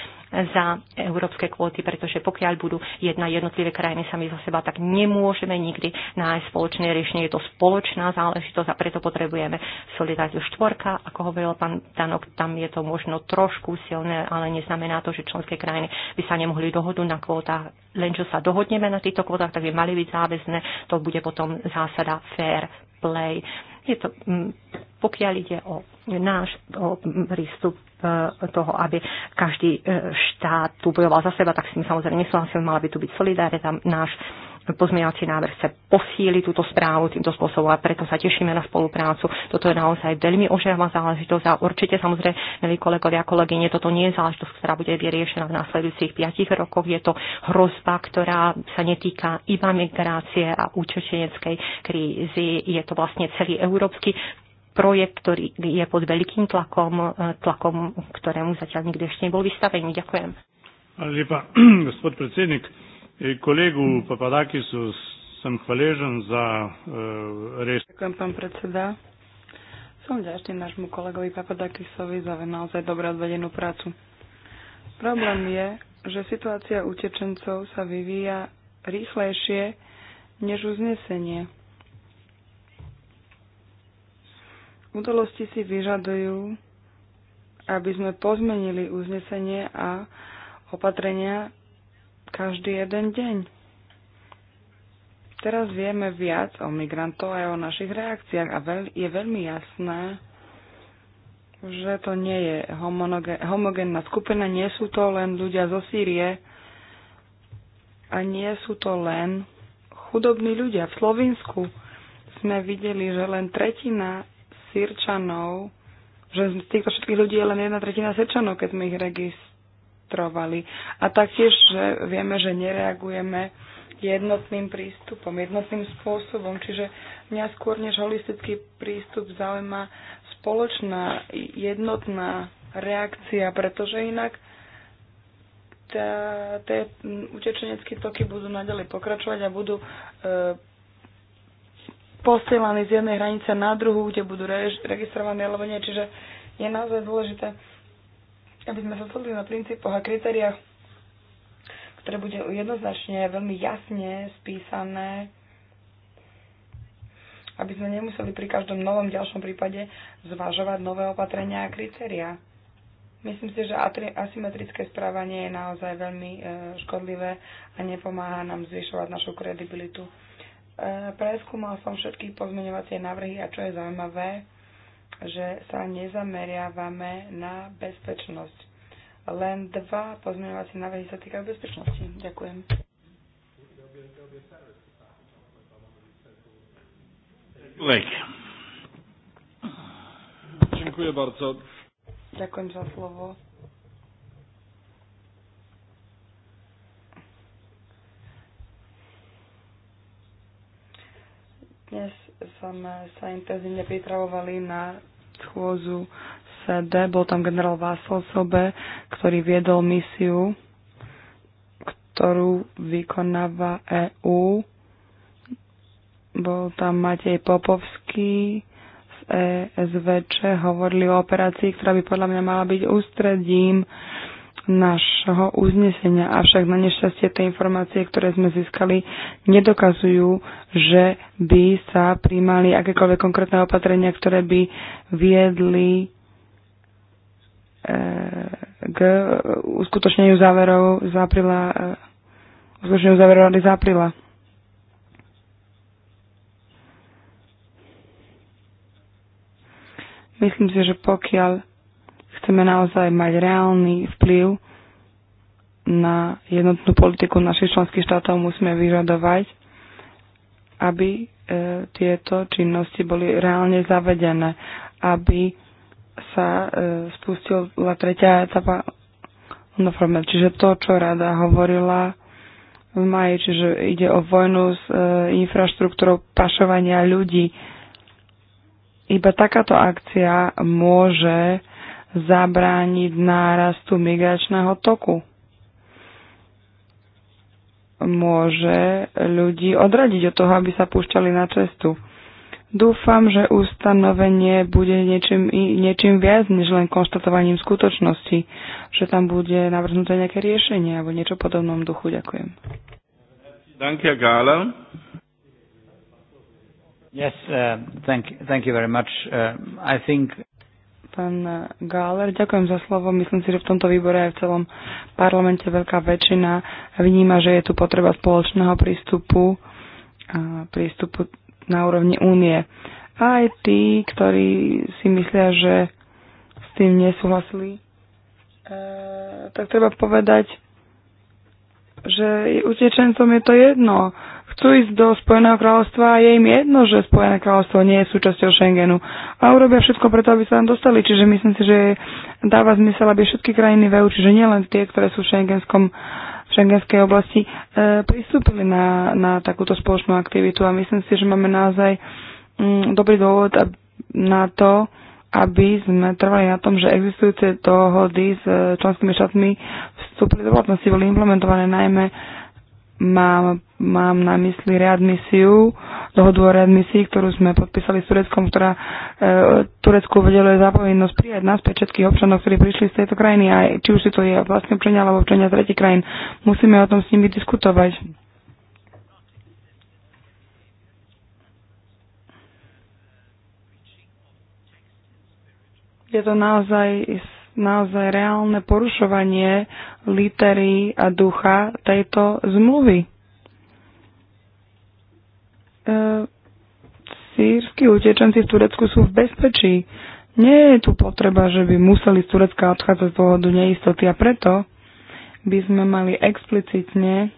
za európske kvóty, pretože pokiaľ budú jedna jednotlivé krajiny sami za seba, tak nemôžeme nikdy nájsť spoločné riešenie. Je to spoločná záležitosť a preto potrebujeme solidáciu štvorka. Ako hovoril pán Danok, tam je to možno trošku silné, ale neznamená to, že členské krajiny by sa nemohli dohodnúť na kvótach. Len čo sa dohodneme na týchto kvótach, tak by mali byť záväzné. To bude potom zásada fair play je vlastne to, pokiaľ ide o náš o prístup e, toho, aby každý e, štát tu bojoval za seba, tak s tým samozrejme nesúhlasím, mala by tu byť solidarita. Náš pozmeňovací návrh chce posíliť túto správu týmto spôsobom a preto sa tešíme na spoluprácu. Toto je naozaj veľmi ožiavá záležitosť a určite samozrejme, milí kolegovia a kolegyne, toto nie je záležitosť, ktorá bude vyriešená v následujúcich piatich rokoch. Je to hrozba, ktorá sa netýka iba migrácie a účečeneckej krízy. Je to vlastne celý európsky projekt, ktorý je pod veľkým tlakom, tlakom, ktorému zatiaľ nikdy ešte nebol vystavený. Ďakujem. Hvala lepa, gospod predsednik. E, kolegu Papadakisu sem hvaležen za e, Ďakujem, pán predseda. Som vďačný nášmu kolegovi Papadakisovi za naozaj dobre odvedenú prácu. Problém je, že situácia utečencov sa vyvíja rýchlejšie než uznesenie. Udalosti si vyžadujú, aby sme pozmenili uznesenie a opatrenia každý jeden deň. Teraz vieme viac o migrantov aj o našich reakciách a veľ, je veľmi jasné, že to nie je homogénna skupina, nie sú to len ľudia zo Sýrie a nie sú to len chudobní ľudia. V Slovensku sme videli, že len tretina Sýrčanov, že z týchto všetkých ľudí je len jedna tretina Sýrčanov, keď sme ich regis, trvali. A taktiež že vieme, že nereagujeme jednotným prístupom, jednotným spôsobom. Čiže mňa skôr než holistický prístup zaujíma spoločná, jednotná reakcia, pretože inak tie utečenecké toky budú naďalej pokračovať a budú e, posielané z jednej hranice na druhú, kde budú re, registrované alebo nie. Čiže je naozaj dôležité aby sme sa shodli na princípoch a kritériách, ktoré bude jednoznačne veľmi jasne spísané, aby sme nemuseli pri každom novom ďalšom prípade zvažovať nové opatrenia a kritériá. Myslím si, že asymetrické správanie je naozaj veľmi e, škodlivé a nepomáha nám zvyšovať našu kredibilitu. E, preskúmal som všetky pozmeňovacie návrhy a čo je zaujímavé, že sa nezameriavame na bezpečnosť. Len dva pozmeňovacie návrhy sa týkajú bezpečnosti. Ďakujem. Lek. Ďakujem bardzo. Ďakujem za slovo. Dnes som eh, sa intenzívne pripravovali na schôzu CD. Bol tam generál Vásol Sobe, ktorý viedol misiu, ktorú vykonáva EU, Bol tam Matej Popovský z ESVČ, hovorili o operácii, ktorá by podľa mňa mala byť ústredím nášho uznesenia. Avšak na nešťastie tie informácie, ktoré sme získali, nedokazujú, že by sa príjmali akékoľvek konkrétne opatrenia, ktoré by viedli e, k uskutočneniu záverov z apríla, e, uskutočneniu záverov z apríla. Myslím si, že pokiaľ chceme naozaj mať reálny vplyv na jednotnú politiku našich členských štátov, musíme vyžadovať, aby e, tieto činnosti boli reálne zavedené, aby sa e, spustila tretia etapa uniforme. Čiže to, čo rada hovorila v maji, čiže ide o vojnu s e, infraštruktúrou pašovania ľudí. Iba takáto akcia môže zabrániť nárastu migračného toku. Môže ľudí odradiť od toho, aby sa púšťali na cestu. Dúfam, že ustanovenie bude niečím, niečím viac než len konštatovaním skutočnosti, že tam bude navrhnuté nejaké riešenie alebo niečo podobnom duchu. Ďakujem. Danke, Gala. Yes, uh, thank, thank you very much. Uh, I think Pán Gáler, ďakujem za slovo. Myslím si, že v tomto výbore aj v celom parlamente veľká väčšina vníma, že je tu potreba spoločného prístupu, prístupu na úrovni únie. A aj tí, ktorí si myslia, že s tým nesúhlasili, e, tak treba povedať, že utečencom je to jedno chcú ísť do Spojeného kráľovstva a je im jedno, že Spojené kráľovstvo nie je súčasťou Schengenu. A urobia všetko preto, aby sa tam dostali. Čiže myslím si, že dáva zmysel, aby všetky krajiny VEU, čiže nielen tie, ktoré sú v Schengenskom v šengenskej oblasti, e, pristúpili na, na takúto spoločnú aktivitu a myslím si, že máme naozaj mm, dobrý dôvod na to, aby sme trvali na tom, že existujúce dohody s e, členskými štátmi vstúpili do platnosti, boli implementované najmä Mám, mám na mysli readmisiu, dohodu o readmisii, ktorú sme podpísali s Tureckom, ktorá e, Turecku uvedeluje zápovinnosť prijať naspäť všetkých občanov, ktorí prišli z tejto krajiny, a či už si to je vlastne občania alebo občania tretich krajín. Musíme o tom s nimi diskutovať. Je to naozaj naozaj reálne porušovanie litery a ducha tejto zmluvy. E, sírsky utečenci v Turecku sú v bezpečí. Nie je tu potreba, že by museli z Turecka odchádzať z dôvodu neistoty a preto by sme mali explicitne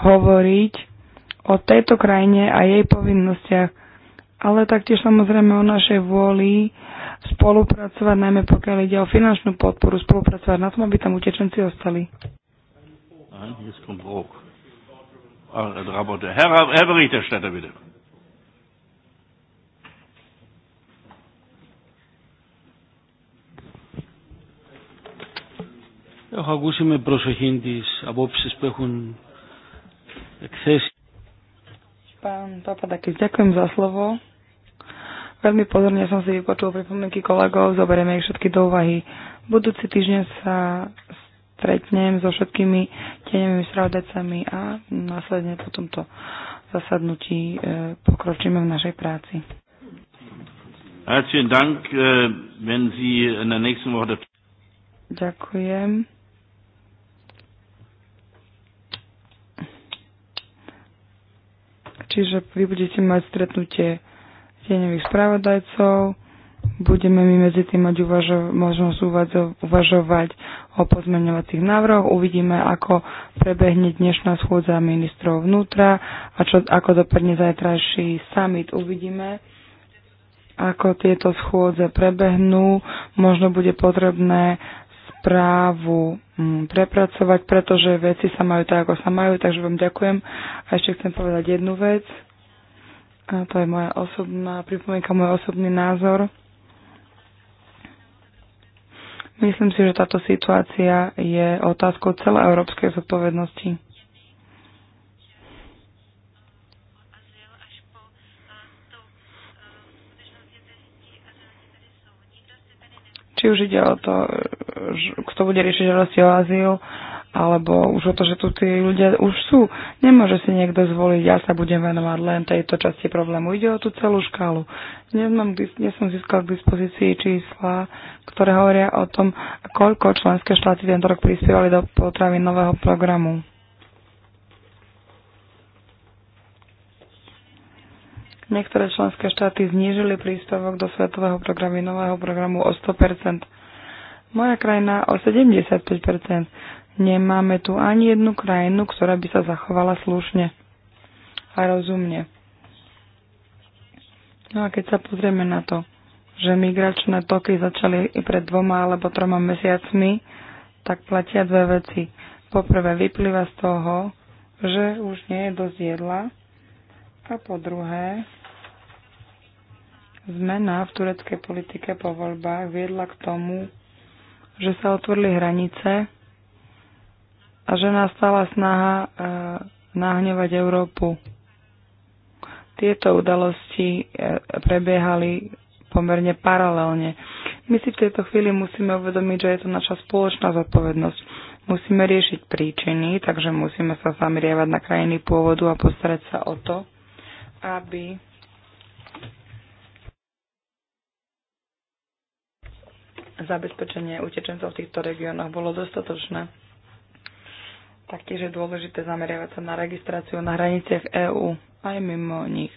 hovoriť o tejto krajine a jej povinnostiach, ale taktiež samozrejme o našej vôli spolupracovať, najmä pokiaľ ide o finančnú podporu, spolupracovať na tom, aby tam utečenci ostali. Ah, Έχω ακούσει με προσοχή τις απόψεις που έχουν εκθέσει. Pán Papadakis, ďakujem za slovo. Veľmi pozorne som si vypočul pripomienky kolegov, zoberieme ich všetky do úvahy. Budúci týždeň sa stretnem so všetkými tenemi spravodajcami a následne po tomto zasadnutí e, pokročíme v našej práci. Äh, Ďakujem. Čiže vy budete mať stretnutie tieňových spravodajcov. Budeme my medzi tým mať uvažo- možnosť uvažo- uvažovať o pozmeňovacích návrhoch. Uvidíme, ako prebehne dnešná schôdza ministrov vnútra a čo, ako dopadne zajtrajší summit. Uvidíme, ako tieto schôdze prebehnú. Možno bude potrebné správu mm, prepracovať, pretože veci sa majú tak, ako sa majú. Takže vám ďakujem. A ešte chcem povedať jednu vec. A to je moja osobná pripomienka, môj osobný názor. Myslím si, že táto situácia je otázkou celej európskej zodpovednosti. Či už ide o to, kto bude riešiť žiadosti o azyl, alebo už o to, že tu tí ľudia už sú. Nemôže si niekto zvoliť, ja sa budem venovať len tejto časti problému. Ide o tú celú škálu. Dnes, mám, dnes som získal k dispozícii čísla, ktoré hovoria o tom, koľko členské štáty tento rok prispievali do potravy nového programu. Niektoré členské štáty znížili príspevok do svetového programu nového programu o 100%. Moja krajina o 75%. Nemáme tu ani jednu krajinu, ktorá by sa zachovala slušne a rozumne. No a keď sa pozrieme na to, že migračné toky začali i pred dvoma alebo troma mesiacmi, tak platia dve veci. Poprvé vyplýva z toho, že už nie je dosť jedla a po druhé zmena v tureckej politike po voľbách viedla k tomu, že sa otvorili hranice a že nastala stala snaha e, nahnevať Európu. Tieto udalosti e, prebiehali pomerne paralelne. My si v tejto chvíli musíme uvedomiť, že je to naša spoločná zodpovednosť. Musíme riešiť príčiny, takže musíme sa zamerievať na krajiny pôvodu a postarať sa o to, aby zabezpečenie utečencov v týchto regiónoch bolo dostatočné. Taktiež je dôležité zameriavať sa na registráciu na hraniciach EÚ aj mimo nich.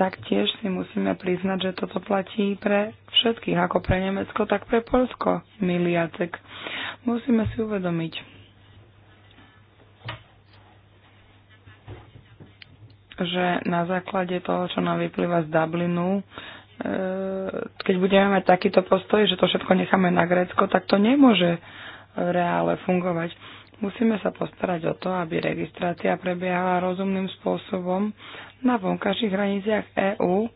Taktiež si musíme priznať, že toto platí pre všetkých, ako pre Nemecko, tak pre Polsko, miliacek. Musíme si uvedomiť. že na základe toho, čo nám vyplýva z Dublinu, e, keď budeme mať takýto postoj, že to všetko necháme na Grécko, tak to nemôže v reále fungovať. Musíme sa postarať o to, aby registrácia prebiehala rozumným spôsobom na vonkajších hraniciach EÚ,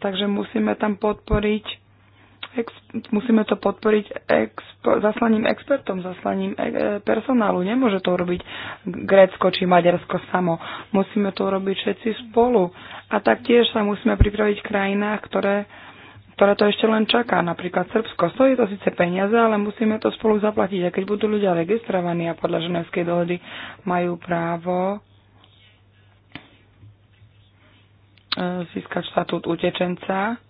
takže musíme tam podporiť ex, musíme to podporiť expo, zaslaním expertom, zaslaním e, e, personálu. Nemôže to urobiť Grécko či Maďarsko samo. Musíme to urobiť všetci spolu. A taktiež sa musíme pripraviť v krajinách, ktoré ktoré to ešte len čaká, napríklad Srbsko. Stojí to síce peniaze, ale musíme to spolu zaplatiť. A keď budú ľudia registrovaní a podľa ženevskej dohody majú právo e, získať štatút utečenca,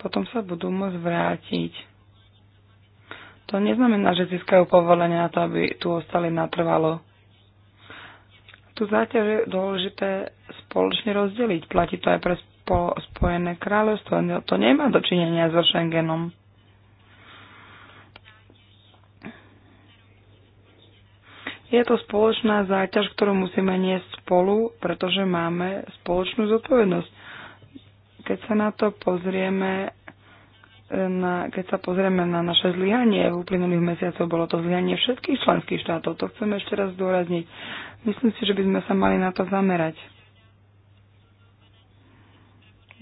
potom sa budú môcť vrátiť. To neznamená, že získajú povolenie na to, aby tu ostali natrvalo tu záťaž je dôležité spoločne rozdeliť. Platí to aj pre spo- Spojené kráľovstvo. No, to nemá dočinenia so Schengenom. Je to spoločná záťaž, ktorú musíme niesť spolu, pretože máme spoločnú zodpovednosť. Keď sa na to pozrieme na, keď sa pozrieme na naše zlyhanie v uplynulých mesiacoch, bolo to zlyhanie všetkých členských štátov. To chcem ešte raz zdôrazniť. Myslím si, že by sme sa mali na to zamerať.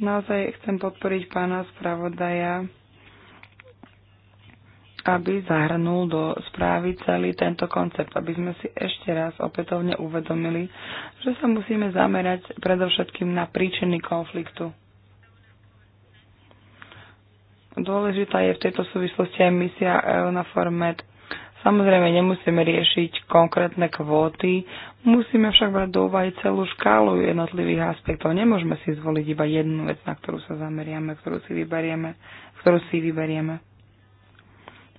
Naozaj chcem podporiť pána spravodaja, aby zahrnul do správy celý tento koncept, aby sme si ešte raz opätovne uvedomili, že sa musíme zamerať predovšetkým na príčiny konfliktu Dôležitá je v tejto súvislosti aj misia Eona Format. Samozrejme, nemusíme riešiť konkrétne kvóty, musíme však brať do úvahy celú škálu jednotlivých aspektov. Nemôžeme si zvoliť iba jednu vec, na ktorú sa zameriame, ktorú si vyberieme. Ktorú si vyberieme.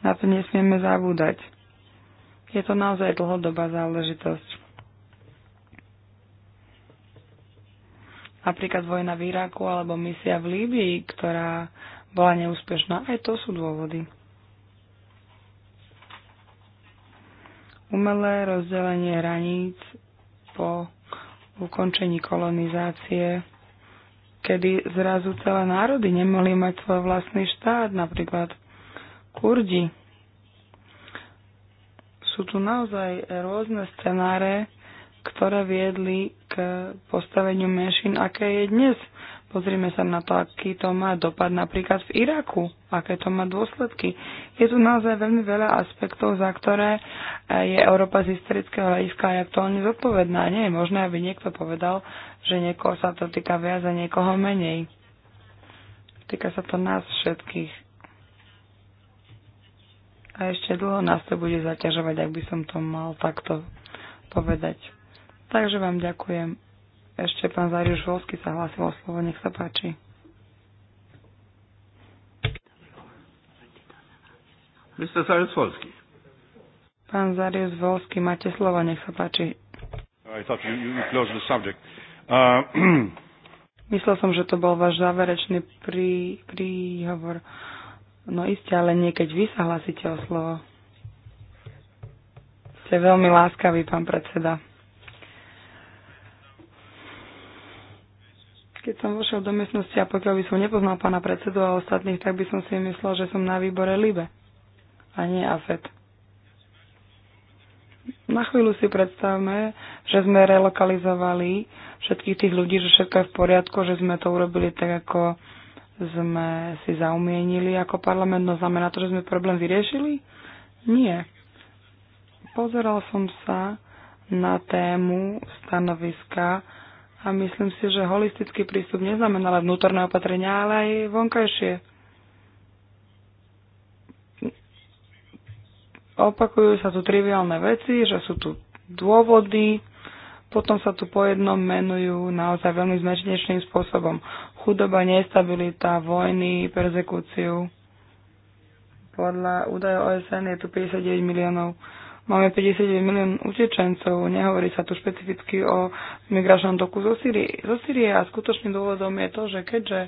Na to nesmieme zabúdať. Je to naozaj dlhodobá záležitosť. Napríklad vojna v Iraku alebo misia v Líbii, ktorá bola neúspešná. Aj to sú dôvody. Umelé rozdelenie hraníc po ukončení kolonizácie, kedy zrazu celé národy nemohli mať svoj vlastný štát, napríklad Kurdi. Sú tu naozaj rôzne scenáre, ktoré viedli k postaveniu menšín, aké je dnes – Pozrime sa na to, aký to má dopad napríklad v Iraku, aké to má dôsledky. Je tu naozaj veľmi veľa aspektov, za ktoré eh, je Európa z historického hľadiska aj aktuálne zodpovedná. Nie je možné, aby niekto povedal, že niekoho sa to týka viac a niekoho menej. Týka sa to nás všetkých. A ešte dlho nás to bude zaťažovať, ak by som to mal takto povedať. Takže vám ďakujem ešte pán Zariuš Volsky sa hlásil o slovo, nech sa páči. Mr. Zarius Volsky. Pán Zarius Volsky, máte slovo, nech sa páči. Oh, I thought you, you, closed the subject. Uh, Myslel som, že to bol váš záverečný prí, príhovor. No iste, ale nie, keď vy sa hlasíte o slovo. Ste veľmi láskavý, pán predseda. Keď som vošiel do miestnosti a pokiaľ by som nepoznal pána predsedu a ostatných, tak by som si myslel, že som na výbore Libe a nie AFET. Na chvíľu si predstavme, že sme relokalizovali všetkých tých ľudí, že všetko je v poriadku, že sme to urobili tak, ako sme si zaumienili ako parlament. No znamená to, že sme problém vyriešili? Nie. Pozeral som sa na tému stanoviska a myslím si, že holistický prístup neznamená len vnútorné opatrenia, ale aj vonkajšie. Opakujú sa tu triviálne veci, že sú tu dôvody, potom sa tu po jednom menujú naozaj veľmi značnečným spôsobom. Chudoba, nestabilita, vojny, persekúciu. Podľa údajov OSN je tu 59 miliónov Máme 59 milión utečencov, nehovorí sa tu špecificky o migračnom toku zo Syrie, zo Syrie a skutočným dôvodom je to, že keďže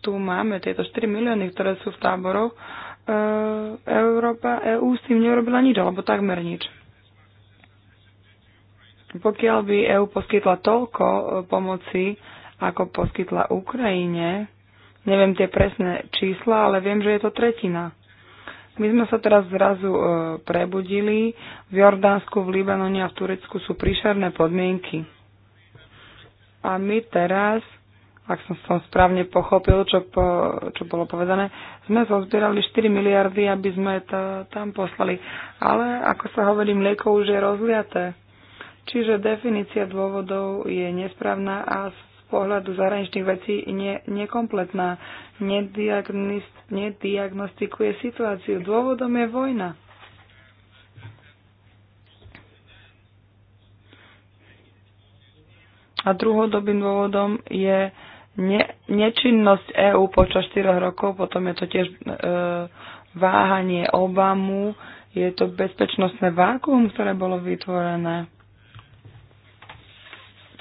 tu máme tieto 4 milióny, ktoré sú v táboroch, e, Európa, EÚ s tým neurobila nič, alebo takmer nič. Pokiaľ by EÚ poskytla toľko e, pomoci, ako poskytla Ukrajine, neviem tie presné čísla, ale viem, že je to tretina my sme sa teraz zrazu e, prebudili. V Jordánsku, v Libanone a v Turecku sú príšerné podmienky. A my teraz, ak som, som správne pochopil, čo, po, čo bolo povedané, sme zozbierali 4 miliardy, aby sme to tam poslali. Ale, ako sa hovorí, mlieko už je rozliaté. Čiže definícia dôvodov je nesprávna a z pohľadu zahraničných vecí nie, nekompletná. Nediagnost nediagnostikuje situáciu. Dôvodom je vojna. A druhodobým dôvodom je ne, nečinnosť EÚ počas 4 rokov, potom je to tiež e, váhanie Obamu, je to bezpečnostné vákuum, ktoré bolo vytvorené.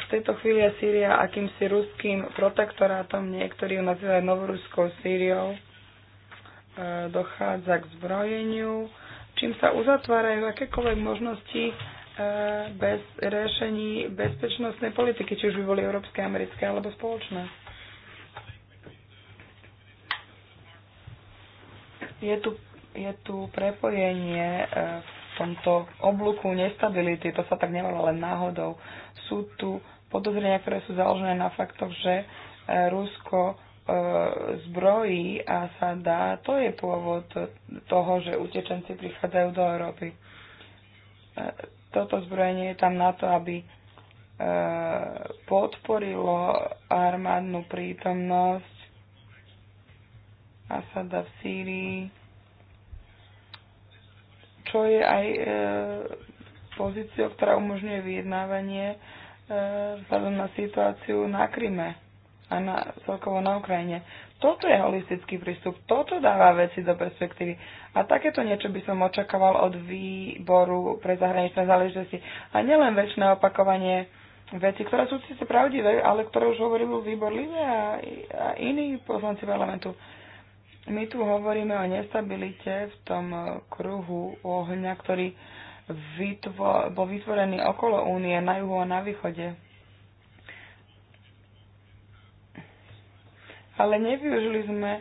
V tejto chvíli je Sýria akýmsi ruským protektorátom, niektorí ju nazývajú Novoruskou Sýriou. E, dochádza k zbrojeniu, čím sa uzatvárajú akékoľvek možnosti e, bez riešení bezpečnostnej politiky, či už by boli európske, americké alebo spoločné. Je tu, je tu prepojenie e, v tomto oblúku nestability, to sa tak nemalo len náhodou. Sú tu podozrenia, ktoré sú založené na faktoch, že Rusko E, zbrojí a sa dá, to je pôvod toho, že utečenci prichádzajú do Európy. E, toto zbrojenie je tam na to, aby e, podporilo armádnu prítomnosť Asada v Sýrii, čo je aj pozíciou, ktorá umožňuje vyjednávanie vzhľadom na situáciu na Kryme a na, celkovo na Ukrajine. Toto je holistický prístup, toto dáva veci do perspektívy. A takéto niečo by som očakával od výboru pre zahraničné záležitosti. A nielen väčšie opakovanie veci, ktoré sú síce pravdivé, ale ktoré už hovoril výbor Live a, a iní poslanci parlamentu. My tu hovoríme o nestabilite v tom kruhu ohňa, ktorý vytvo- bol vytvorený okolo únie na juhu a na východe. ale nevyužili sme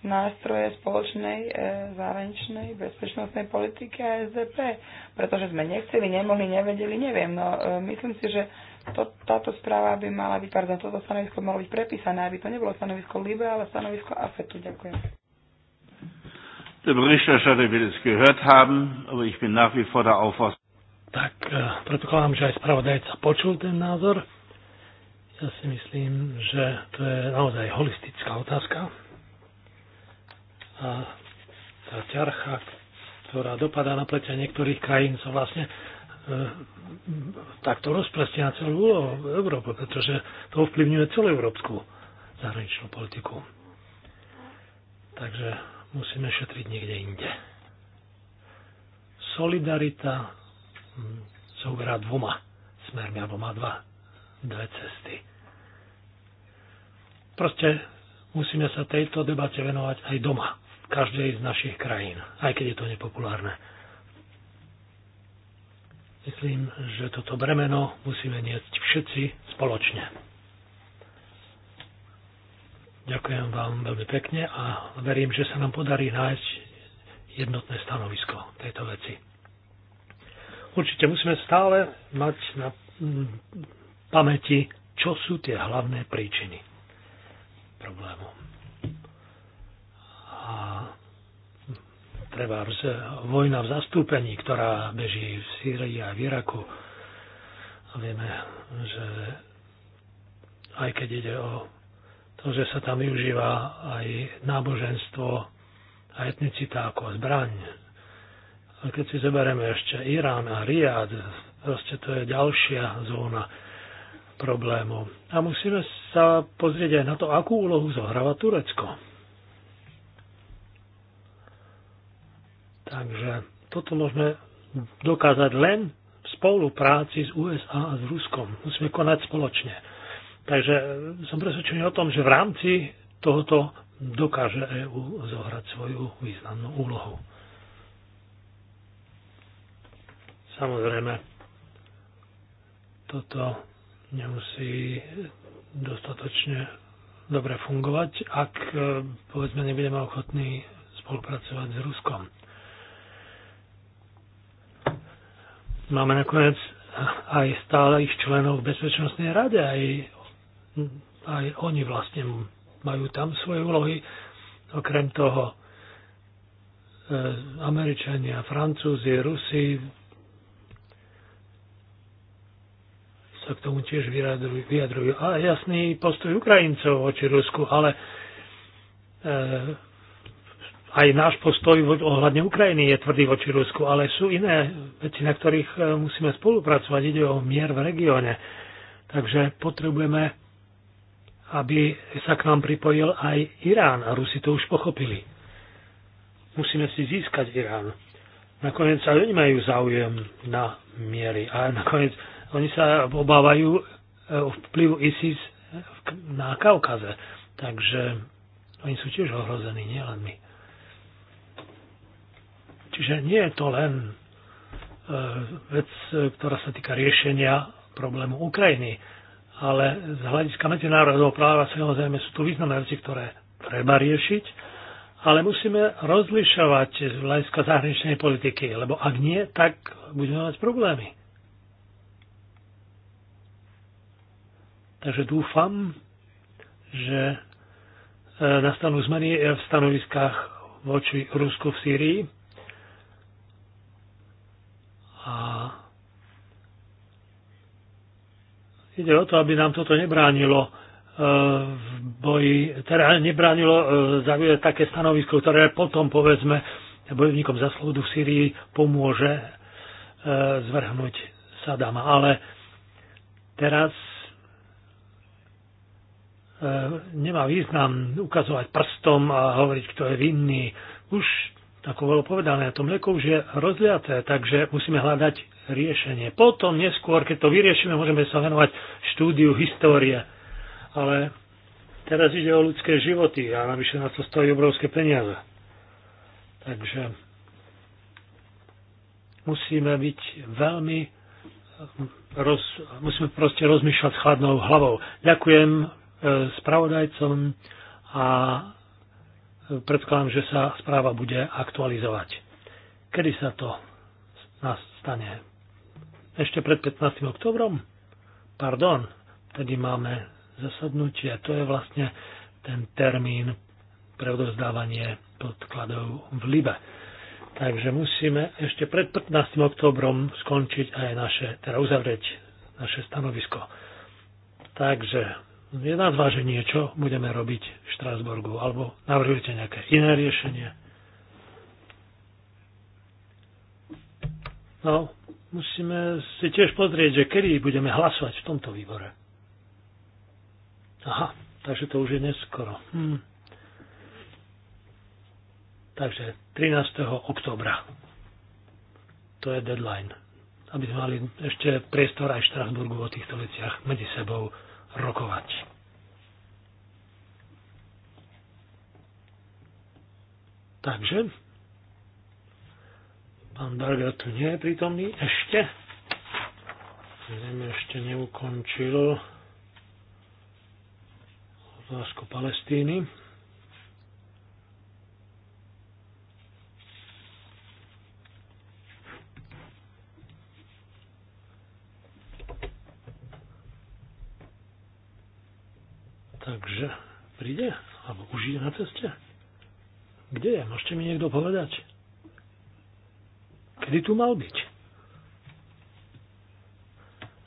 nástroje spoločnej e, zahraničnej bezpečnostnej politiky a SDP, pretože sme nechceli, nemohli, nevedeli, neviem. No, e, myslím si, že to, táto správa by mala byť, pardon, toto stanovisko malo byť prepísané, aby to nebolo stanovisko LIBE, ale stanovisko AFETu. Ďakujem. Er tak Berichterstatter Tak, predpokladám, že aj spravodajca počul ten názor. Ja si myslím, že to je naozaj holistická otázka. A tá ťarcha, ktorá dopadá na pleťa niektorých krajín, sa vlastne e, takto rozprestie na celú Európu, pretože to ovplyvňuje celú európsku zahraničnú politiku. Takže musíme šetriť niekde inde. Solidarita hm, sa uberá dvoma smermi, alebo má dva, dve cesty Proste musíme sa tejto debate venovať aj doma, v každej z našich krajín, aj keď je to nepopulárne. Myslím, že toto bremeno musíme niesť všetci spoločne. Ďakujem vám veľmi pekne a verím, že sa nám podarí nájsť jednotné stanovisko tejto veci. Určite musíme stále mať na mm, pamäti, čo sú tie hlavné príčiny problému. A treba vojna v zastúpení, ktorá beží v Sýrii a v Iraku. A vieme, že aj keď ide o to, že sa tam využíva aj náboženstvo a etnicita ako zbraň. A keď si zoberieme ešte Irán a Riad, proste to je ďalšia zóna, problémov. A musíme sa pozrieť aj na to, akú úlohu zohráva Turecko. Takže toto môžeme dokázať len v spolupráci s USA a s Ruskom. Musíme konať spoločne. Takže som presvedčený o tom, že v rámci tohoto dokáže EÚ zohrať svoju významnú úlohu. Samozrejme, toto nemusí dostatočne dobre fungovať, ak eh, povedzme nebudeme ochotní spolupracovať s Ruskom. Máme nakoniec aj ich členov v Bezpečnostnej rade, aj, aj oni vlastne majú tam svoje úlohy. Okrem toho eh, Američania, Francúzi, Rusi sa k tomu tiež vyjadrujú. A jasný postoj Ukrajincov voči Rusku, ale e, aj náš postoj ohľadne Ukrajiny je tvrdý voči Rusku, ale sú iné veci, na ktorých e, musíme spolupracovať. Ide o mier v regióne. Takže potrebujeme, aby sa k nám pripojil aj Irán. A Rusi to už pochopili. Musíme si získať Irán. Nakoniec aj oni majú záujem na miery. A nakoniec oni sa obávajú e, vplyvu ISIS na Kaukaze. Takže oni sú tiež ohrození, nielen my. Čiže nie je to len e, vec, e, ktorá sa týka riešenia problému Ukrajiny, ale z hľadiska medzinárodného práva samozrejme sú tu významné veci, ktoré treba riešiť, ale musíme rozlišovať z hľadiska zahraničnej politiky, lebo ak nie, tak budeme mať problémy. Takže dúfam, že e, nastanú zmeny e, v stanoviskách voči Rusku v Sýrii. A ide o to, aby nám toto nebránilo e, v boji, teda nebránilo zaujať také stanovisko, ktoré potom, povedzme, bojovníkom za slobodu v Sýrii pomôže zvrhnúť Sadama. Ale teraz E, nemá význam ukazovať prstom a hovoriť, kto je vinný. Už, ako bolo povedané, to mlieko už je rozliaté, takže musíme hľadať riešenie. Potom neskôr, keď to vyriešime, môžeme sa venovať štúdiu histórie. Ale teraz ide o ľudské životy a navyše na to stojí obrovské peniaze. Takže musíme byť veľmi roz, musíme proste rozmýšľať s chladnou hlavou. Ďakujem spravodajcom a predkladám, že sa správa bude aktualizovať. Kedy sa to nás stane? Ešte pred 15. oktobrom? Pardon, tedy máme zasadnutie. To je vlastne ten termín pre odovzdávanie podkladov v Libe. Takže musíme ešte pred 15. oktobrom skončiť aj naše, teda uzavrieť naše stanovisko. Takže je na zváženie, čo budeme robiť v Štrásburgu, alebo navrhujete nejaké iné riešenie. No, musíme si tiež pozrieť, že kedy budeme hlasovať v tomto výbore. Aha, takže to už je neskoro. Hm. Takže 13. oktobra. To je deadline. Aby sme mali ešte priestor aj v Štrasburgu o týchto veciach medzi sebou rokovať. Takže, pán Berger tu nie je prítomný ešte. Neviem, ešte neukončil otázku Palestíny. Takže príde? Alebo už je na ceste? Kde je? Môžete mi niekto povedať? Kedy tu mal byť?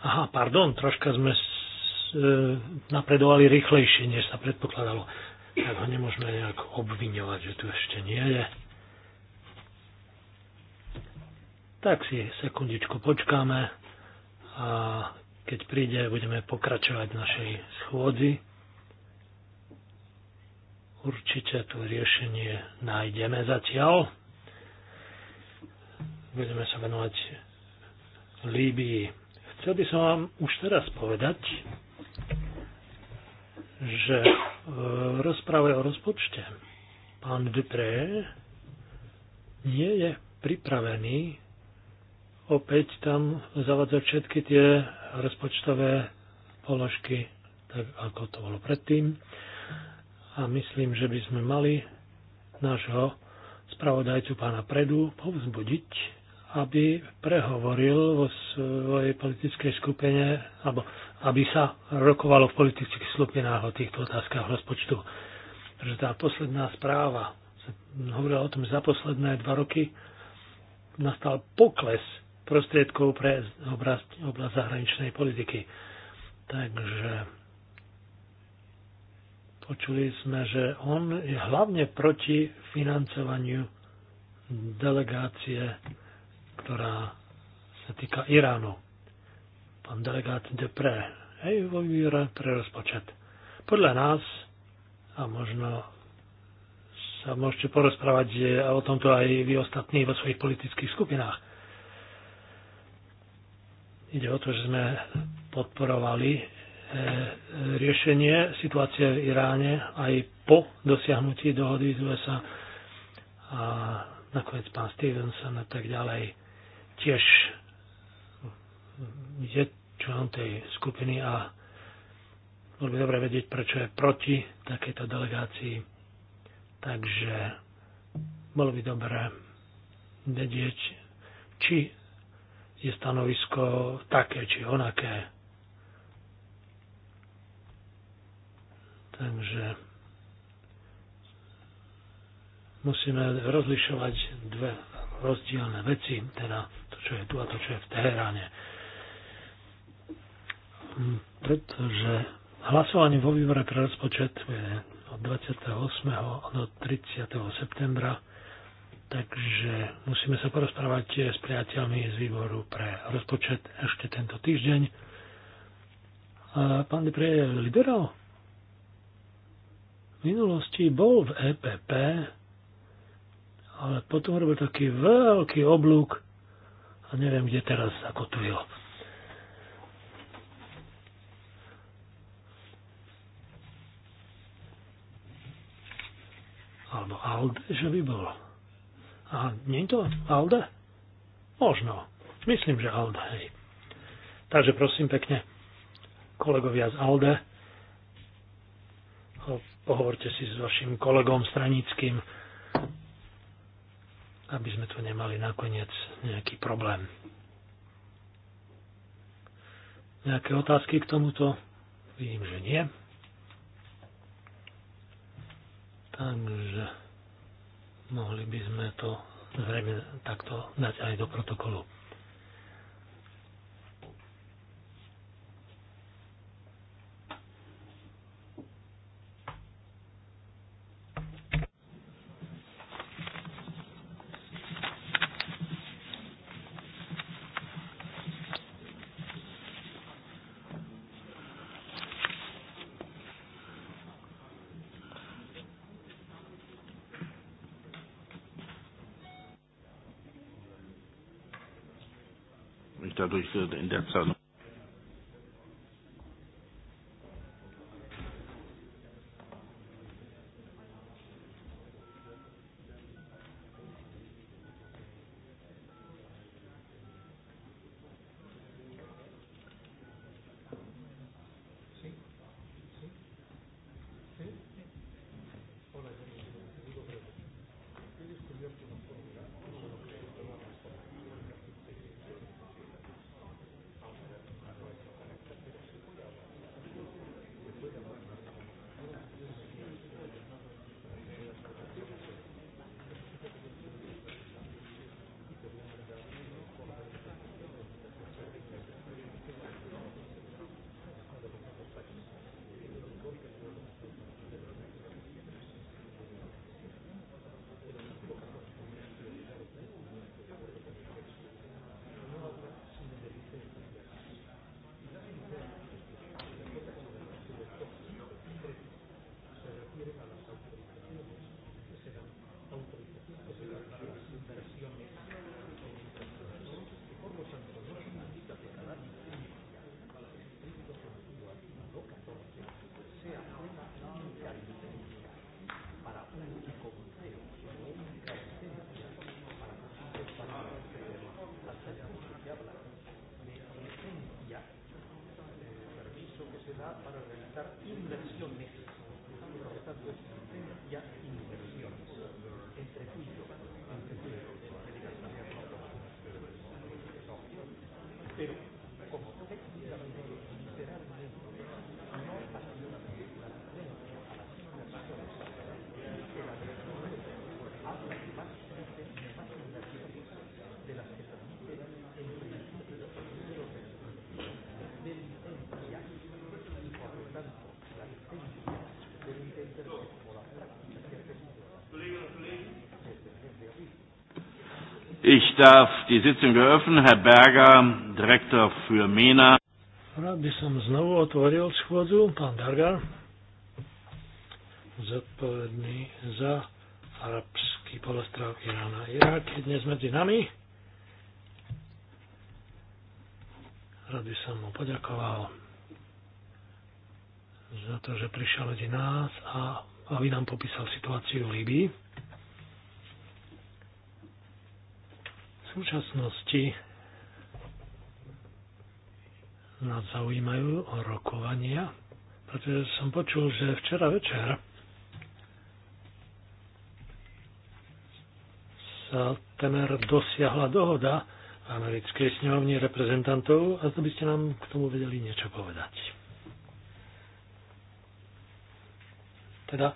Aha, pardon, troška sme s, e, napredovali rýchlejšie, než sa predpokladalo. Tak ho nemôžeme nejak obviňovať, že tu ešte nie je. Tak si sekundičku počkáme a keď príde, budeme pokračovať v našej schôdzi. Určite tu riešenie nájdeme zatiaľ. Budeme sa venovať Líbii. Chcel by som vám už teraz povedať, že e, v rozprave o rozpočte pán Dupré nie je pripravený opäť tam zavadzať všetky tie rozpočtové položky, tak ako to bolo predtým a myslím, že by sme mali nášho spravodajcu pána Predu povzbudiť, aby prehovoril vo svojej politickej skupine, alebo aby sa rokovalo v politických skupinách o týchto otázkach rozpočtu. Pretože tá posledná správa hovorila o tom, že za posledné dva roky nastal pokles prostriedkov pre oblasť, oblasť zahraničnej politiky. Takže Počuli sme, že on je hlavne proti financovaniu delegácie, ktorá sa týka Iránu. Pán delegát Depre. hej, vo výra pre rozpočet. Podľa nás, a možno sa môžete porozprávať o tomto aj vy ostatní vo svojich politických skupinách. Ide o to, že sme podporovali E, riešenie situácie v Iráne aj po dosiahnutí dohody z USA a nakoniec pán Stevenson a tak ďalej tiež je členom tej skupiny a bolo by dobre vedieť, prečo je proti takejto delegácii. Takže bolo by dobré vedieť, či je stanovisko také či onaké Takže musíme rozlišovať dve rozdielne veci, teda to, čo je tu a to, čo je v Teheráne. Pretože hlasovanie vo výbore pre rozpočet je od 28. do 30. septembra, takže musíme sa porozprávať s priateľmi z výboru pre rozpočet ešte tento týždeň. Pán Deprie liberál? V minulosti bol v EPP, ale potom robil taký veľký oblúk a neviem, kde teraz zakotvil. Alebo Alde, že by bolo. A nie to Alde? Možno. Myslím, že Alde, hej. Takže prosím pekne, kolegovia z Alde, pohovorte si s vašim kolegom stranickým, aby sme tu nemali nakoniec nejaký problém. Nejaké otázky k tomuto? Vidím, že nie. Takže mohli by sme to zrejme takto dať aj do protokolu. ich dadurch äh, in der Zeit Ich darf die Sitzung eröffnen. Herr Berger, Direktor für MENA. Rád by som znovu otvoril schôdzu, pán Berger, zodpovedný za arabský polostrov Irána. Irak je dnes medzi nami. Rád by som mu poďakoval za to, že prišiel medzi nás a aby nám popísal situáciu v Líbii. súčasnosti nás zaujímajú rokovania, pretože som počul, že včera večer sa temer dosiahla dohoda v americkej snehovni reprezentantov a to by ste nám k tomu vedeli niečo povedať. Teda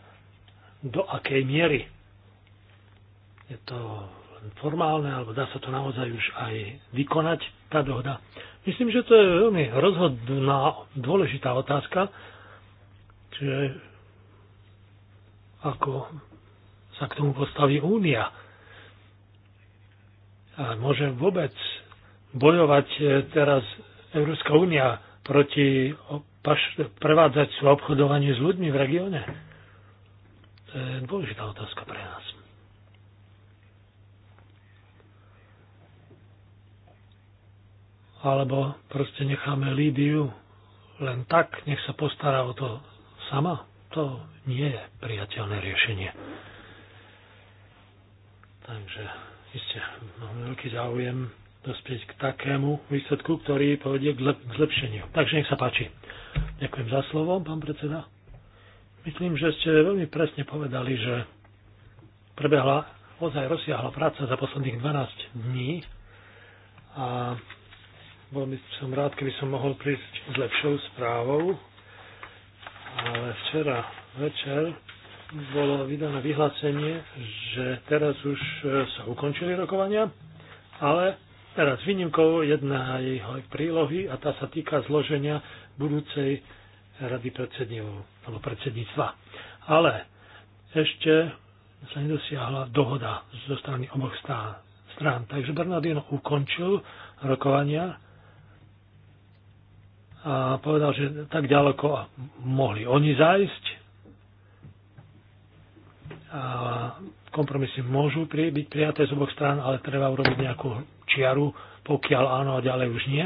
do akej miery je to formálne, alebo dá sa to naozaj už aj vykonať, tá dohoda. Myslím, že to je veľmi rozhodná, dôležitá otázka, že ako sa k tomu postaví únia. A môže vôbec bojovať e, teraz Európska únia proti prevádzať a obchodovanie s ľuďmi v regióne? To je dôležitá otázka pre nás. alebo proste necháme Lídiu len tak, nech sa postará o to sama. To nie je priateľné riešenie. Takže iste mám veľký záujem dospieť k takému výsledku, ktorý povedie k zlepšeniu. Takže nech sa páči. Ďakujem za slovo, pán predseda. Myslím, že ste veľmi presne povedali, že prebehla ozaj rozsiahla práca za posledných 12 dní a by som rád, keby som mohol prísť s lepšou správou, ale včera večer bolo vydané vyhlásenie, že teraz už e, sa ukončili rokovania, ale teraz výnimkou jedna jej prílohy a tá sa týka zloženia budúcej rady alebo predsedníctva. Ale ešte sa nedosiahla dohoda zo strany oboch strán. Takže Bernardino ukončil rokovania a povedal, že tak ďaleko mohli oni zájsť a kompromisy môžu byť prijaté z oboch strán, ale treba urobiť nejakú čiaru, pokiaľ áno a ďalej už nie.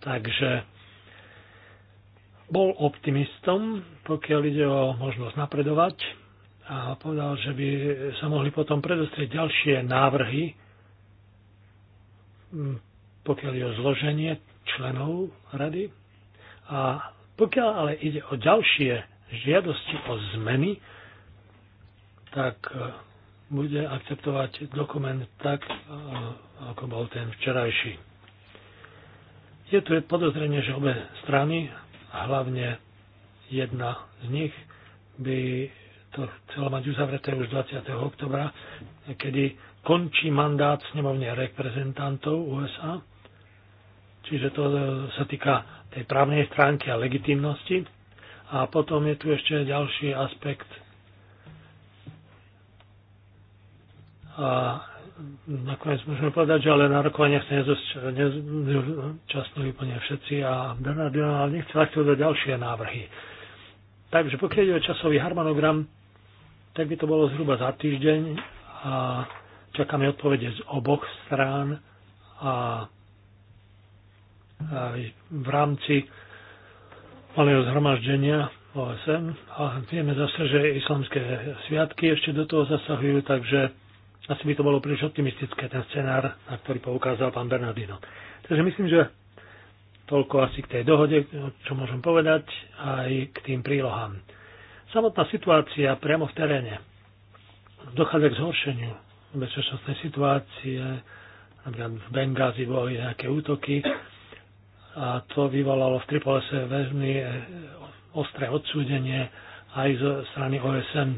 Takže bol optimistom, pokiaľ ide o možnosť napredovať a povedal, že by sa mohli potom predostrieť ďalšie návrhy, mm, pokiaľ je o zloženie členov rady a pokiaľ ale ide o ďalšie žiadosti o zmeny, tak e, bude akceptovať dokument tak, e, ako bol ten včerajší. Je tu podozrenie, že obe strany, hlavne jedna z nich, by to chcela mať uzavreté už 20. oktobra, kedy končí mandát snemovne reprezentantov USA. Čiže to e, sa týka tej právnej stránke a legitimnosti. A potom je tu ešte ďalší aspekt a nakoniec môžeme povedať, že ale na rokovaniach sa nezúčastnili úplne všetci a Bernard Donald nechce aktivovať ďalšie návrhy. Takže pokiaľ ide o časový harmonogram, tak by to bolo zhruba za týždeň a čakáme odpovede z oboch strán a aj v rámci malého zhromaždenia OSN a vieme zase, že islamské sviatky ešte do toho zasahujú, takže asi by to bolo príliš optimistické, ten scenár, na ktorý poukázal pán Bernardino. Takže myslím, že toľko asi k tej dohode, čo môžem povedať, aj k tým prílohám. Samotná situácia priamo v teréne. Dochádza k zhoršeniu bezpečnostnej situácie, napríklad v Bengázi boli nejaké útoky a to vyvolalo v Tripolese veľmi e, ostré odsúdenie aj zo strany OSN.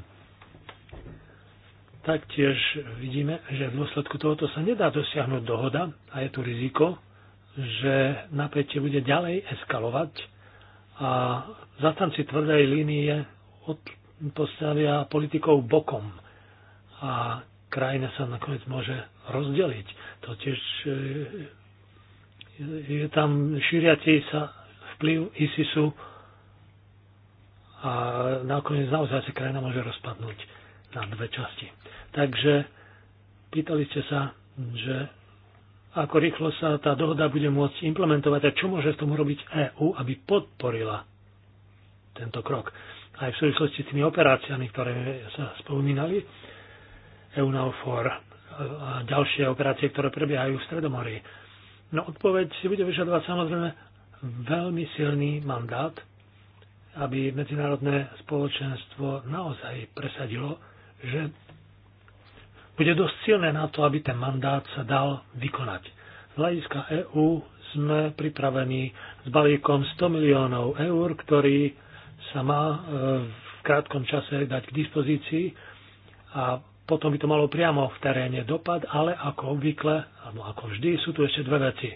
Taktiež vidíme, že v dôsledku tohoto sa nedá dosiahnuť dohoda a je tu riziko, že napätie bude ďalej eskalovať a zastanci tvrdej línie postavia politikov bokom a krajina sa nakoniec môže rozdeliť. To tiež e, je tam šíriaci sa vplyv ISISu a nakoniec naozaj sa krajina môže rozpadnúť na dve časti. Takže pýtali ste sa, že ako rýchlo sa tá dohoda bude môcť implementovať a čo môže v tom robiť EÚ, aby podporila tento krok. Aj v súvislosti s tými operáciami, ktoré sa spomínali, EU4 a ďalšie operácie, ktoré prebiehajú v Stredomorí No odpoveď si bude vyžadovať samozrejme veľmi silný mandát, aby medzinárodné spoločenstvo naozaj presadilo, že bude dosť silné na to, aby ten mandát sa dal vykonať. Z hľadiska EÚ sme pripravení s balíkom 100 miliónov eur, ktorý sa má e, v krátkom čase dať k dispozícii a potom by to malo priamo v teréne dopad, ale ako obvykle, alebo ako vždy, sú tu ešte dve veci.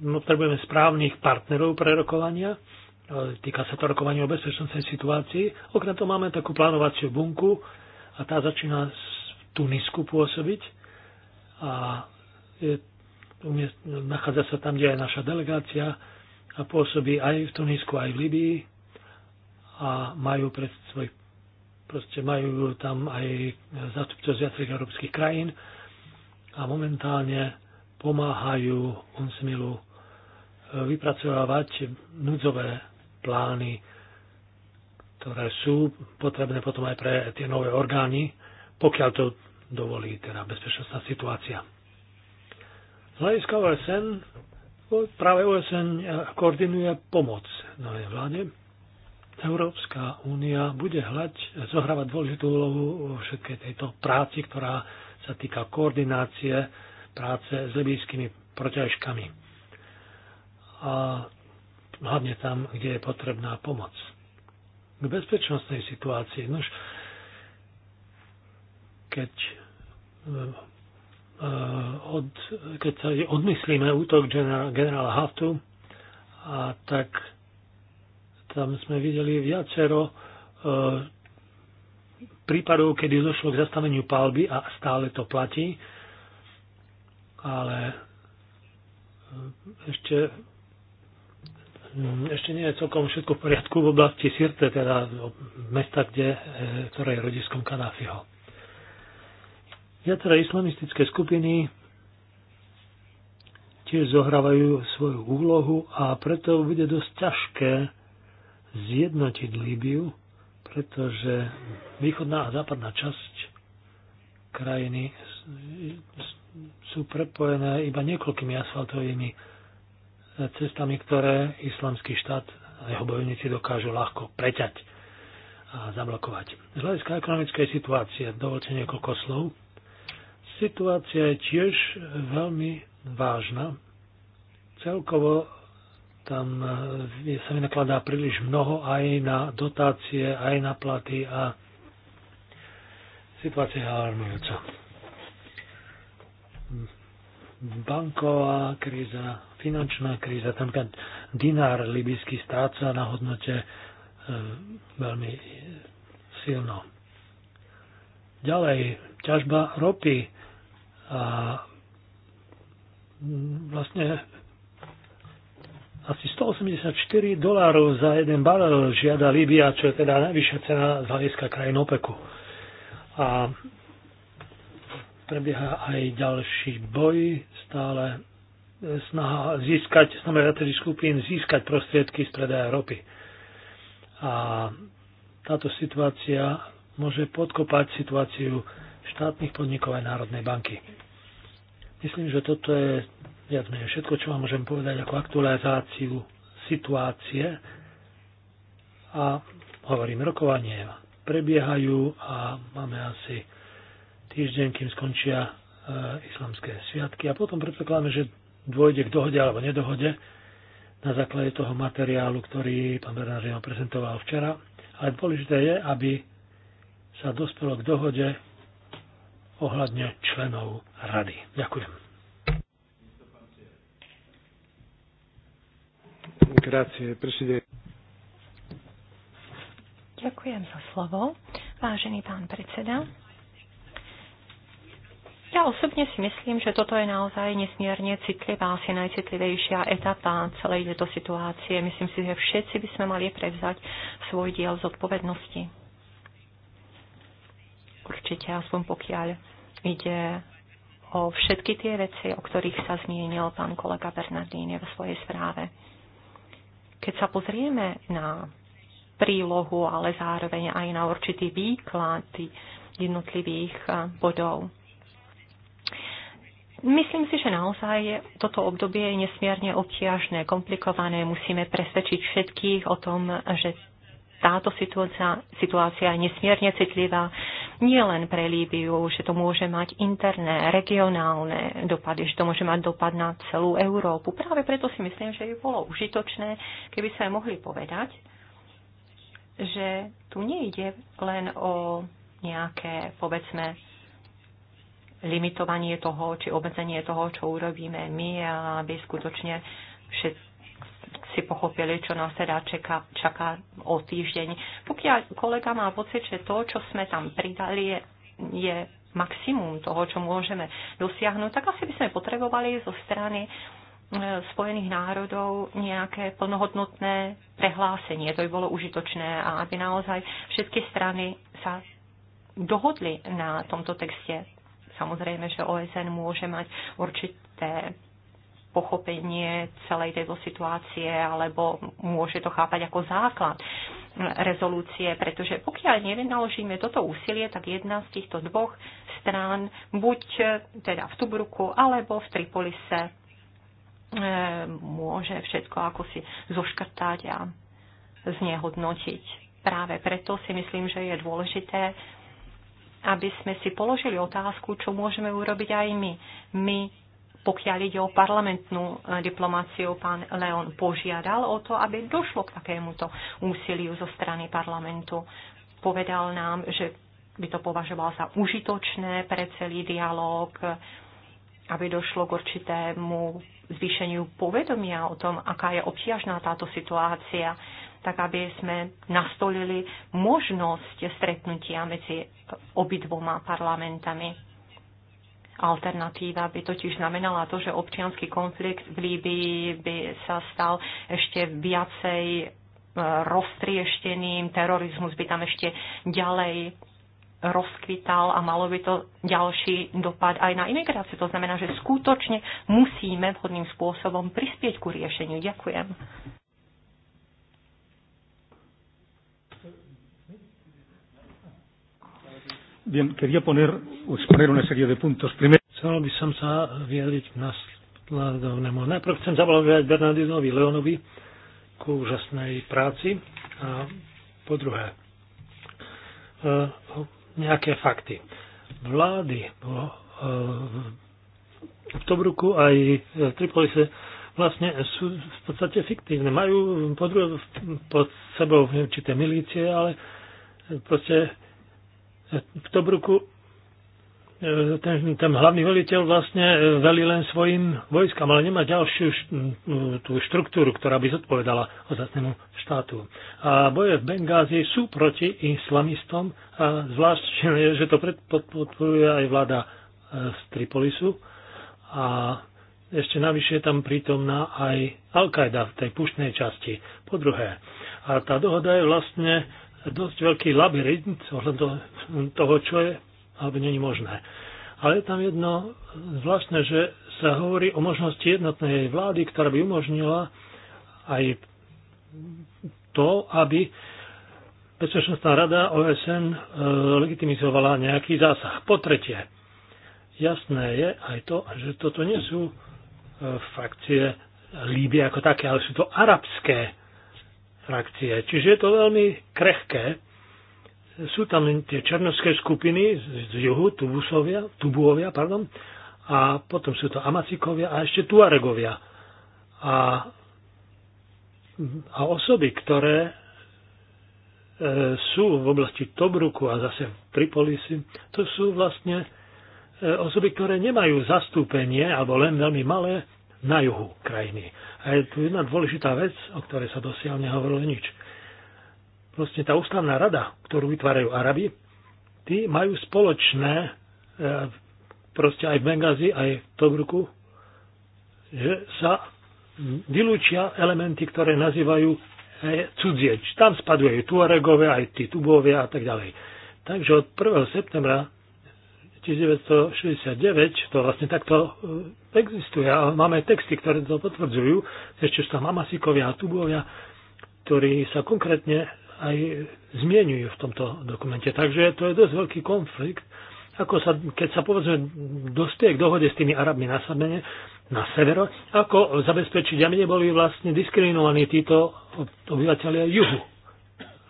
No, potrebujeme správnych partnerov pre rokovania, e, týka sa to rokovania o bezpečnostnej situácii. Okrem toho máme takú plánovaciu bunku a tá začína v Tunisku pôsobiť a je, nachádza sa tam, kde je naša delegácia a pôsobí aj v Tunisku, aj v Libii a majú pred svojich proste majú tam aj zastupcov z viacerých európskych krajín a momentálne pomáhajú UNSMILu e, vypracovávať núdzové plány, ktoré sú potrebné potom aj pre tie nové orgány, pokiaľ to dovolí teda bezpečnostná situácia. Z hľadiska OSN práve OSN koordinuje pomoc novej vláde Európska únia bude hľať, zohrávať dôležitú úlohu vo všetkej tejto práci, ktorá sa týka koordinácie práce s libijskými protiažkami. A hlavne tam, kde je potrebná pomoc. K bezpečnostnej situácii. Nož, keď, e, e, od, keď sa odmyslíme útok generála Haftu, a tak tam sme videli viacero e, prípadov, kedy došlo k zastaveniu palby a stále to platí, ale e, ešte mm, ešte nie je celkom všetko v poriadku v oblasti Sirte, teda mesta, kde, e, ktoré je rodiskom Kanáfiho. Viaceré islamistické skupiny tiež zohrávajú svoju úlohu a preto bude dosť ťažké zjednotiť Líbiu, pretože východná a západná časť krajiny sú prepojené iba niekoľkými asfaltovými cestami, ktoré islamský štát a jeho bojovníci dokážu ľahko preťať a zablokovať. Z hľadiska ekonomickej situácie dovolte niekoľko slov. Situácia je tiež veľmi vážna. Celkovo tam e, sa vynakladá príliš mnoho aj na dotácie, aj na platy a situácia je alarmujúca. Banková kríza, finančná kríza, tam ten dinár libyský stráca na hodnote e, veľmi silno. Ďalej, ťažba ropy a vlastne asi 184 dolárov za jeden barel žiada Líbia, čo je teda najvyššia cena z hľadiska krajín OPEKu. A prebieha aj ďalší boj, stále e, snaha získať, znamená tedy skupín získať prostriedky z predaja ropy. A táto situácia môže podkopať situáciu štátnych podnikov aj Národnej banky. Myslím, že toto je viac menej všetko, čo vám môžem povedať ako aktualizáciu situácie. A hovorím, rokovanie prebiehajú a máme asi týždeň, kým skončia e, islamské sviatky a potom predpokladáme, že dôjde k dohode alebo nedohode na základe toho materiálu, ktorý pán Bernardino prezentoval včera. Ale dôležité je, aby sa dospelo k dohode ohľadne členov rady. Ďakujem. Grazie, presidente. Ďakujem za slovo, vážený pán predseda. Ja osobne si myslím, že toto je naozaj nesmierne citlivá, asi najcitlivejšia etapa celej tejto situácie. Myslím si, že všetci by sme mali prevzať svoj diel zodpovednosti. Určite, aspoň pokiaľ ide o všetky tie veci, o ktorých sa zmienil pán kolega Bernardín vo svojej správe. Keď sa pozrieme na prílohu, ale zároveň aj na určitý výklad jednotlivých eh, bodov. Myslím si, že naozaj toto obdobie je nesmierne obťažné, komplikované. Musíme presvedčiť všetkých o tom, že táto situácia, situácia je nesmierne citlivá, nie len pre Líbiu, že to môže mať interné, regionálne dopady, že to môže mať dopad na celú Európu. Práve preto si myslím, že by bolo užitočné, keby sme mohli povedať, že tu nejde len o nejaké, povedzme, limitovanie toho, či obmedzenie toho, čo urobíme my, aby skutočne všetko všetci pochopili, čo nás teda čaká, čaká o týždeň. Pokiaľ kolega má pocit, že to, čo sme tam pridali, je, je maximum toho, čo môžeme dosiahnuť, tak asi by sme potrebovali zo strany e, Spojených národov nejaké plnohodnotné prehlásenie. To by bolo užitočné a aby naozaj všetky strany sa dohodli na tomto texte. Samozrejme, že OSN môže mať určité pochopenie celej tejto situácie, alebo môže to chápať ako základ rezolúcie, pretože pokiaľ nevynaložíme toto úsilie, tak jedna z týchto dvoch strán, buď eh, teda v Tubruku alebo v Tripolise, eh, môže všetko ako si zoškrtať a znehodnotiť. Práve preto si myslím, že je dôležité, aby sme si položili otázku, čo môžeme urobiť aj my. My pokiaľ ide o parlamentnú e, diplomáciu, pán Leon požiadal o to, aby došlo k takémuto úsiliu zo strany parlamentu. Povedal nám, že by to považoval za užitočné pre celý dialog, aby došlo k určitému zvýšeniu povedomia o tom, aká je obťažná táto situácia, tak aby sme nastolili možnosť stretnutia medzi obidvoma parlamentami. Alternatíva by totiž znamenala to, že občianský konflikt v Líbii by sa stal ešte viacej e, roztriešteným, terorizmus by tam ešte ďalej rozkvital a malo by to ďalší dopad aj na imigráciu. To znamená, že skutočne musíme vhodným spôsobom prispieť ku riešeniu. Ďakujem. Bien, quería poner o exponer una serie de puntos. Primero... Chcel by som sa vyjadriť k následovnému. Najprv chcem zablagovať Bernardinovi Leonovi ku úžasnej práci a po druhé e, nejaké fakty. Vlády bo, e, v Tobruku aj v Tripolise vlastne sú v podstate fiktívne. Majú pod, pod sebou určité milície, ale proste v Tobruku e, ten, ten hlavný veliteľ vlastne e, velí len svojim vojskám, ale nemá ďalšiu tú štruktúru, ktorá by zodpovedala ostatnému štátu. A boje v Bengázii sú proti islamistom, a zvlášť, že to podporuje aj vláda e, z Tripolisu. A ešte navyše je tam prítomná aj al Qaeda v tej puštnej časti. Po druhé, a tá dohoda je vlastne dosť veľký labyrint ohľadom toho, toho, čo je alebo není možné. Ale je tam jedno zvláštne, že sa hovorí o možnosti jednotnej vlády, ktorá by umožnila aj to, aby Bezpečnostná rada OSN e, legitimizovala nejaký zásah. Po tretie, jasné je aj to, že toto nie sú e, frakcie Líbie ako také, ale sú to arabské frakcie. Čiže je to veľmi krehké. Sú tam tie černovské skupiny z juhu, Tubusovia, Tubuovia, pardon, a potom sú to Amacikovia a ešte Tuaregovia. A, a osoby, ktoré e, sú v oblasti Tobruku a zase v Tripolisi, to sú vlastne e, osoby, ktoré nemajú zastúpenie alebo len veľmi malé na juhu krajiny. A je tu jedna dôležitá vec, o ktorej sa dosiaľ nehovorilo nič. Proste tá ústavná rada, ktorú vytvárajú Arabi, tí majú spoločné e, proste aj v Bengazi, aj v Tobruku, že sa vylúčia elementy, ktoré nazývajú e, cudzieč. Tam spadujú Tuaregové, aj tí Tubovia a tak ďalej. Takže od 1. septembra 1969 to vlastne takto e, existuje a máme texty, ktoré to potvrdzujú, ešte sú tam Amasikovia a Tubovia, ktorí sa konkrétne aj zmienujú v tomto dokumente. Takže to je dosť veľký konflikt, ako sa, keď sa povedzme dospie k dohode s tými Arabmi na, sadmene, na severo, ako zabezpečiť, aby neboli vlastne diskriminovaní títo obyvateľia juhu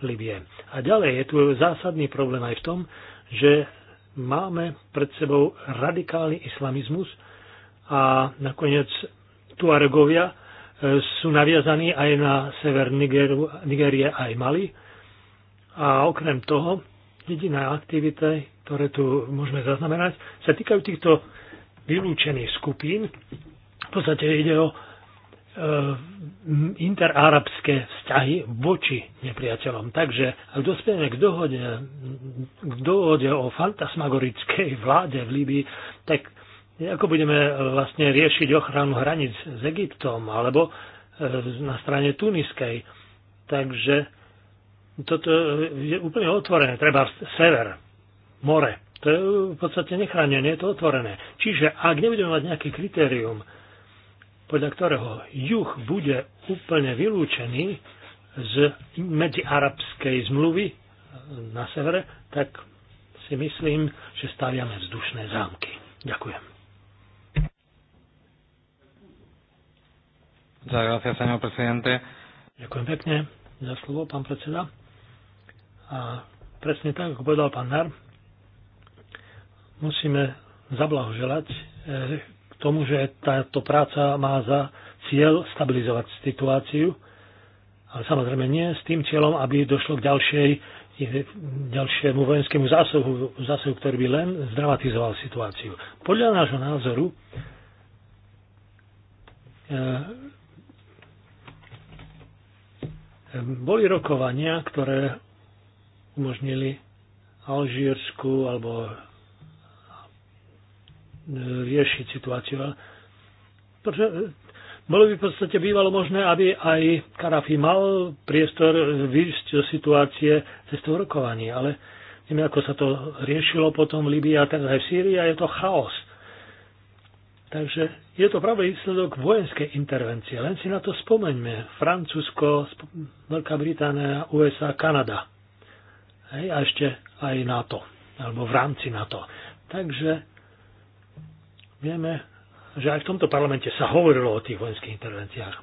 Libie. A ďalej je tu zásadný problém aj v tom, že máme pred sebou radikálny islamizmus a nakoniec Tuaregovia e, sú naviazaní aj na sever Nigeru, Nigerie aj Mali. A okrem toho, jediné aktivita, ktoré tu môžeme zaznamenať, sa týkajú týchto vylúčených skupín. V podstate ide o Eh, interarabské vzťahy voči nepriateľom. Takže ak dospieme k dohode, k dohode o fantasmagorickej vláde v Líbii, tak ako budeme eh, vlastne riešiť ochranu hraníc s Egyptom alebo eh, na strane tuniskej. Takže toto je úplne otvorené. Treba sever, more. To je v podstate nechránené, je to otvorené. Čiže ak nebudeme mať nejaké kritérium, podľa ktorého juh bude úplne vylúčený z medziarabskej zmluvy na severe, tak si myslím, že staviame vzdušné zámky. Ďakujem. Ďakujem pekne za slovo, pán predseda. A presne tak, ako povedal pán Nar, musíme zablahoželať eh, tomu, že táto práca má za cieľ stabilizovať situáciu, ale samozrejme nie s tým cieľom, aby došlo k ďalšej, ďalšiemu vojenskému zásahu, zásahu, ktorý by len zdramatizoval situáciu. Podľa nášho názoru e, e, boli rokovania, ktoré umožnili Alžírsku alebo riešiť situáciu. Pretože e, bolo by v podstate bývalo možné, aby aj Karafi mal priestor vyjsť do situácie cez to rokovanie, ale neviem, ako sa to riešilo potom v Libii a teraz aj v Sýrii a je to chaos. Takže je to práve výsledok vojenskej intervencie. Len si na to spomeňme. Francúzsko, Veľká Británia, USA, Kanada. Hej, a ešte aj NATO. Alebo v rámci NATO. Takže Vieme, že aj v tomto parlamente sa hovorilo o tých vojenských intervenciách.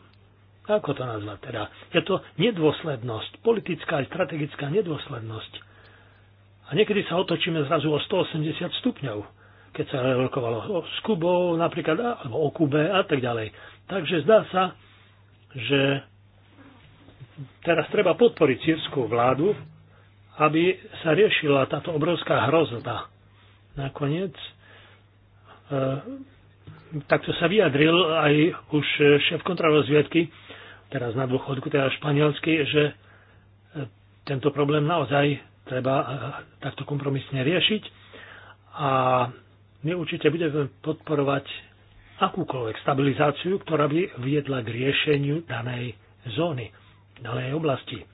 Ako to nazvať teda? Je to nedôslednosť, politická aj strategická nedôslednosť. A niekedy sa otočíme zrazu o 180 stupňov, keď sa rokovalo s Kubou napríklad, alebo o Kube a tak ďalej. Takže zdá sa, že teraz treba podporiť sírskú vládu, aby sa riešila táto obrovská hrozba. Nakoniec Eh, takto sa vyjadril aj už šéf kontrarozviedky, teraz na dôchodku, teda španielsky, že eh, tento problém naozaj treba eh, takto kompromisne riešiť a my určite budeme podporovať akúkoľvek stabilizáciu, ktorá by viedla k riešeniu danej zóny, danej oblasti.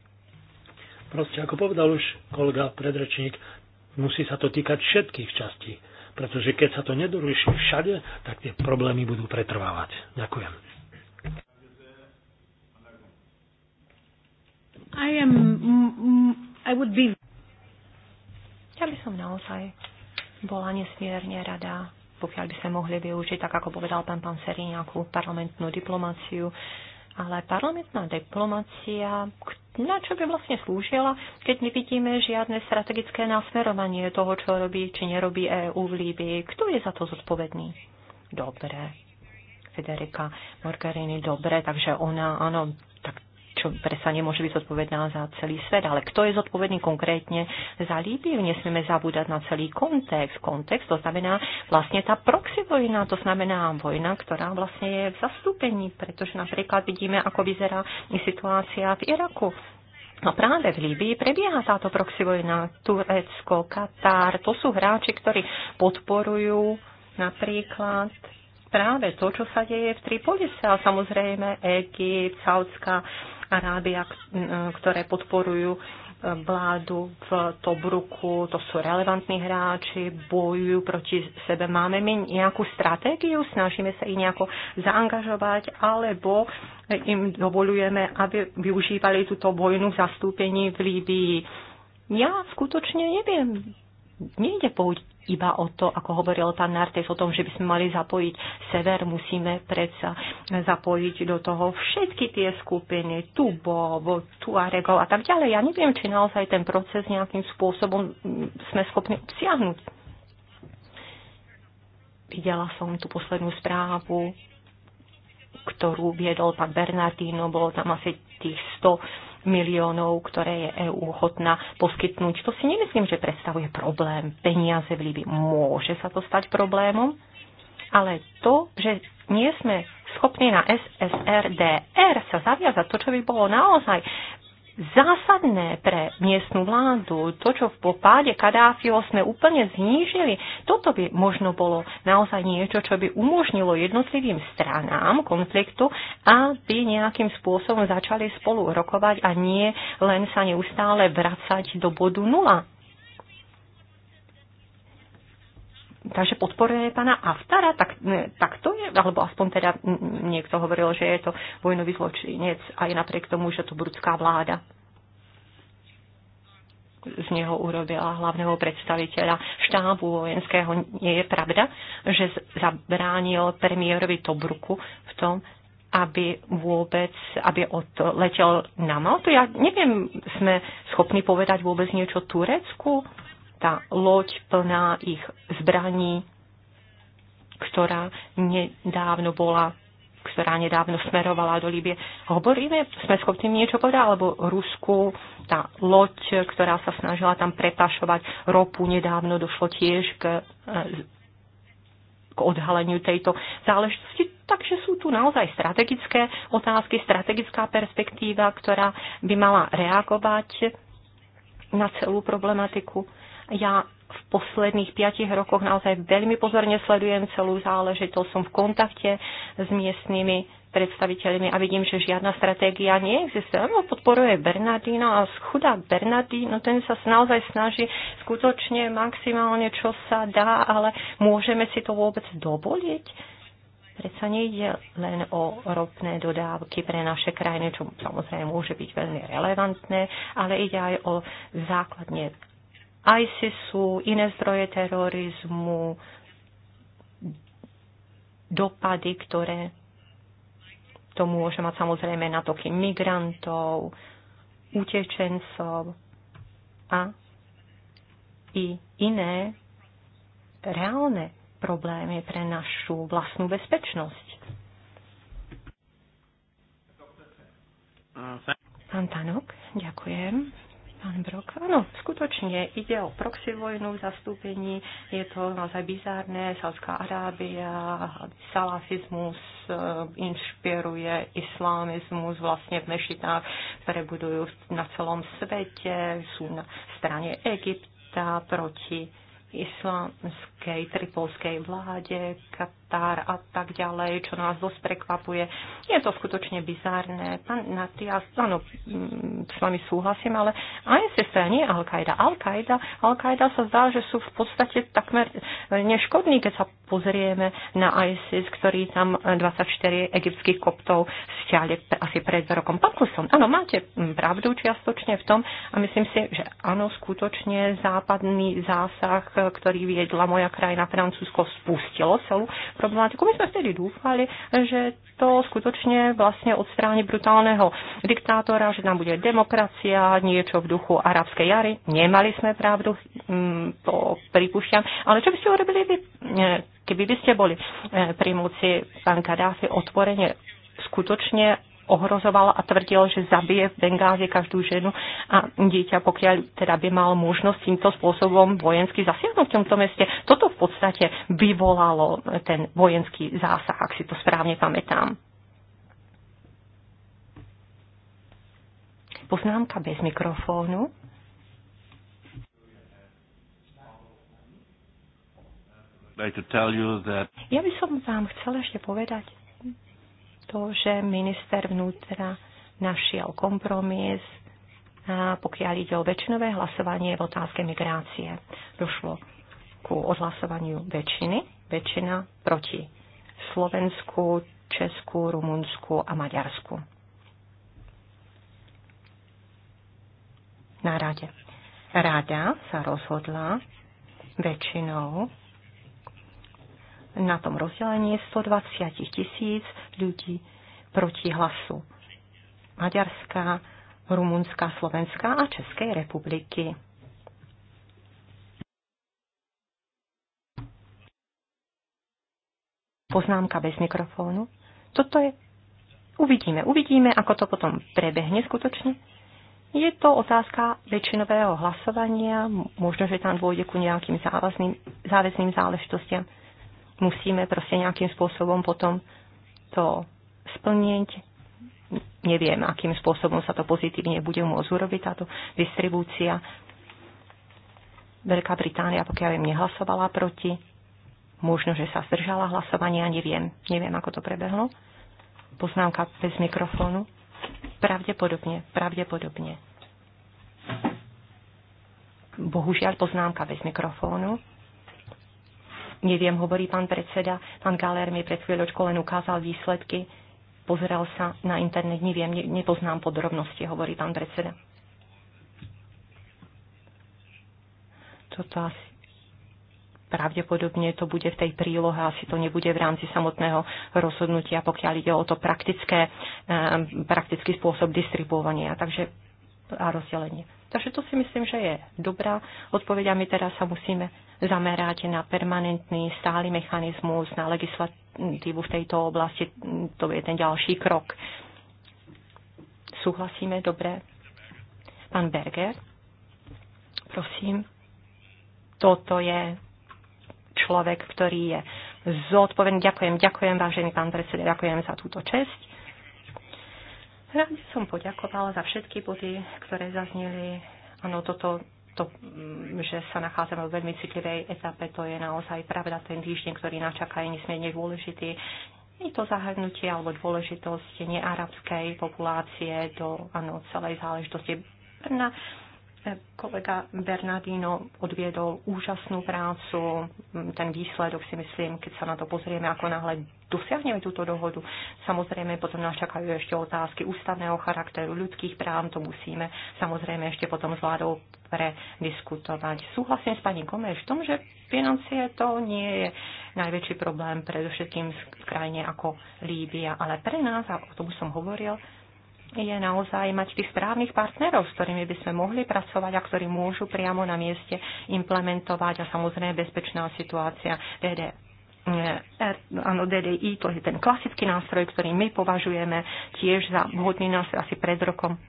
Proste, ako povedal už kolega predrečník, musí sa to týkať všetkých častí pretože keď sa to nedorieši všade, tak tie problémy budú pretrvávať. Ďakujem. I am, mm, I would be... Ja by som naozaj bola nesmierne rada, pokiaľ by sme mohli využiť, tak ako povedal pán pán Seri, nejakú parlamentnú diplomáciu ale parlamentná diplomacia, na čo by vlastne slúžila, keď nevidíme žiadne strategické nasmerovanie toho, čo robí či nerobí EU v Líbii? Kto je za to zodpovedný? Dobre. Federica Morgarini, dobre, takže ona, áno, čo presa nemôže byť zodpovedná za celý svet, ale kto je zodpovedný konkrétne za Líbiu? Nesmieme zabúdať na celý kontext. Kontext to znamená vlastne tá proxy vojna, to znamená vojna, ktorá vlastne je v zastúpení, pretože napríklad vidíme, ako vyzerá situácia v Iraku. No práve v Líbii prebieha táto proxy vojna. Turecko, Katar, to sú hráči, ktorí podporujú napríklad práve to, čo sa deje v Tripolise a samozrejme Egypt, Saudská Arábia, mm, ktoré podporujú e, vládu v Tobruku, to sú relevantní hráči, bojujú proti sebe. Máme my nejakú stratégiu, snažíme sa ich nejako zaangažovať, alebo im dovolujeme, aby využívali túto vojnu v zastúpení v Líbii. Ja skutočne neviem. Nejde použiť iba o to, ako hovoril pán Nartes, o tom, že by sme mali zapojiť sever, musíme predsa zapojiť do toho všetky tie skupiny, Tubov, Tuaregov a tak ďalej. Ja neviem, či naozaj ten proces nejakým spôsobom sme schopní obsiahnuť. Videla som tú poslednú správu, ktorú viedol pán Bernardino, bolo tam asi tých 100 miliónov, ktoré je EÚ hodná poskytnúť. To si nemyslím, že predstavuje problém. Peniaze v líby. môže sa to stať problémom, ale to, že nie sme schopní na SSRDR sa zaviazať, to, čo by bolo naozaj zásadné pre miestnu vládu. To, čo v popáde Kadáfiho sme úplne znížili, toto by možno bolo naozaj niečo, čo by umožnilo jednotlivým stranám konfliktu, aby nejakým spôsobom začali spolu rokovať a nie len sa neustále vracať do bodu nula. takže podporuje pana Aftara, tak, e, tak to je, alebo aspoň teda niekto hovoril, že je to vojnový zločinec aj napriek tomu, že to brudská vláda z neho urobila hlavného predstaviteľa štábu vojenského. Nie je pravda, že zabránil premiérovi Tobruku v tom, aby vôbec, aby odletel na Maltu. Ja neviem, sme schopní povedať vôbec niečo Turecku? tá loď plná ich zbraní, ktorá nedávno bola ktorá nedávno smerovala do Líbie. Hovoríme, sme schopní niečo povedať, alebo Rusku, tá loď, ktorá sa snažila tam prepašovať ropu, nedávno došlo tiež k, eh, k odhaleniu tejto záležitosti. Takže sú tu naozaj strategické otázky, strategická perspektíva, ktorá by mala reagovať na celú problematiku. Ja v posledných piatich rokoch naozaj veľmi pozorne sledujem celú záležitosť, som v kontakte s miestnymi predstaviteľmi a vidím, že žiadna stratégia neexistuje. Áno, podporuje Bernardino a chudá Bernardino, ten sa naozaj snaží skutočne maximálne, čo sa dá, ale môžeme si to vôbec dovoliť? Predsa nejde len o ropné dodávky pre naše krajiny, čo samozrejme môže byť veľmi relevantné, ale ide aj o základne ISISu, iné zdroje terorizmu, dopady, ktoré to môže mať samozrejme na toky migrantov, utečencov a i iné reálne problémy pre našu vlastnú bezpečnosť. Uh, Pán Tanok, ďakujem. Pán Brok, áno, skutočne ide o proxy vojnu v zastúpení. Je to naozaj bizárne. Saudská Arábia, salafizmus e, inšpiruje islamizmus vlastne v mešitách, ktoré budujú na celom svete, sú na strane Egypta proti islamskej tripolskej vláde, kat- Katar a tak ďalej, čo nás dosť prekvapuje. Je to skutočne bizárne. Pán Natias, áno, mm, s vami súhlasím, ale ISIS nie Al-Qaida. Al-Qaida, Al-Qaida sa zdá, že sú v podstate takmer neškodní, keď sa pozrieme na ISIS, ktorý tam 24 eh, egyptských koptov stiali asi pred rokom. Pán Kuson, áno, máte mm, pravdu čiastočne v tom a myslím si, že áno, skutočne západný zásah, eh, ktorý viedla moja krajina Francúzsko, spustilo celú problematiku. My jsme tedy doufali, že to skutečně vlastně odstrání brutálneho diktátora, že tam bude demokracia, něco v duchu arabské jary. Nemali jsme pravdu, mm, to pripúšťam. Ale čo by ste urobili vy, keby by ste boli e, pri moci, pán Kadáfi, otvoreně skutočne ohrozoval a tvrdil, že zabije v Bengáze každú ženu a dieťa, pokiaľ teda by mal možnosť týmto spôsobom vojensky zasiahnuť v tomto meste. Toto v podstate vyvolalo ten vojenský zásah, ak si to správne pamätám. Poznámka bez mikrofónu. Ja by som vám chcela ešte povedať, to, že minister vnútra našiel kompromis, pokiaľ ide o väčšinové hlasovanie v otázke migrácie. Došlo ku odhlasovaniu väčšiny, väčšina proti Slovensku, Česku, Rumunsku a Maďarsku. Na rade. Rada sa rozhodla väčšinou na tom rozdelení 120 tisíc ľudí proti hlasu Maďarska, Rumunska, Slovenska a Českej republiky. Poznámka bez mikrofónu. Toto je... Uvidíme, uvidíme, ako to potom prebehne skutočne. Je to otázka väčšinového hlasovania, možno, že tam dôjde ku nejakým záväzným záležitostiam musíme prostě nějakým způsobem potom to splnit. Neviem, akým způsobem se to pozitivně bude môcť urobiť táto distribúcia. Veľká Británia, pokiaľ viem, nehlasovala proti. Možno, že sa zdržala hlasovania, neviem. Neviem, ako to prebehlo. Poznámka bez mikrofónu. Pravdepodobne, pravdepodobne. Bohužiaľ poznámka bez mikrofónu. Neviem, hovorí pán predseda. Pán Galer mi pred chvíľočkou len ukázal výsledky. Pozeral sa na internet. Neviem, ne, nepoznám podrobnosti, hovorí pán predseda. Toto asi pravdepodobne to bude v tej prílohe, asi to nebude v rámci samotného rozhodnutia, pokiaľ ide o to praktické, ehm, praktický spôsob distribuovania takže, a rozdelenie. Takže to si myslím, že je dobrá odpoveď a my teraz sa musíme zamerať na permanentný stály mechanizmus, na legislatívu v tejto oblasti. To je ten ďalší krok. Súhlasíme? Dobre. Pán Berger, prosím. Toto je človek, ktorý je zodpovedný. Ďakujem, ďakujem, vážený pán predseda, ďakujem za túto česť. Rád som poďakovala za všetky body, ktoré zazneli. Áno, toto to, mm, že sa nachádzame v veľmi citlivej etape, to je naozaj pravda. Ten týždeň, ktorý nás čaká, je nesmierne dôležitý. Je to zahrnutie alebo dôležitosť nearabskej populácie do ano, celej záležitosti. Brna Kolega Bernardino odviedol úžasnú prácu. Ten výsledok si myslím, keď sa na to pozrieme, ako náhle dosiahneme túto dohodu. Samozrejme, potom nás čakajú ešte otázky ústavného charakteru, ľudských práv. To musíme samozrejme ešte potom s vládou prediskutovať. Súhlasím s pani Gomeš v tom, že financie to nie je najväčší problém, predovšetkým v krajine ako Líbia. Ale pre nás, a o tom už som hovoril, je naozaj mať tých správnych partnerov, s ktorými by sme mohli pracovať a ktorí môžu priamo na mieste implementovať a samozrejme bezpečná situácia DD. E, áno, DDI to je ten klasický nástroj, ktorý my považujeme tiež za vhodný nástroj asi pred rokom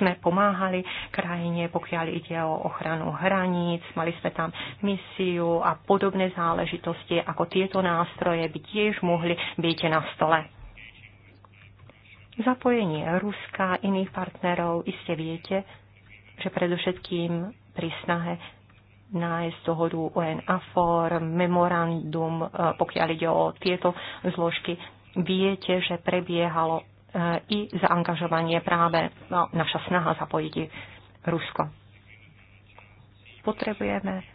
sme pomáhali krajine, pokiaľ ide o ochranu hraníc, mali sme tam misiu a podobné záležitosti, ako tieto nástroje by tiež mohli byť na stole. Zapojenie Ruska a iných partnerov iste viete, že predovšetkým pri snahe nájsť dohodu UN-AFOR, memorandum, e, pokiaľ ide o tieto zložky, viete, že prebiehalo e, i zaangažovanie práve no, naša snaha zapojiť Rusko. Potrebujeme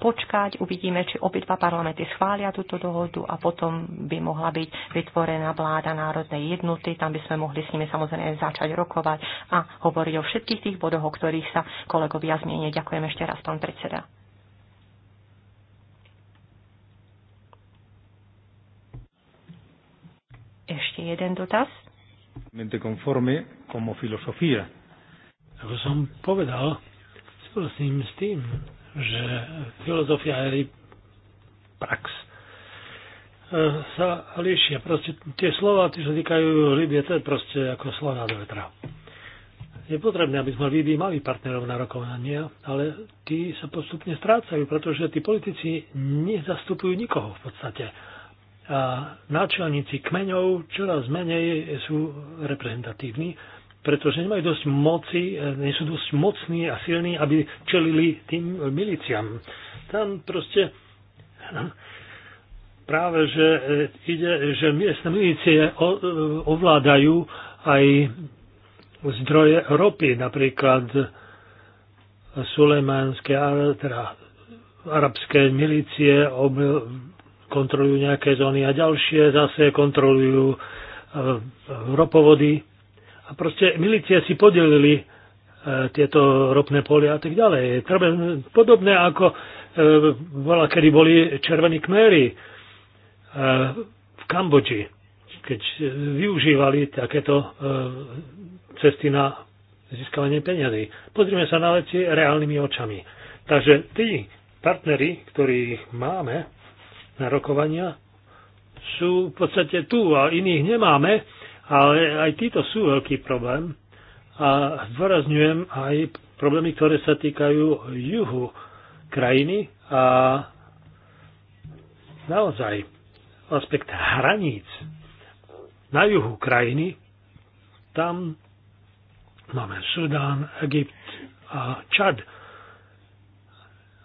počkať, uvidíme, či obidva parlamenty schvália túto dohodu a potom by mohla byť vytvorená vláda národnej jednoty, tam by sme mohli s nimi samozrejme začať rokovať a hovoriť o všetkých tých bodoch, o ktorých sa kolegovia zmienia. Ďakujem ešte raz, pán predseda. Ešte jeden dotaz. como Ako som povedal, súhlasím s tým, že filozofia aj prax e, sa líšia. Proste tie slova, tie sa týkajú Libie, to je proste ako slona do vetra. Je potrebné, aby sme Líbii mali partnerov na rokovania, ale tí sa postupne strácajú, pretože tí politici nezastupujú nikoho v podstate. A náčelníci kmeňov čoraz menej sú reprezentatívni pretože nemajú dosť moci, e, nie sú dosť mocní a silní, aby čelili tým miliciam. Tam proste práve, že e, ide, že miestne milície e, ovládajú aj zdroje ropy, napríklad sulejmanské, teda arabské milície kontrolujú nejaké zóny a ďalšie zase kontrolujú ropovody a proste milície si podelili e, tieto ropné polia a tak ďalej. Podobné ako e, bola, kedy boli červení kméry e, v Kambodži, keď využívali takéto e, cesty na získavanie peniazy. Pozrime sa na veci reálnymi očami. Takže tí partnery, ktorých máme na rokovania, sú v podstate tu a iných nemáme ale aj títo sú veľký problém a zdôrazňujem aj problémy, ktoré sa týkajú juhu krajiny a naozaj aspekt hraníc na juhu krajiny, tam máme Sudán, Egypt a Čad.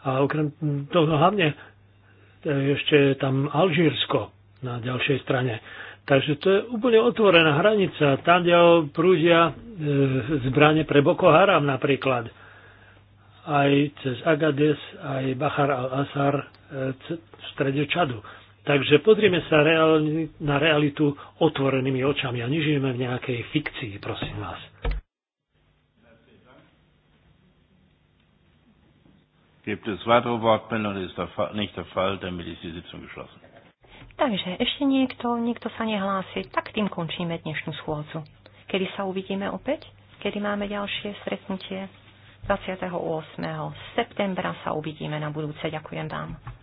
A okrem toho hlavne e, ešte tam Alžírsko na ďalšej strane. Takže to je úplne otvorená hranica. Tam, kde prúdia e, zbranie pre Boko Haram napríklad. Aj cez Agades, aj Bahar al-Asar e, v strede Čadu. Takže pozrieme sa reálni, na realitu otvorenými očami a nežijeme v nejakej fikcii, prosím vás. Gibt es weitere Wortmeldungen? Ist nicht der Fall, Damit ist die Sitzung geschlossen. Takže ešte niekto, niekto sa nehlási, tak tým končíme dnešnú schôdzu. Kedy sa uvidíme opäť? Kedy máme ďalšie stretnutie? 28. septembra sa uvidíme na budúce. Ďakujem vám.